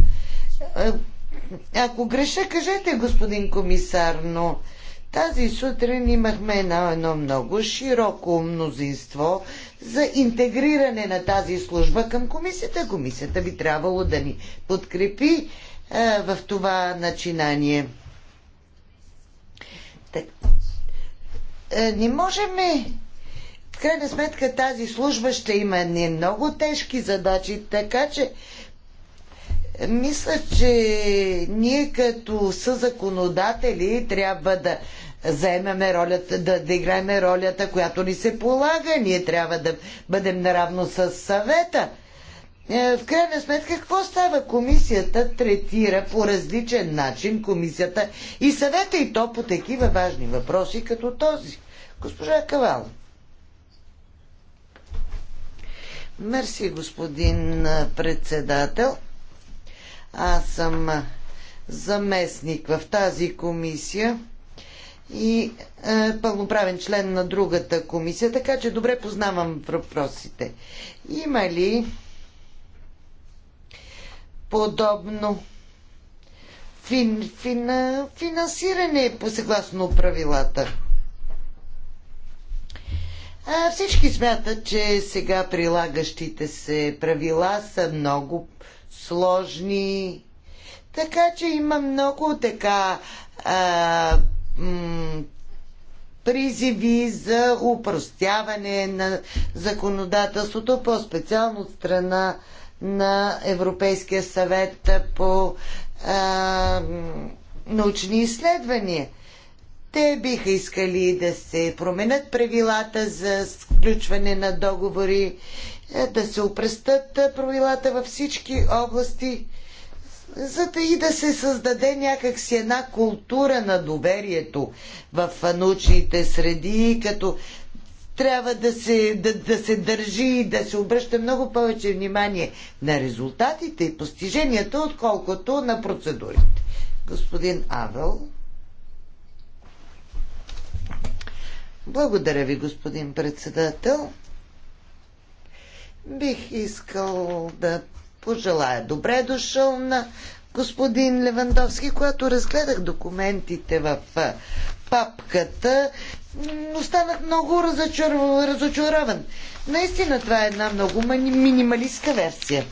Ако греша, кажете, господин комисар, но тази сутрин имахме едно, едно много широко мнозинство за интегриране на тази служба към комисията. Комисията би трябвало да ни подкрепи в това начинание. Так. Не можем е, в крайна сметка тази служба ще има не много тежки задачи, така че мисля, че ние като съзаконодатели трябва да заемаме ролята, да, да играеме ролята, която ни се полага. Ние трябва да бъдем наравно с съвета. Е, в крайна сметка, какво става? Комисията третира по различен начин комисията и съвета и то по такива важни въпроси, като този. Госпожа Кавал. Мерси, господин председател. Аз съм заместник в тази комисия и е, пълноправен член на другата комисия, така че добре познавам въпросите. Има ли подобно фин, фин, финансиране по съгласно правилата. А, всички смятат, че сега прилагащите се правила са много сложни. Така че има много така а, призиви за упростяване на законодателството, по-специално страна на Европейския съвет по а, научни изследвания. Те биха искали да се променят правилата за включване на договори, е, да се опрестат правилата във всички области, за да и да се създаде някакси една култура на доверието в научните среди, като трябва да се, да, да се държи и да се обръща много повече внимание на резултатите и постиженията, отколкото на процедурите. Господин Авел. Благодаря ви, господин председател. Бих искал да пожелая добре дошъл на господин Левандовски, когато разгледах документите в папката, останах много разочарован. Наистина това е една много минималистка версия.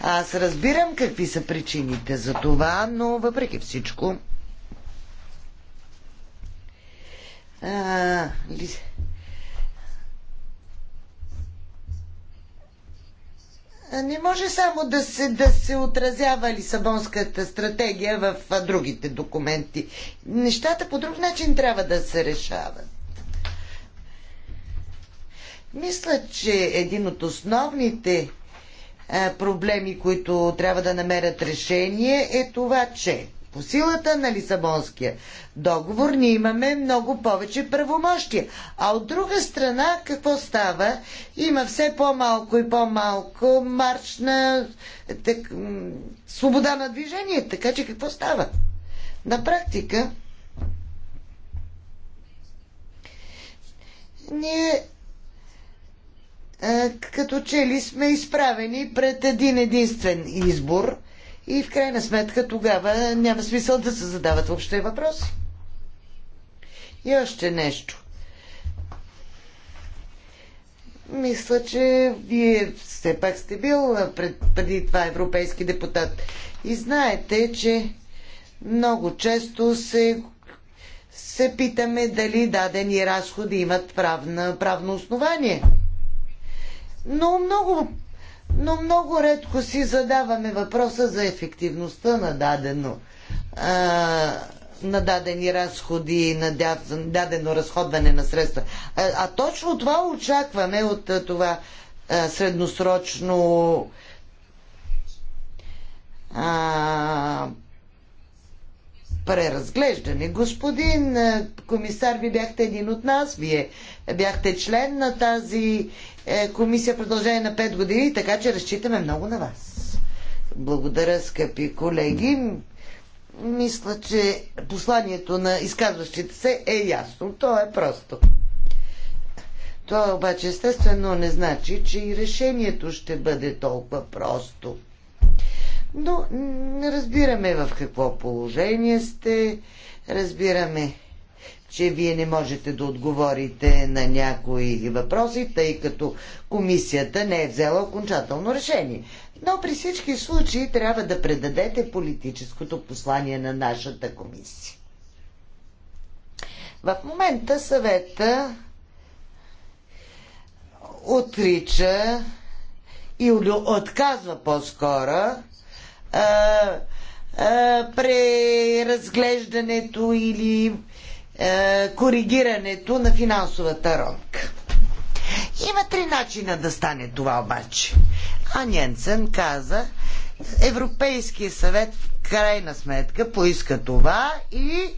Аз разбирам какви са причините за това, но въпреки всичко. А, Не може само да се, да се отразява Лисабонската стратегия в другите документи. Нещата по друг начин трябва да се решават. Мисля, че един от основните проблеми, които трябва да намерят решение, е това, че по силата на Лисабонския договор ние имаме много повече правомощия. А от друга страна, какво става? Има все по-малко и по-малко марш на так, свобода на движение. Така че какво става? На практика, ние е, като че ли сме изправени пред един единствен избор – и в крайна сметка тогава няма смисъл да се задават въобще въпроси. И още нещо. Мисля, че вие все пак сте бил пред, преди това европейски депутат. И знаете, че много често се, се питаме дали дадени разходи имат правна, правно основание. Но много но много редко си задаваме въпроса за ефективността на дадено а, на дадени разходи, на дадено разходване на средства. А, а точно това очакваме от а, това а, средносрочно а, преразглеждане. Господин комисар, ви бяхте един от нас, вие бяхте член на тази е, комисия в продължение на 5 години, така че разчитаме много на вас. Благодаря, скъпи колеги. Мисля, че посланието на изказващите се е ясно. То е просто. То обаче естествено не значи, че и решението ще бъде толкова просто. Но разбираме в какво положение сте, разбираме че вие не можете да отговорите на някои въпроси, тъй като комисията не е взела окончателно решение. Но при всички случаи трябва да предадете политическото послание на нашата комисия. В момента съвета отрича и отказва по-скоро преразглеждането или е, коригирането на финансовата рамка. Има три начина да стане това обаче. Аньенсен каза, Европейския съвет в крайна сметка поиска това и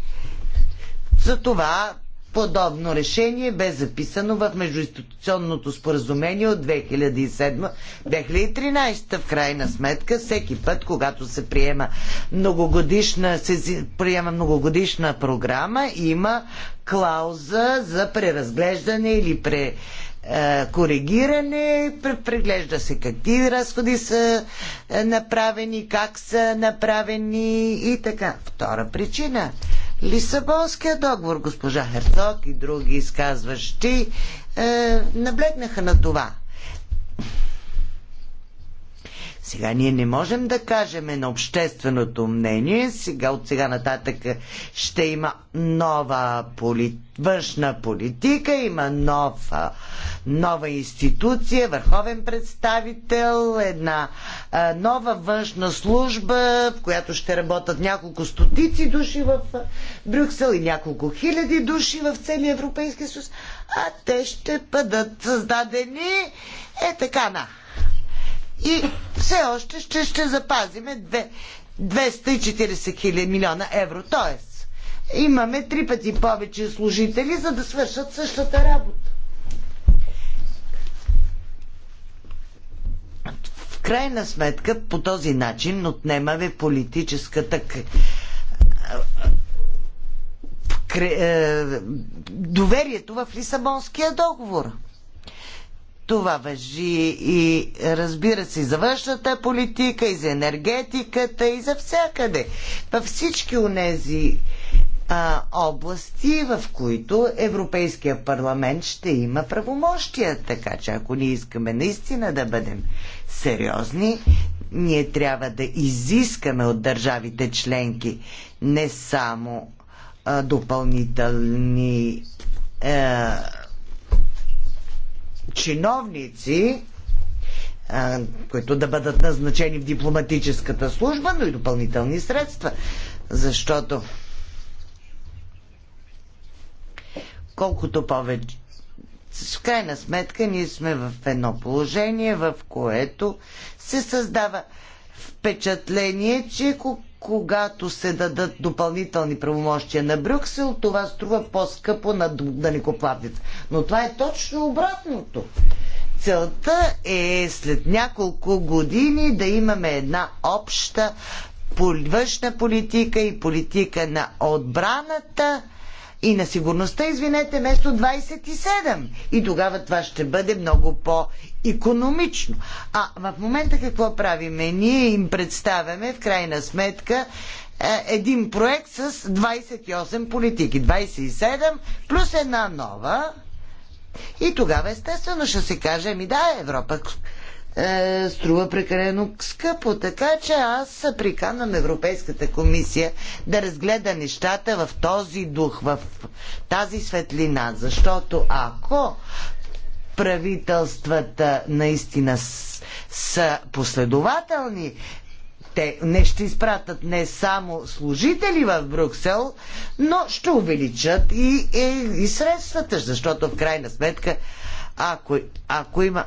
за това Подобно решение бе записано в междуинституционното споразумение от 2007-2013. В крайна сметка, всеки път, когато се приема многогодишна, се приема многогодишна програма, има клауза за преразглеждане или пре, е, коригиране, преглежда се какви разходи са е, направени, как са направени и така. Втора причина Лисабонския договор, госпожа Херцог и други изказващи е, наблегнаха на това. Сега ние не можем да кажем на общественото мнение, сега от сега нататък ще има нова поли... външна политика, има нова, нова институция, върховен представител, една а, нова външна служба, в която ще работят няколко стотици души в Брюксел и няколко хиляди души в целия Европейски съюз, а те ще бъдат създадени е така на. Да и все още ще, ще запазиме 240 хиляди милиона евро. Тоест, имаме три пъти повече служители, за да свършат същата работа. В крайна сметка, по този начин отнемаме политическата е, доверието в Лисабонския договор. Това въжи и разбира се и за външната политика, и за енергетиката, и за всякъде. Във всички онези а, области, в които Европейския парламент ще има правомощия. Така че ако ние искаме наистина да бъдем сериозни, ние трябва да изискаме от държавите членки не само а, допълнителни а, е, чиновници, които да бъдат назначени в дипломатическата служба, но и допълнителни средства. Защото колкото повече. В крайна сметка ние сме в едно положение, в което се създава впечатление, че когато се дадат допълнителни правомощия на Брюксел, това струва по-скъпо на данекоплатите. Но това е точно обратното. Целта е след няколко години да имаме една обща външна политика и политика на отбраната – и на сигурността, извинете, вместо 27. И тогава това ще бъде много по-економично. А в момента какво правиме? Ние им представяме в крайна сметка е, един проект с 28 политики. 27 плюс една нова. И тогава естествено ще се каже, ами да, Европа е, струва прекалено скъпо. Така че аз приканвам Европейската комисия да разгледа нещата в този дух, в тази светлина. Защото ако правителствата наистина са последователни, те не ще изпратят не само служители в Брюксел, но ще увеличат и, и, и средствата, защото в крайна сметка, ако, ако има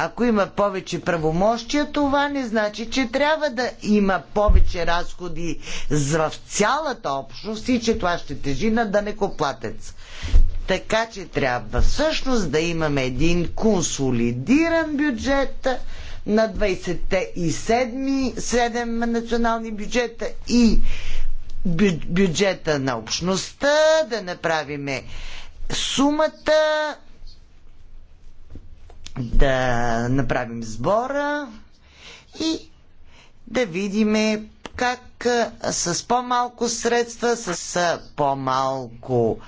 ако има повече правомощия, това не значи, че трябва да има повече разходи в цялата общност и че това ще тежи на данекоплатец. Така че трябва всъщност да имаме един консолидиран бюджет на 27 национални бюджета и бюджета на общността, да направиме сумата да направим сбора и да видим как с по-малко средства, с по-малко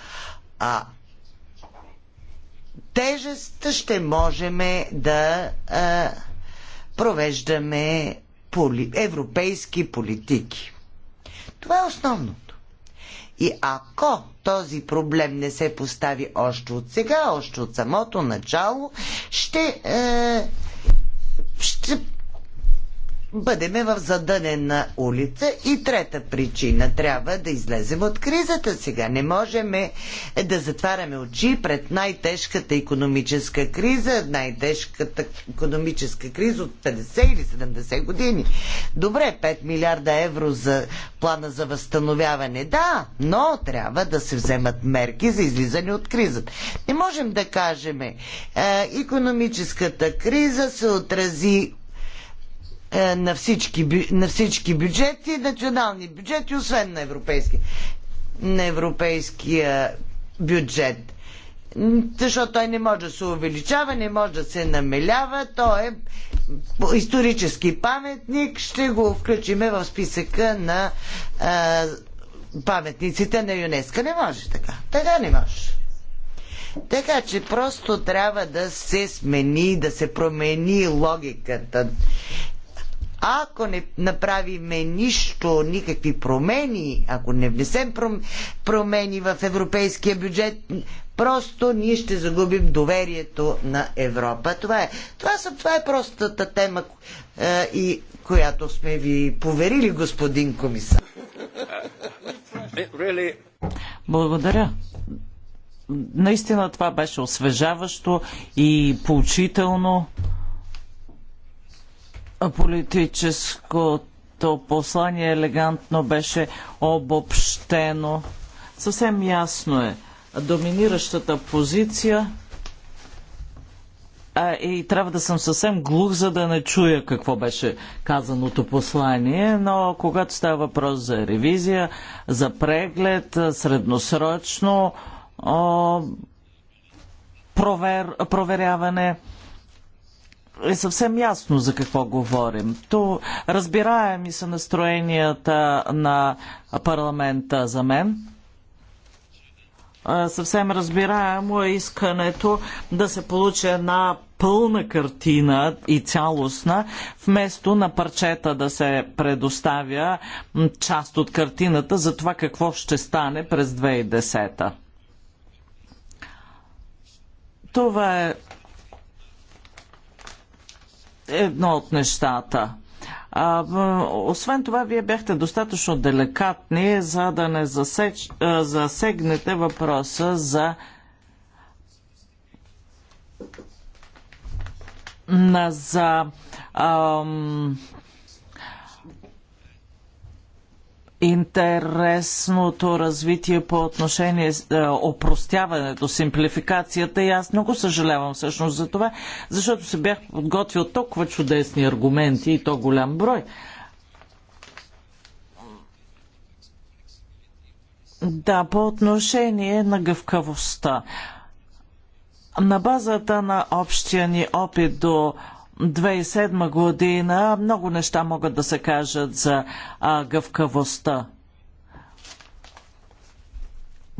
а, тежест ще можем да а, провеждаме поли, европейски политики. Това е основното. И ако този проблем не се постави още от сега, още от самото начало, ще, е, ще бъдеме в задънена улица. И трета причина трябва да излезем от кризата сега. Не можем да затваряме очи пред най-тежката економическа криза, най-тежката економическа криза от 50 или 70 години. Добре, 5 милиарда евро за плана за възстановяване. Да, но трябва да се вземат мерки за излизане от кризата. Не можем да кажем, е, економическата криза се отрази е, на всички, на всички бюджети, национални бюджети, освен на европейски. На европейския бюджет. Защото той не може да се увеличава, не може да се намелява. Той е исторически паметник. Ще го включиме в списъка на а, е, паметниците на ЮНЕСКО. Не може така. Така не може. Така че просто трябва да се смени, да се промени логиката. Ако не направиме нищо, никакви промени, ако не внесем промени в европейския бюджет, просто ние ще загубим доверието на Европа. Това е, това са, това е простата тема е, и която сме ви поверили, господин комисар. Really? Благодаря. Наистина това беше освежаващо и поучително политическото послание елегантно беше обобщено. Съвсем ясно е. Доминиращата позиция а, и трябва да съм съвсем глух, за да не чуя какво беше казаното послание, но когато става въпрос за ревизия, за преглед, средносрочно о, провер, проверяване, е съвсем ясно за какво говорим. То разбираеми са настроенията на парламента за мен. Е, съвсем разбираемо е искането да се получи една пълна картина и цялостна, вместо на парчета да се предоставя част от картината за това какво ще стане през 2010. Това е едно от нещата. А, освен това, вие бяхте достатъчно деликатни, за да не засеч, засегнете въпроса за на, за ам, интересното развитие по отношение е, опростяването, симплификацията и аз много съжалявам всъщност за това, защото се бях подготвил толкова чудесни аргументи и то голям брой. Да, по отношение на гъвкавостта. На базата на общия ни опит до 2007 година много неща могат да се кажат за а, гъвкавостта.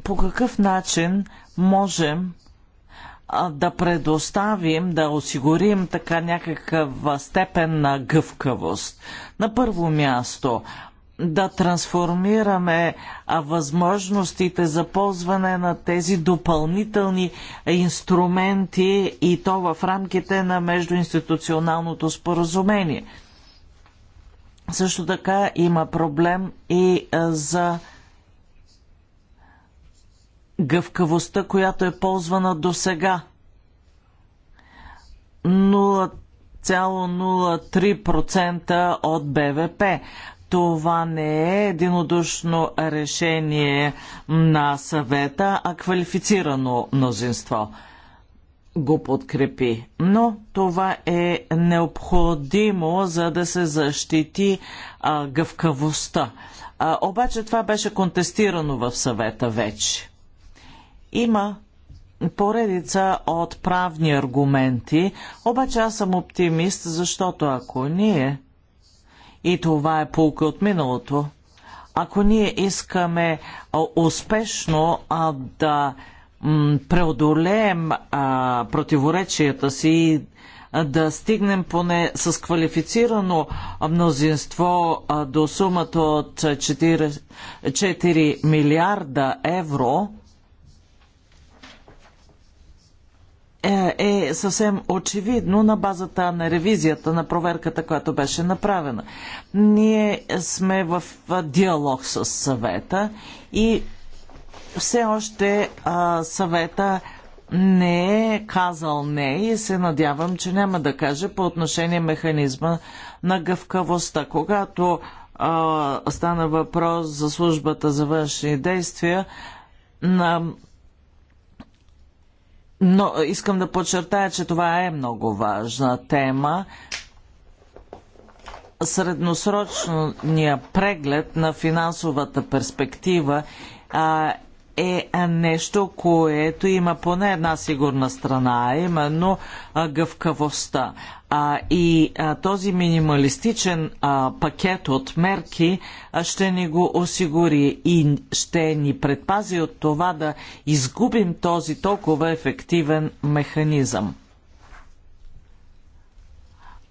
По какъв начин можем а, да предоставим, да осигурим така някаква степен на гъвкавост? На първо място, да трансформираме възможностите за ползване на тези допълнителни инструменти и то в рамките на междуинституционалното споразумение. Също така има проблем и за гъвкавостта, която е ползвана до сега. 0,03% от БВП това не е единодушно решение на съвета, а квалифицирано мнозинство го подкрепи. Но това е необходимо, за да се защити а, гъвкавостта. А, обаче това беше контестирано в съвета вече. Има поредица от правни аргументи, обаче аз съм оптимист, защото ако ние и това е полка от миналото. Ако ние искаме успешно да преодолеем противоречията си и да стигнем поне с квалифицирано мнозинство до сумата от 4, 4 милиарда евро, Е, е съвсем очевидно на базата на ревизията, на проверката, която беше направена. Ние сме в диалог с съвета и все още а, съвета не е казал не и се надявам, че няма да каже по отношение механизма на гъвкавостта. Когато а, стана въпрос за службата за външни действия, на но искам да подчертая, че това е много важна тема. Средносрочният преглед на финансовата перспектива а, е нещо, което има поне една сигурна страна, именно гъвкавостта. И този минималистичен пакет от мерки ще ни го осигури и ще ни предпази от това да изгубим този толкова ефективен механизъм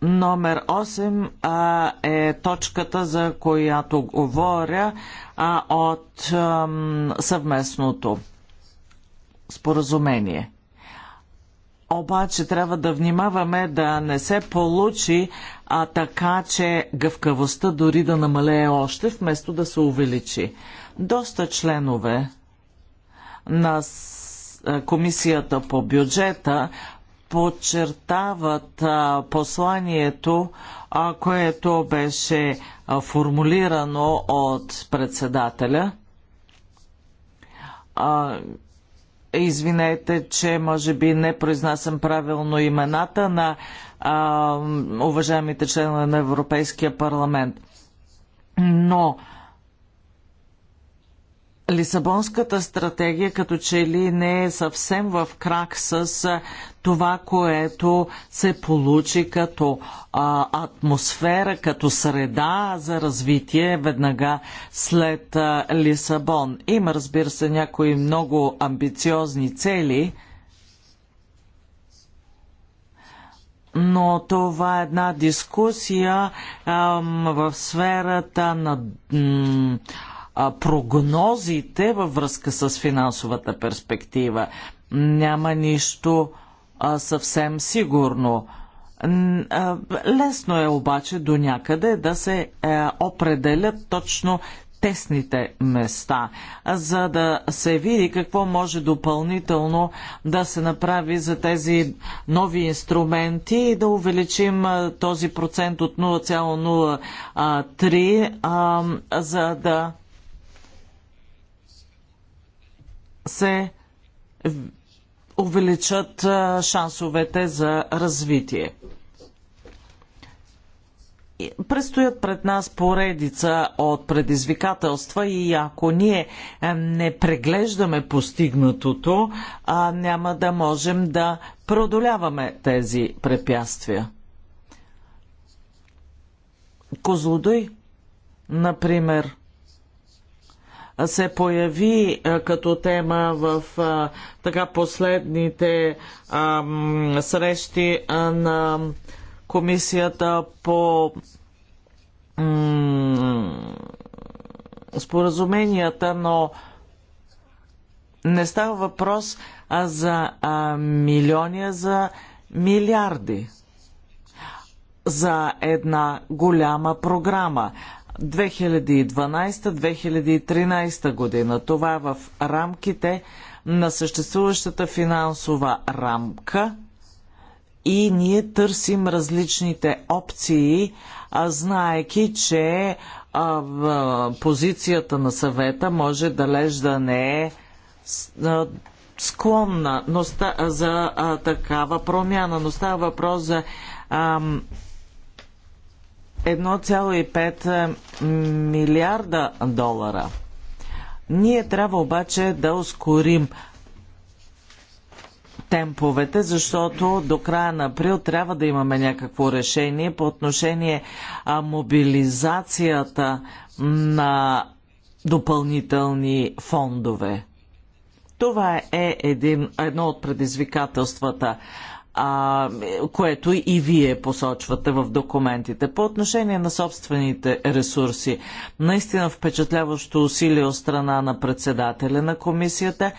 номер 8 а, е точката, за която говоря а, от а, съвместното споразумение. Обаче трябва да внимаваме да не се получи а, така, че гъвкавостта дори да намалее още, вместо да се увеличи. Доста членове на Комисията по бюджета подчертават посланието, което беше формулирано от председателя. Извинете, че може би не произнасям правилно имената на а, уважаемите членове на Европейския парламент. Но а, Лисабонската стратегия като че ли не е съвсем в крак с това, което се получи като а, атмосфера, като среда за развитие веднага след а, Лисабон. Има, разбира се, някои много амбициозни цели, но това е една дискусия а, в сферата на. М- прогнозите във връзка с финансовата перспектива. Няма нищо съвсем сигурно. Лесно е обаче до някъде да се е, определят точно тесните места, за да се види какво може допълнително да се направи за тези нови инструменти и да увеличим този процент от 0,03, за да се увеличат шансовете за развитие. Престоят пред нас поредица от предизвикателства и ако ние не преглеждаме постигнатото, няма да можем да преодоляваме тези препятствия. Козлодой, например, се появи като тема в така последните срещи на комисията по споразуменията, но не става въпрос а за а, милиони, а за милиарди за една голяма програма. 2012-2013 година. Това е в рамките на съществуващата финансова рамка и ние търсим различните опции, а знаеки, че а, в, позицията на съвета може далеч да не е склонна но, за а, такава промяна, но става въпрос за а, 1,5 е, милиарда долара. Ние трябва обаче да ускорим темповете, защото до края на април трябва да имаме някакво решение по отношение а, мобилизацията на допълнителни фондове. Това е един, едно от предизвикателствата а, което и вие посочвате в документите. По отношение на собствените ресурси, наистина впечатляващо усилие от страна на председателя на комисията,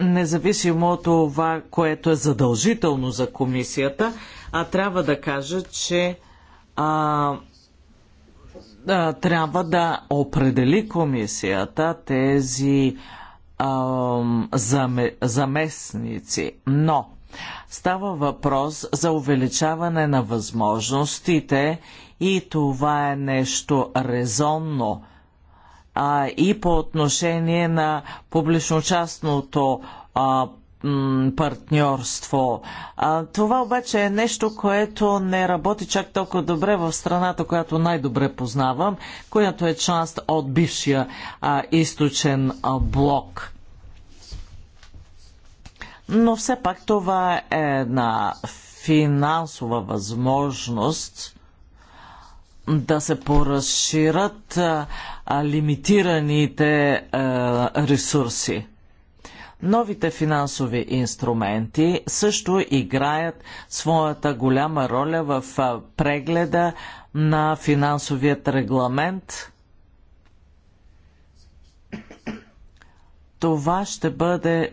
независимо от това, което е задължително за комисията, а трябва да кажа, че а, а, трябва да определи комисията тези а, заме, заместници. Но Става въпрос за увеличаване на възможностите и това е нещо резонно. А, и по отношение на публично-частното партньорство. А, това обаче е нещо, което не работи чак толкова добре в страната, която най-добре познавам, която е част от бившия а, източен а, блок но все пак това е една финансова възможност да се поразшират а, лимитираните а, ресурси. Новите финансови инструменти също играят своята голяма роля в прегледа на финансовият регламент. Това ще бъде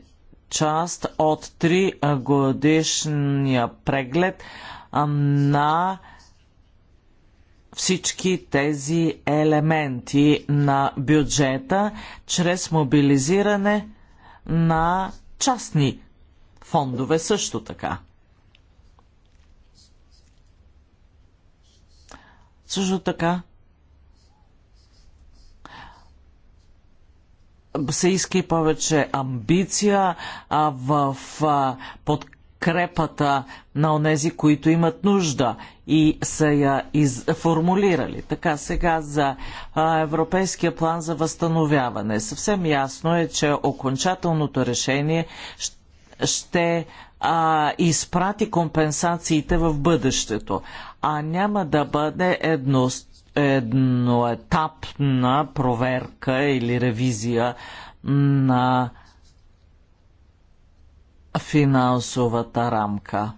част от три годишния преглед на всички тези елементи на бюджета чрез мобилизиране на частни фондове също така. Също така се иска и повече амбиция а, в а, подкрепата на онези, които имат нужда и са я изформулирали. формулирали. Така сега за а, Европейския план за възстановяване. Съвсем ясно е, че окончателното решение ще, ще а, изпрати компенсациите в бъдещето, а няма да бъде едност едноетапна проверка или ревизия на финансовата рамка.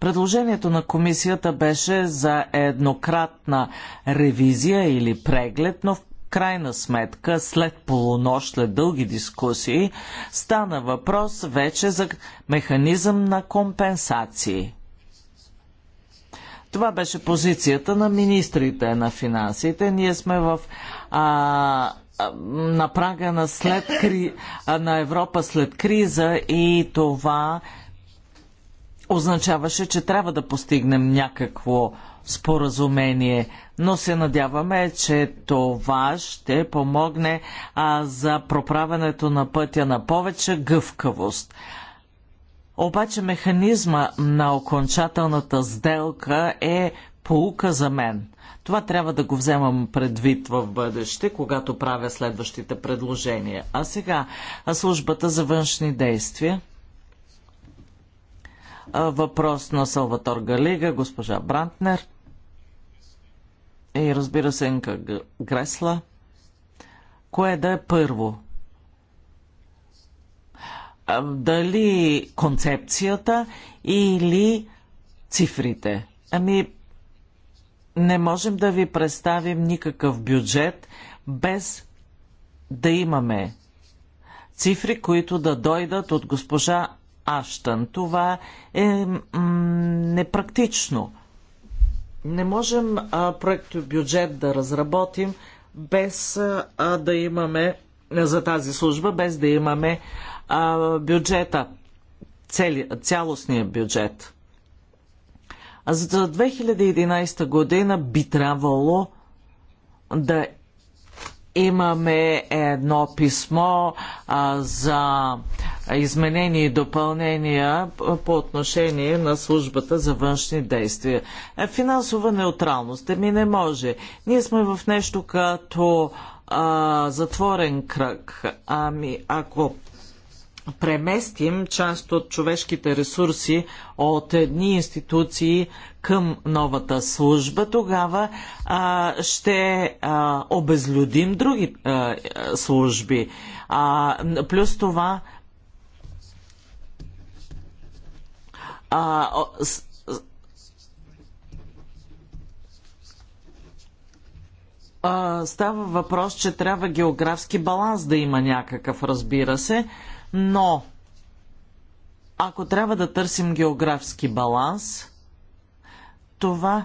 Предложението на комисията беше за еднократна ревизия или преглед, но в крайна сметка, след полунощ, след дълги дискусии, стана въпрос вече за механизъм на компенсации. Това беше позицията на министрите на финансите. Ние сме в а, на прага на, след кри... на Европа след криза и това означаваше, че трябва да постигнем някакво споразумение, но се надяваме, че това ще помогне а, за проправенето на пътя на повече гъвкавост. Обаче механизма на окончателната сделка е полука за мен. Това трябва да го вземам предвид в бъдеще, когато правя следващите предложения. А сега, а службата за външни действия? Въпрос на Салватор Галига, госпожа Брантнер и разбира се Енка Гресла. Кое да е първо? Дали концепцията или цифрите? Ами, не можем да ви представим никакъв бюджет без да имаме цифри, които да дойдат от госпожа Аштън. Това е непрактично. Не можем проекто бюджет да разработим без а, да имаме за тази служба, без да имаме а, бюджета, цели, цялостния бюджет. А за 2011 година би трябвало да имаме едно писмо а, за изменения и допълнения по отношение на службата за външни действия. Е, финансова неутралност. Ми не може. Ние сме в нещо като а, затворен кръг. Ами ако преместим част от човешките ресурси от едни институции към новата служба, тогава а, ще а, обезлюдим други а, служби. А, плюс това а, с, а, става въпрос, че трябва географски баланс да има някакъв, разбира се. А, но, ако трябва да търсим географски баланс, това е,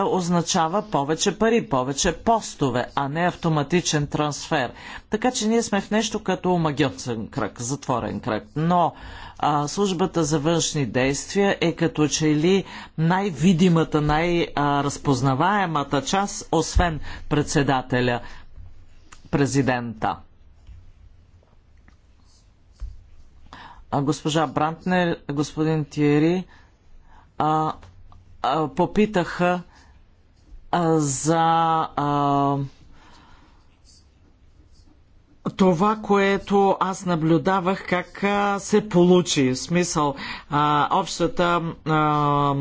означава повече пари, повече постове, а не автоматичен трансфер. Така че ние сме в нещо като магиотен кръг, затворен кръг. Но а, службата за външни действия е като че ли най-видимата, най-разпознаваемата част, освен председателя, президента. госпожа Брантнер, господин Тиери а, а, попитаха а, за а, това, което аз наблюдавах как а, се получи. В смисъл, а, общата а,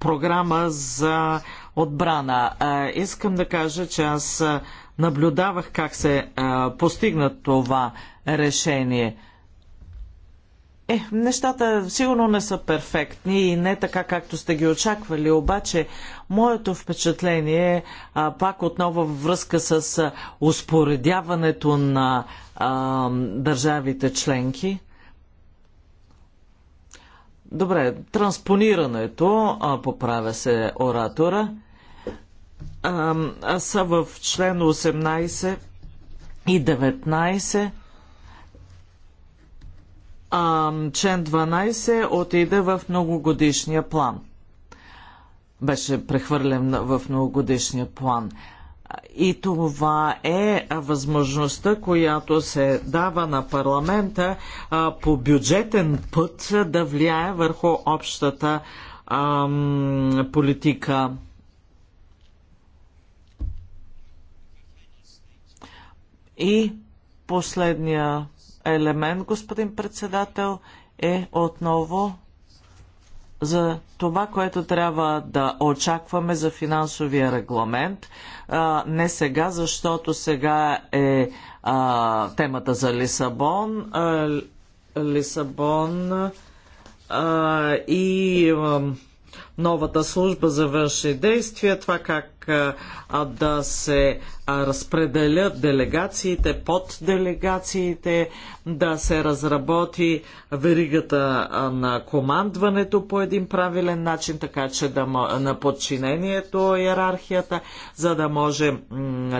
програма за отбрана. А, искам да кажа, че аз наблюдавах как се а, постигна това решение. Е, нещата сигурно не са перфектни и не така както сте ги очаквали, обаче моето впечатление, а, пак отново във връзка с успоредяването на а, държавите членки, Добре, транспонирането, а, поправя се оратора, а, а са в член 18 и 19 а, 12 отиде в многогодишния план. Беше прехвърлен в многогодишния план. И това е възможността, която се дава на парламента а, по бюджетен път да влияе върху общата политика. И последния елемент, господин председател, е отново за това, което трябва да очакваме за финансовия регламент. А, не сега, защото сега е а, темата за Лисабон. А, Лисабон а, и. А, новата служба за външни действия, това как а, да се а, разпределят делегациите, под делегациите, да се разработи веригата а, на командването по един правилен начин, така че да, на подчинението иерархията, за да може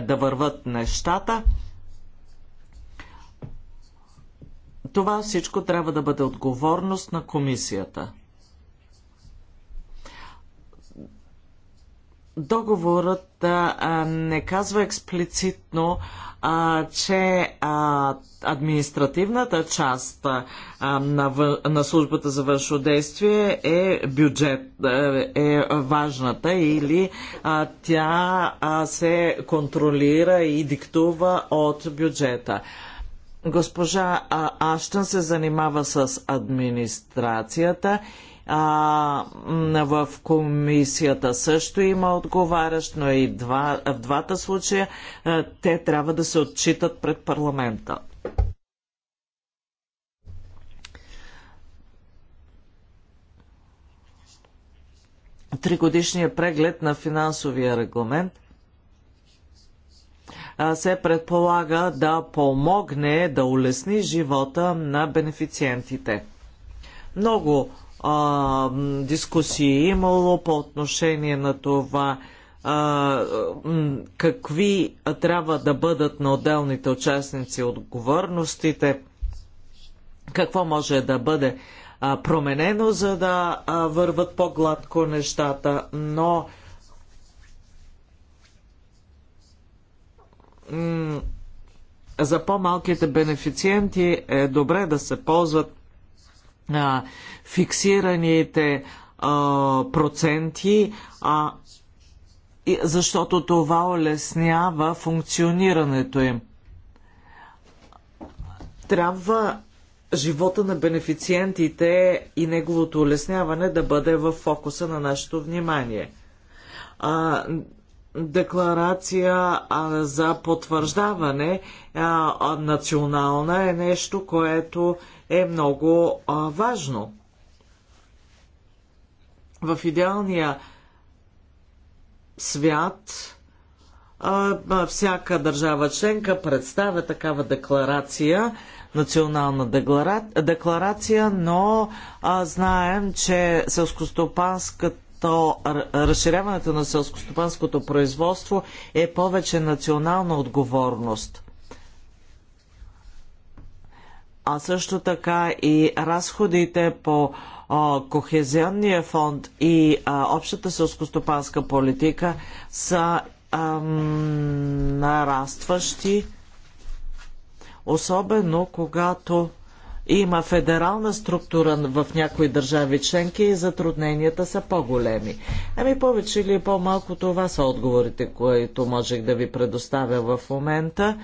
да върват нещата. Това всичко трябва да бъде отговорност на комисията. договорът а, не казва експлицитно, а, че а, административната част а, на, въ... на службата за външно действие е бюджет, е важната или а, тя а, се контролира и диктува от бюджета. Госпожа Аштън се занимава с администрацията а, в комисията също има отговарящ, но и два, в двата случая а, те трябва да се отчитат пред парламента. Тригодишния преглед на финансовия регламент се предполага да помогне да улесни живота на бенефициентите. Много а, дискусии имало по отношение на това а, какви трябва да бъдат на отделните участници отговорностите, какво може да бъде а, променено, за да а, върват по-гладко нещата, но за по-малките бенефициенти е добре да се ползват а, фиксираните а, проценти, а, защото това олеснява функционирането им. Трябва живота на бенефициентите и неговото улесняване да бъде в фокуса на нашето внимание. А, декларация а, за потвърждаване а, национална е нещо, което е много а, важно. В идеалния свят а, всяка държава членка представя такава декларация, национална декларация, декларация, но а, знаем, че селскостопанската то разширяването на селскостопанското производство е повече национална отговорност а също така и разходите по Кохезионния фонд и а, общата селскостопанска политика са нарастващи, особено когато има федерална структура в някои държави членки и затрудненията са по-големи. Ами повече или по-малко това са отговорите, които можех да ви предоставя в момента.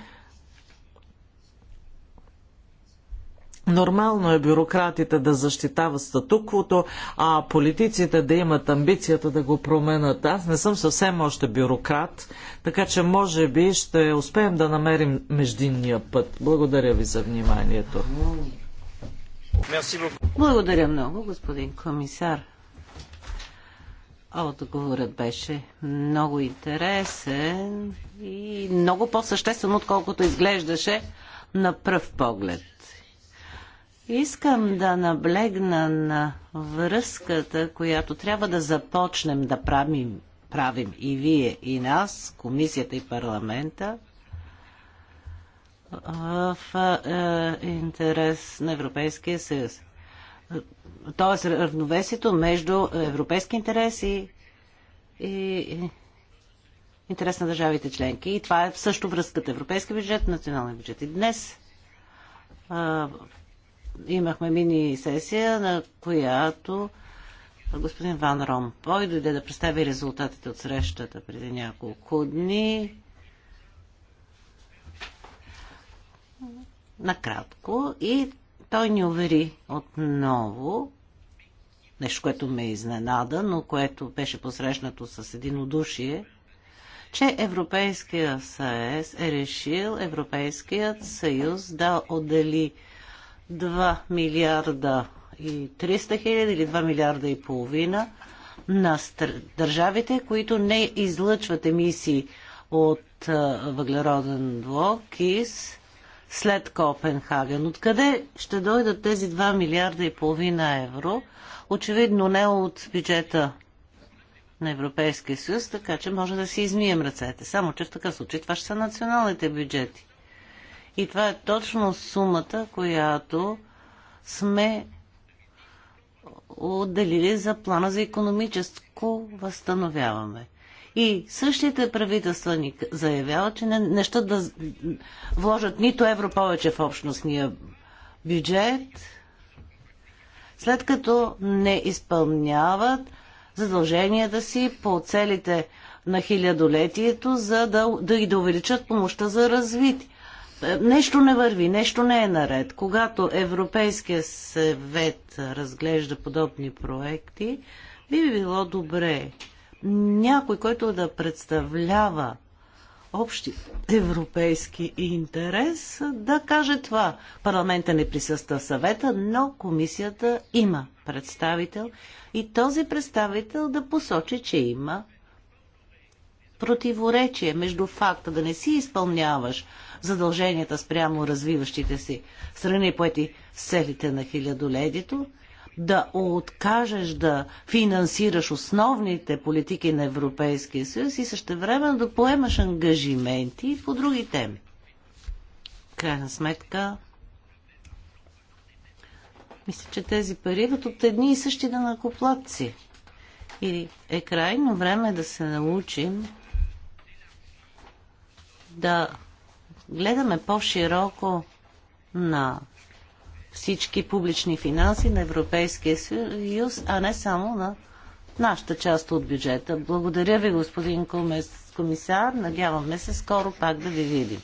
Нормално е бюрократите да защитават статуквото, а политиците да имат амбицията да го променят. Аз не съм съвсем още бюрократ, така че може би ще успеем да намерим междинния път. Благодаря ви за вниманието. Благодаря много, господин комисар. Отговорът беше много интересен и много по-съществен, отколкото изглеждаше на пръв поглед. Искам да наблегна на връзката, която трябва да започнем да правим, правим и вие, и нас, комисията и парламента, в е, интерес на Европейския съюз. Тоест равновесието между европейски интерес и, и интерес на държавите членки. И това е също връзката. Европейски бюджет, национален бюджет. И днес е, имахме мини сесия, на която господин Ван Ромпой дойде да представи резултатите от срещата преди няколко дни. Накратко. И той ни увери отново, нещо, което ме изненада, но което беше посрещнато с единодушие, че Европейския съюз е решил Европейският съюз да отдели 2 милиарда и 300 хиляди или 2 милиарда и половина на държавите, които не излъчват емисии от въглероден и след Копенхаген. Откъде ще дойдат тези 2 милиарда и половина евро? Очевидно не от бюджета на Европейския съюз, така че може да си измием ръцете. Само, че в такъв случай това ще са националните бюджети. И това е точно сумата, която сме отделили за плана за економическо възстановяване. И същите правителства ни заявяват, че не, не ще да вложат нито евро повече в общностния бюджет, след като не изпълняват задълженията си по целите на хилядолетието, за да, да и да увеличат помощта за развитие. Е, нещо не върви, нещо не е наред. Когато Европейския съвет разглежда подобни проекти, би било добре някой, който да представлява общи европейски интерес, да каже това. Парламента не присъства в съвета, но комисията има представител и този представител да посочи, че има противоречие между факта да не си изпълняваш задълженията спрямо развиващите си страни, поети с целите на хилядоледието, да откажеш да финансираш основните политики на Европейския съюз и също време да поемаш ангажименти по други теми. Крайна сметка, мисля, че тези пари идват от едни и същи данакоплатци. И е крайно време да се научим да гледаме по-широко на всички публични финанси на Европейския съюз, а не само на нашата част от бюджета. Благодаря ви, господин комисар. Надяваме се скоро пак да ви видим.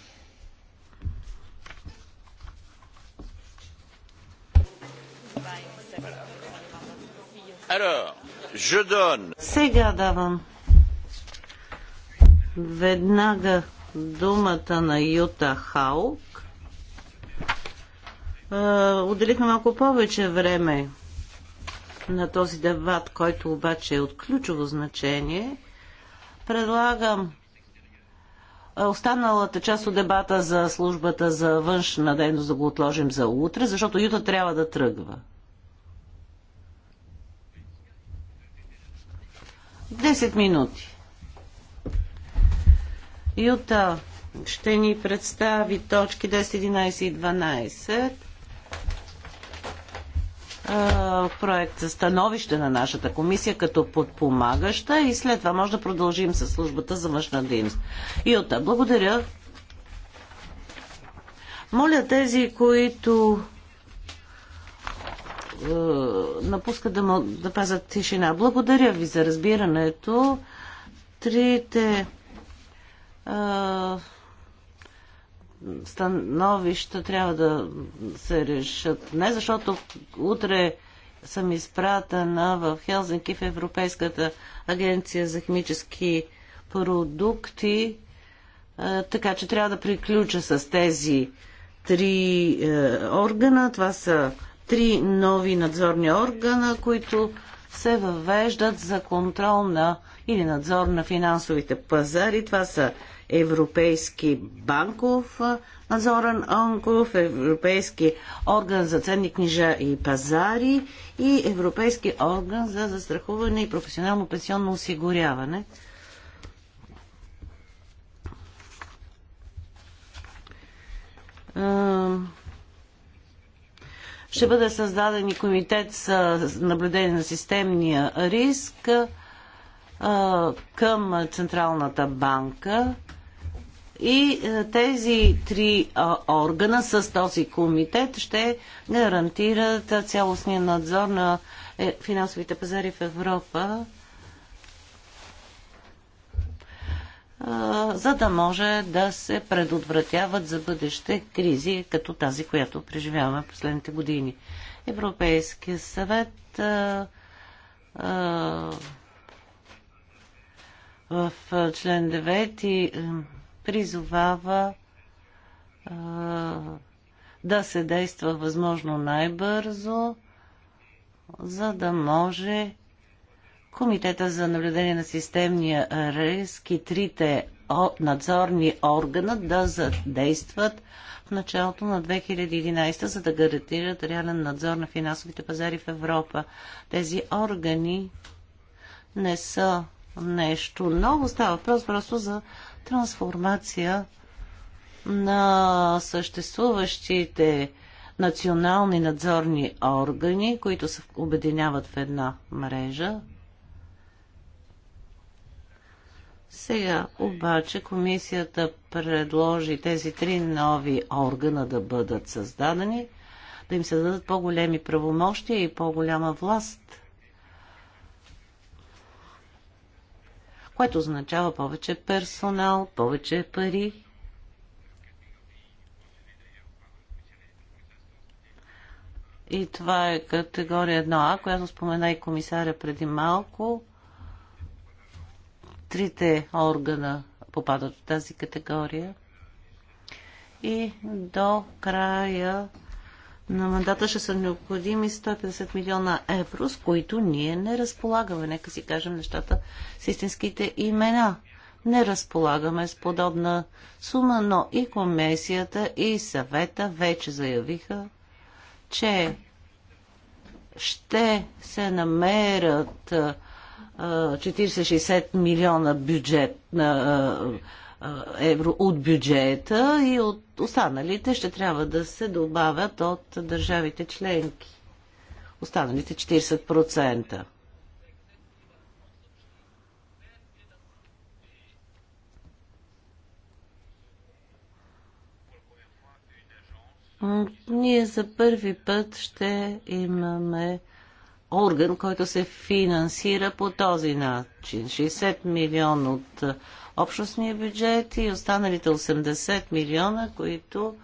Сега давам веднага думата на Юта Хаук, отделихме малко повече време на този дебат, който обаче е от ключово значение. Предлагам останалата част от дебата за службата за външна дейност да го отложим за утре, защото Юта трябва да тръгва. 10 минути. Юта ще ни представи точки 10, 11 и 12 проект за становище на нашата комисия като подпомагаща и след това може да продължим с службата за външна дейност. Юта, благодаря. Моля тези, които е, напускат да, да пазят тишина. Благодаря ви за разбирането. Трите становища трябва да се решат. Не защото утре съм изпратена в Хелзинки в Европейската агенция за химически продукти, така че трябва да приключа с тези три е, органа. Това са три нови надзорни органа, които се въвеждат за контрол на или надзор на финансовите пазари. Това са Европейски банков надзорен онков, Европейски орган за ценни книжа и пазари и Европейски орган за застраховане и професионално пенсионно осигуряване. Ще бъде създаден и комитет с наблюдение на системния риск към Централната банка и е, тези три органа с този комитет ще гарантират цялостния надзор на е, финансовите пазари в Европа, е, за да може да се предотвратяват за бъдеще кризи, като тази, която преживяваме последните години. Европейския съвет в член 9 призовава а, да се действа възможно най-бързо, за да може Комитета за наблюдение на системния риск и трите надзорни органа да задействат в началото на 2011, за да гарантират реален надзор на финансовите пазари в Европа. Тези органи не са нещо ново, става въпрос просто за трансформация на съществуващите национални надзорни органи, които се обединяват в една мрежа. Сега обаче комисията предложи тези три нови органа да бъдат създадени, да им се дадат по-големи правомощия и по-голяма власт – което означава повече персонал, повече пари. И това е категория 1А, която спомена и комисаря преди малко. Трите органа попадат в тази категория. И до края на мандата ще са необходими 150 милиона евро, с които ние не разполагаме. Нека си кажем нещата с истинските имена. Не разполагаме с подобна сума, но и комисията, и съвета вече заявиха, че ще се намерят 40-60 милиона бюджет на е, евро от бюджета и от останалите ще трябва да се добавят от държавите членки. Останалите 40%. Ние за първи път ще имаме орган, който се финансира по този начин. 60 милион от общностния бюджет и останалите 80 милиона, които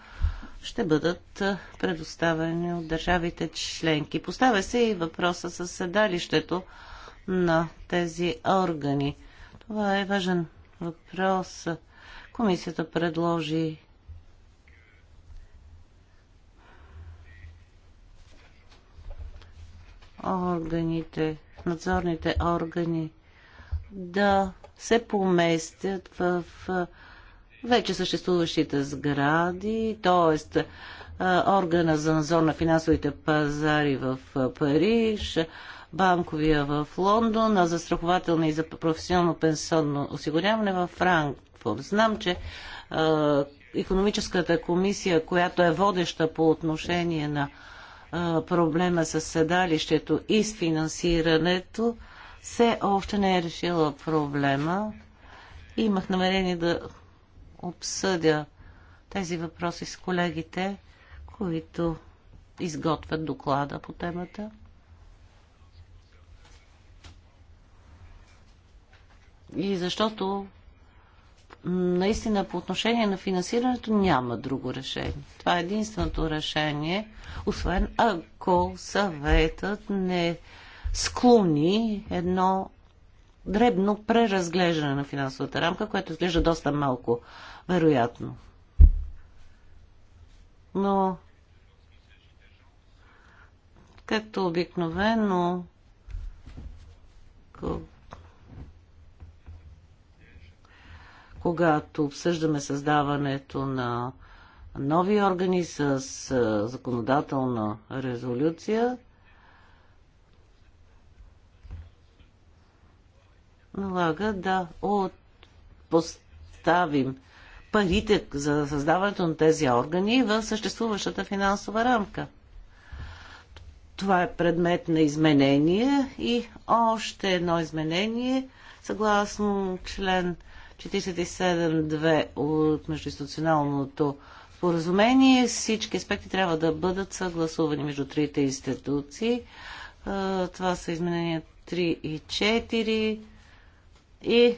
ще бъдат предоставени от държавите членки. Поставя се и въпроса с седалището на тези органи. Това е важен въпрос. Комисията предложи органите, надзорните органи да се поместят в вече съществуващите сгради, т.е. органа за надзор на финансовите пазари в Париж, банковия в Лондон, а за страхователно и за професионално пенсионно осигуряване в Франкфурт. Знам, че економическата комисия, която е водеща по отношение на проблема с седалището и с финансирането, все още не е решила проблема. Имах намерение да обсъдя тези въпроси с колегите, които изготвят доклада по темата. И защото наистина по отношение на финансирането няма друго решение. Това е единственото решение, освен ако съветът не е склони едно дребно преразглеждане на финансовата рамка, което изглежда доста малко, вероятно. Но, както обикновено, когато обсъждаме създаването на нови органи с законодателна резолюция, налага да поставим парите за създаването на тези органи в съществуващата финансова рамка. Това е предмет на изменение и още едно изменение съгласно член 47.2 от междуинституционалното споразумение. Всички аспекти трябва да бъдат съгласувани между трите институции. Това са изменения 3 и 4 и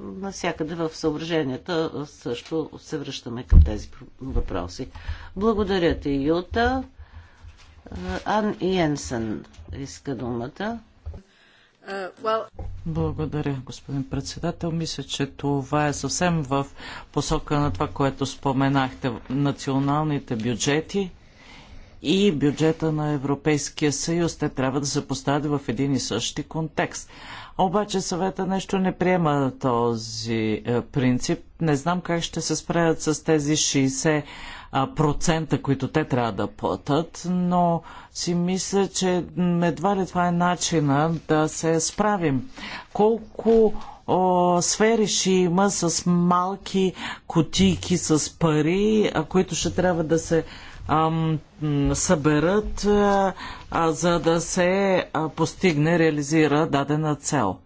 навсякъде в съображенията също се връщаме към тези въпроси. Благодаря ти, Юта. Ан Йенсен иска думата. Благодаря, господин председател. Мисля, че това е съвсем в посока на това, което споменахте. Националните бюджети и бюджета на Европейския съюз. Те трябва да се поставят в един и същи контекст. Обаче съвета нещо не приема този е, принцип. Не знам как ще се справят с тези 60 е, процента, които те трябва да платят, но си мисля, че едва ли това е начина да се справим. Колко о, сфери ще има с малки кутийки с пари, които ще трябва да се съберат, за да се постигне, реализира дадена цел.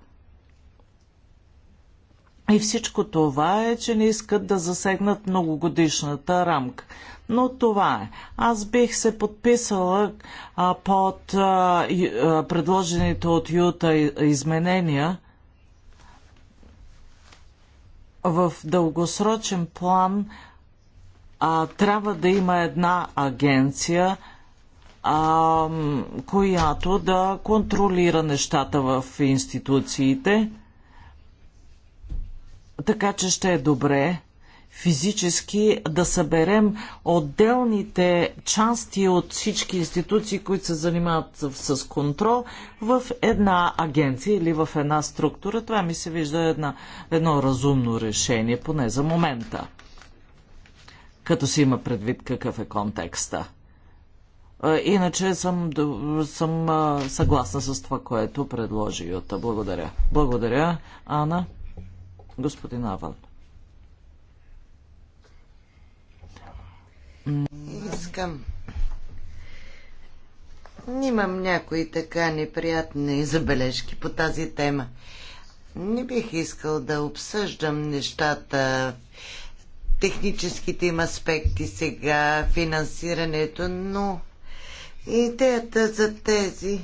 И всичко това е, че не искат да засегнат многогодишната рамка. Но това е. Аз бих се подписала а, под а, предложените от Юта изменения в дългосрочен план – а, трябва да има една агенция, а, която да контролира нещата в институциите. Така че ще е добре физически да съберем отделните части от всички институции, които се занимават с контрол в една агенция или в една структура. Това ми се вижда една, едно разумно решение, поне за момента като си има предвид какъв е контекста. Иначе съм, съм съгласна с това, което предложи Юта. Благодаря. Благодаря, Ана. Господин Аван. Искам. Нимам някои така неприятни забележки по тази тема. Не бих искал да обсъждам нещата техническите им аспекти сега, финансирането, но идеята за тези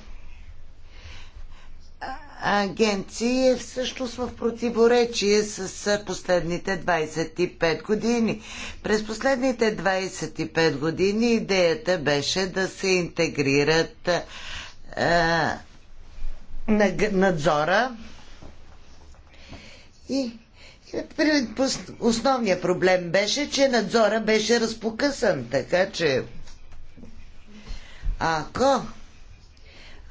агенции е всъщност в противоречие с последните 25 години. През последните 25 години идеята беше да се интегрират а, надзора и Основният проблем беше, че надзора беше разпокъсан, така че ако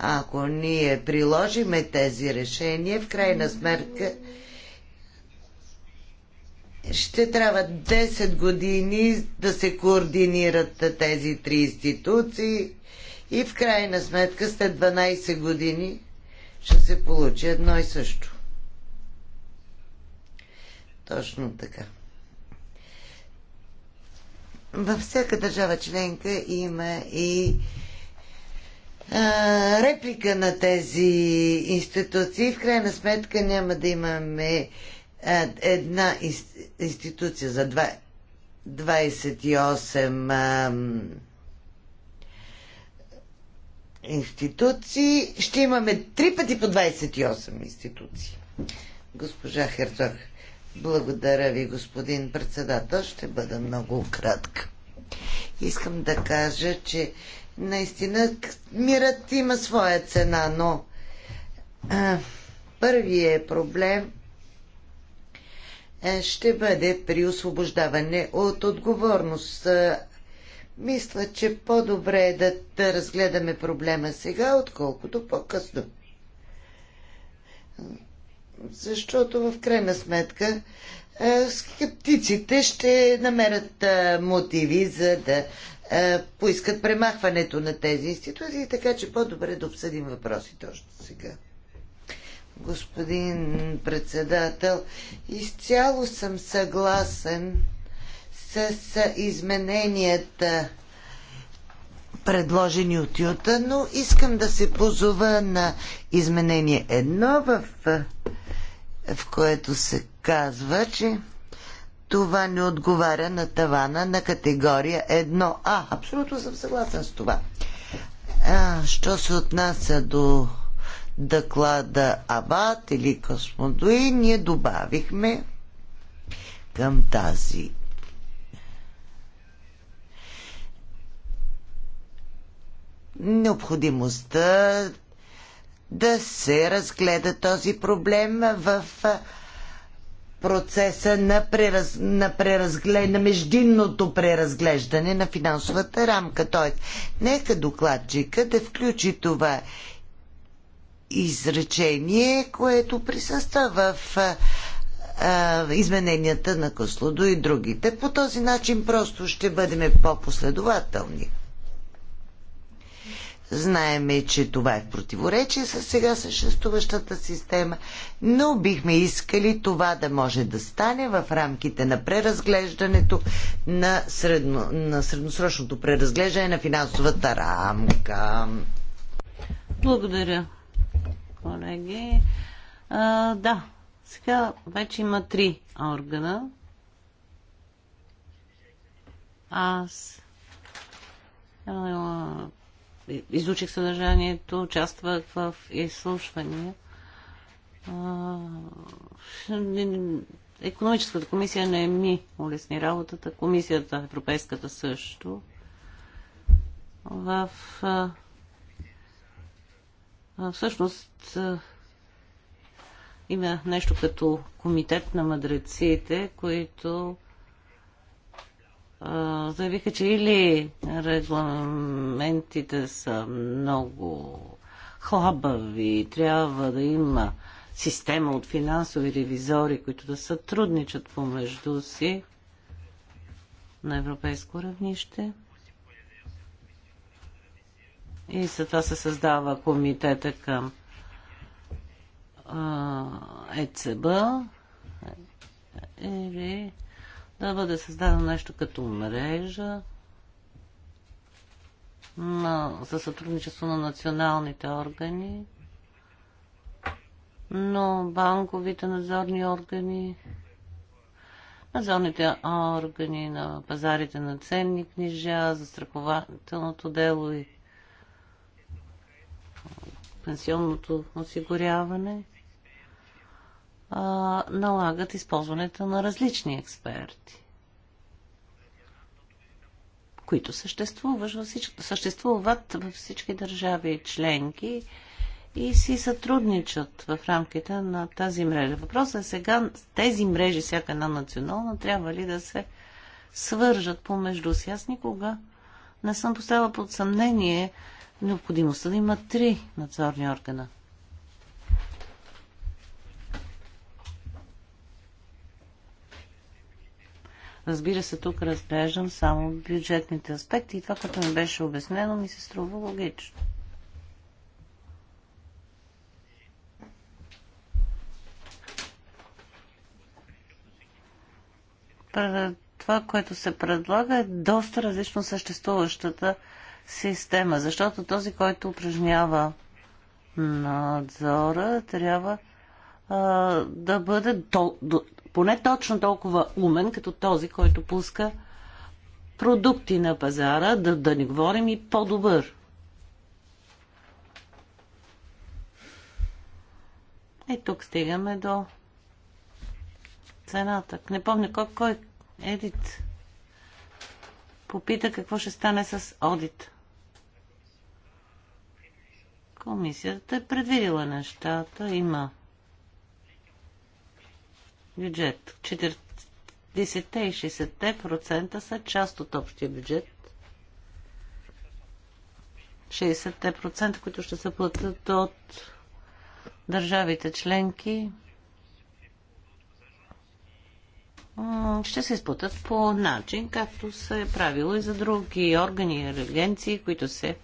ако ние приложиме тези решения, в крайна сметка ще трябва 10 години да се координират тези три институции и в крайна сметка след 12 години ще се получи едно и също. Точно така. Във всяка държава членка има и а, реплика на тези институции. В крайна сметка няма да имаме а, една институция за 28 а, институции. Ще имаме три пъти по 28 институции. Госпожа Херцога. Благодаря ви, господин председател. Ще бъда много кратка. Искам да кажа, че наистина мирът има своя цена, но а, първият проблем е, ще бъде при освобождаване от отговорност. Мисля, че по-добре е да, да разгледаме проблема сега, отколкото по-късно защото в крайна сметка е, скептиците ще намерят е, мотиви за да е, поискат премахването на тези институции, така че по-добре да обсъдим въпросите още сега. Господин председател, изцяло съм съгласен с измененията предложени от Юта, но искам да се позова на изменение едно, в, в което се казва, че това не отговаря на тавана на категория 1А. Абсолютно съм съгласен с това. А, що се отнася до доклада Абат или Космодуи, ние добавихме към тази необходимостта да се разгледа този проблем в процеса на, прераз... на, преразглед... на междинното преразглеждане на финансовата рамка. Тоест, нека докладчика да включи това изречение, което присъства в а, а, измененията на Кослодо и другите. По този начин просто ще бъдем по-последователни. Знаеме, че това е в противоречие с сега съществуващата система, но бихме искали това да може да стане в рамките на преразглеждането на, средно, на средносрочното преразглеждане на финансовата рамка. Благодаря, колеги. А, да, сега вече има три органа. Аз изучих съдържанието, участвах в изслушвания. Економическата комисия не ми улесни работата, комисията европейската също. В... Всъщност има нещо като комитет на мъдреците, които заявиха, че или регламентите са много хлабави, трябва да има система от финансови ревизори, които да сътрудничат помежду си на европейско равнище. И за това се създава комитета към ЕЦБ или да бъде създадено нещо като мрежа на, за сътрудничество на националните органи, но банковите надзорни органи, надзорните органи на пазарите на ценни книжа, застрахователното дело и пенсионното осигуряване а, налагат използването на различни експерти, които съществуват във всички, съществуват във всички държави и членки и си сътрудничат в рамките на тази мрежа. Въпросът е сега тези мрежи, всяка една национална, трябва ли да се свържат помежду си. Аз никога не съм поставила под съмнение необходимостта да има три надзорни органа – Разбира се, тук разглеждам само бюджетните аспекти и това, което ми беше обяснено, ми се струва логично. Това, което се предлага, е доста различно съществуващата система, защото този, който упражнява надзора, трябва а, да бъде до, до, поне точно толкова умен, като този, който пуска продукти на пазара, да, да не говорим и по-добър. И е, тук стигаме до цената. Не помня кой, кой Едит попита какво ще стане с одит. Комисията е предвидила нещата, има бюджет. 40 и 60% са част от общия бюджет. 60%, които ще се платят от държавите членки, ще се изплатят по начин, както се е правило и за други органи и агенции, които се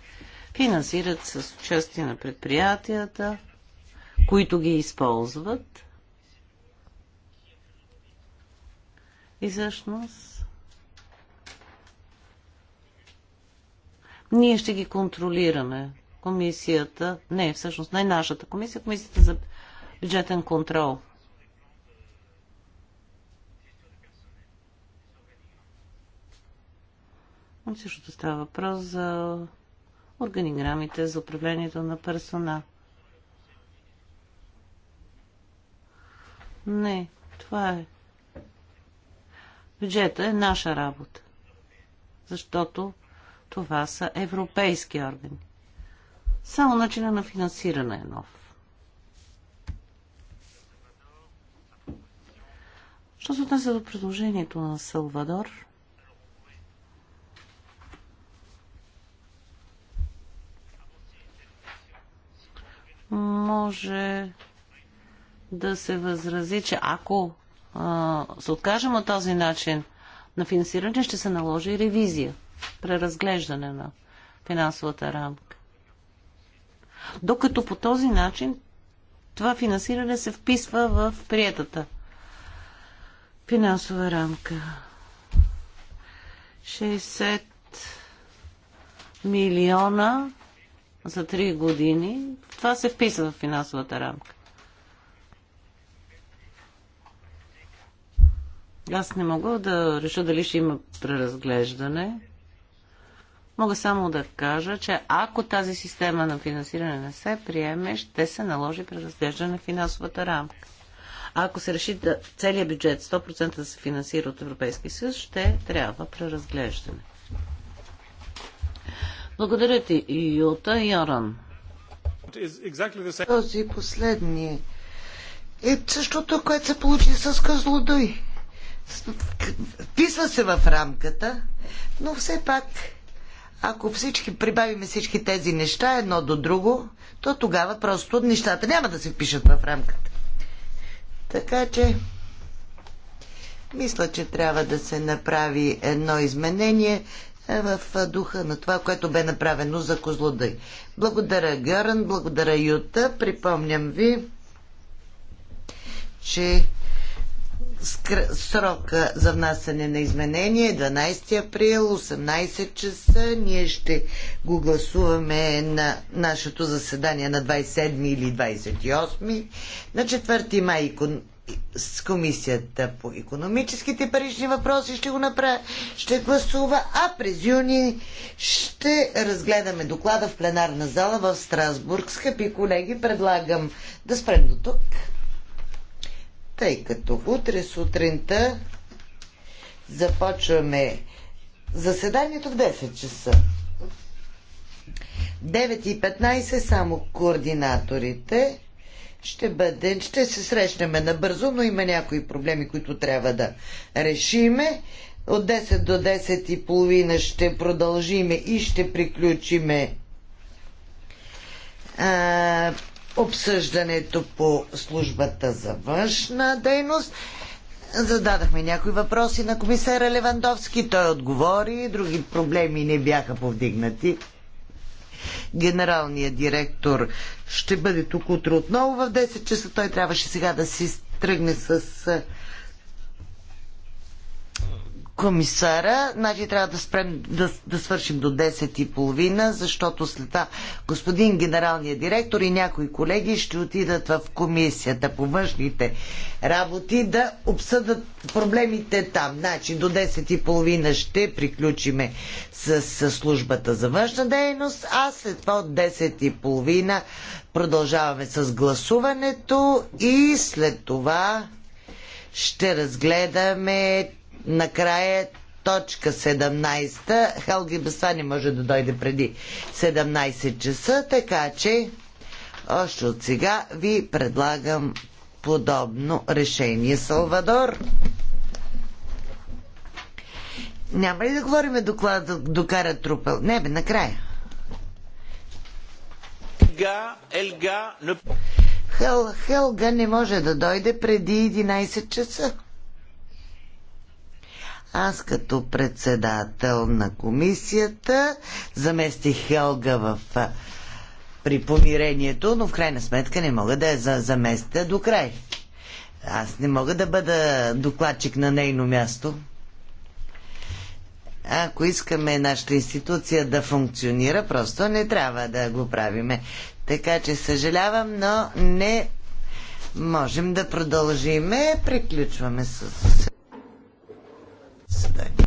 финансират с участие на предприятията, които ги използват. И всъщност ние ще ги контролираме. Комисията, не, всъщност не нашата комисия, комисията за бюджетен контрол. Същото става въпрос за органиграмите за управлението на персона. Не, това е Бюджета е наша работа, защото това са европейски органи. Само начина на финансиране е нов. Що се отнася до предложението на Салвадор? Може да се възрази, че ако се откажем от този начин на финансиране, ще се наложи ревизия, преразглеждане на финансовата рамка. Докато по този начин това финансиране се вписва в приятата финансова рамка. 60 милиона за 3 години. Това се вписва в финансовата рамка. Аз не мога да реша дали ще има преразглеждане. Мога само да кажа, че ако тази система на финансиране не се приеме, ще се наложи преразглеждане на финансовата рамка. А ако се реши да целият бюджет 100% да се финансира от Европейския съюз, ще трябва преразглеждане. Благодаря ти, Юта Йоран. Този последния е същото, което се получи с Козлодой вписва се в рамката, но все пак, ако всички прибавиме всички тези неща едно до друго, то тогава просто нещата няма да се впишат в рамката. Така че, мисля, че трябва да се направи едно изменение е, в духа на това, което бе направено за Козлодъй. Благодаря, Гърън, благодаря, Юта. Припомням ви, че срока за внасяне на изменение 12 април, 18 часа. Ние ще го гласуваме на нашето заседание на 27 или 28. На 4 май с комисията по економическите парични въпроси ще го направи, ще гласува, а през юни ще разгледаме доклада в пленарна зала в Страсбург. Скъпи колеги, предлагам да спрем до тук тъй като утре сутринта започваме заседанието в 10 часа. 9.15 само координаторите ще бъде, ще се срещнем набързо, но има някои проблеми, които трябва да решиме. От 10 до 10 и половина ще продължиме и ще приключиме обсъждането по службата за външна дейност. Зададахме някои въпроси на комисара Левандовски. Той отговори. Други проблеми не бяха повдигнати. Генералният директор ще бъде тук утре отново в 10 часа. Той трябваше сега да си тръгне с комисара. Значи трябва да спрем да, да свършим до 10 и половина, защото след това господин генералния директор и някои колеги ще отидат в комисията по външните работи да обсъдат проблемите там. Значи до 10 и половина ще приключиме с, с службата за външна дейност, а след това от 10 и половина продължаваме с гласуването и след това ще разгледаме накрая точка 17. Хелги Бесани може да дойде преди 17 часа, така че още от сега ви предлагам подобно решение. Салвадор. Няма ли да говорим доклад да докара трупа? Не бе, накрая. Хелга не може да дойде преди 11 часа. Аз като председател на комисията заместих Хелга в при помирението, но в крайна сметка не мога да я за, заместя до край. Аз не мога да бъда докладчик на нейно място. Ако искаме нашата институция да функционира, просто не трябва да го правиме. Така че съжалявам, но не можем да продължиме. Приключваме с заседание.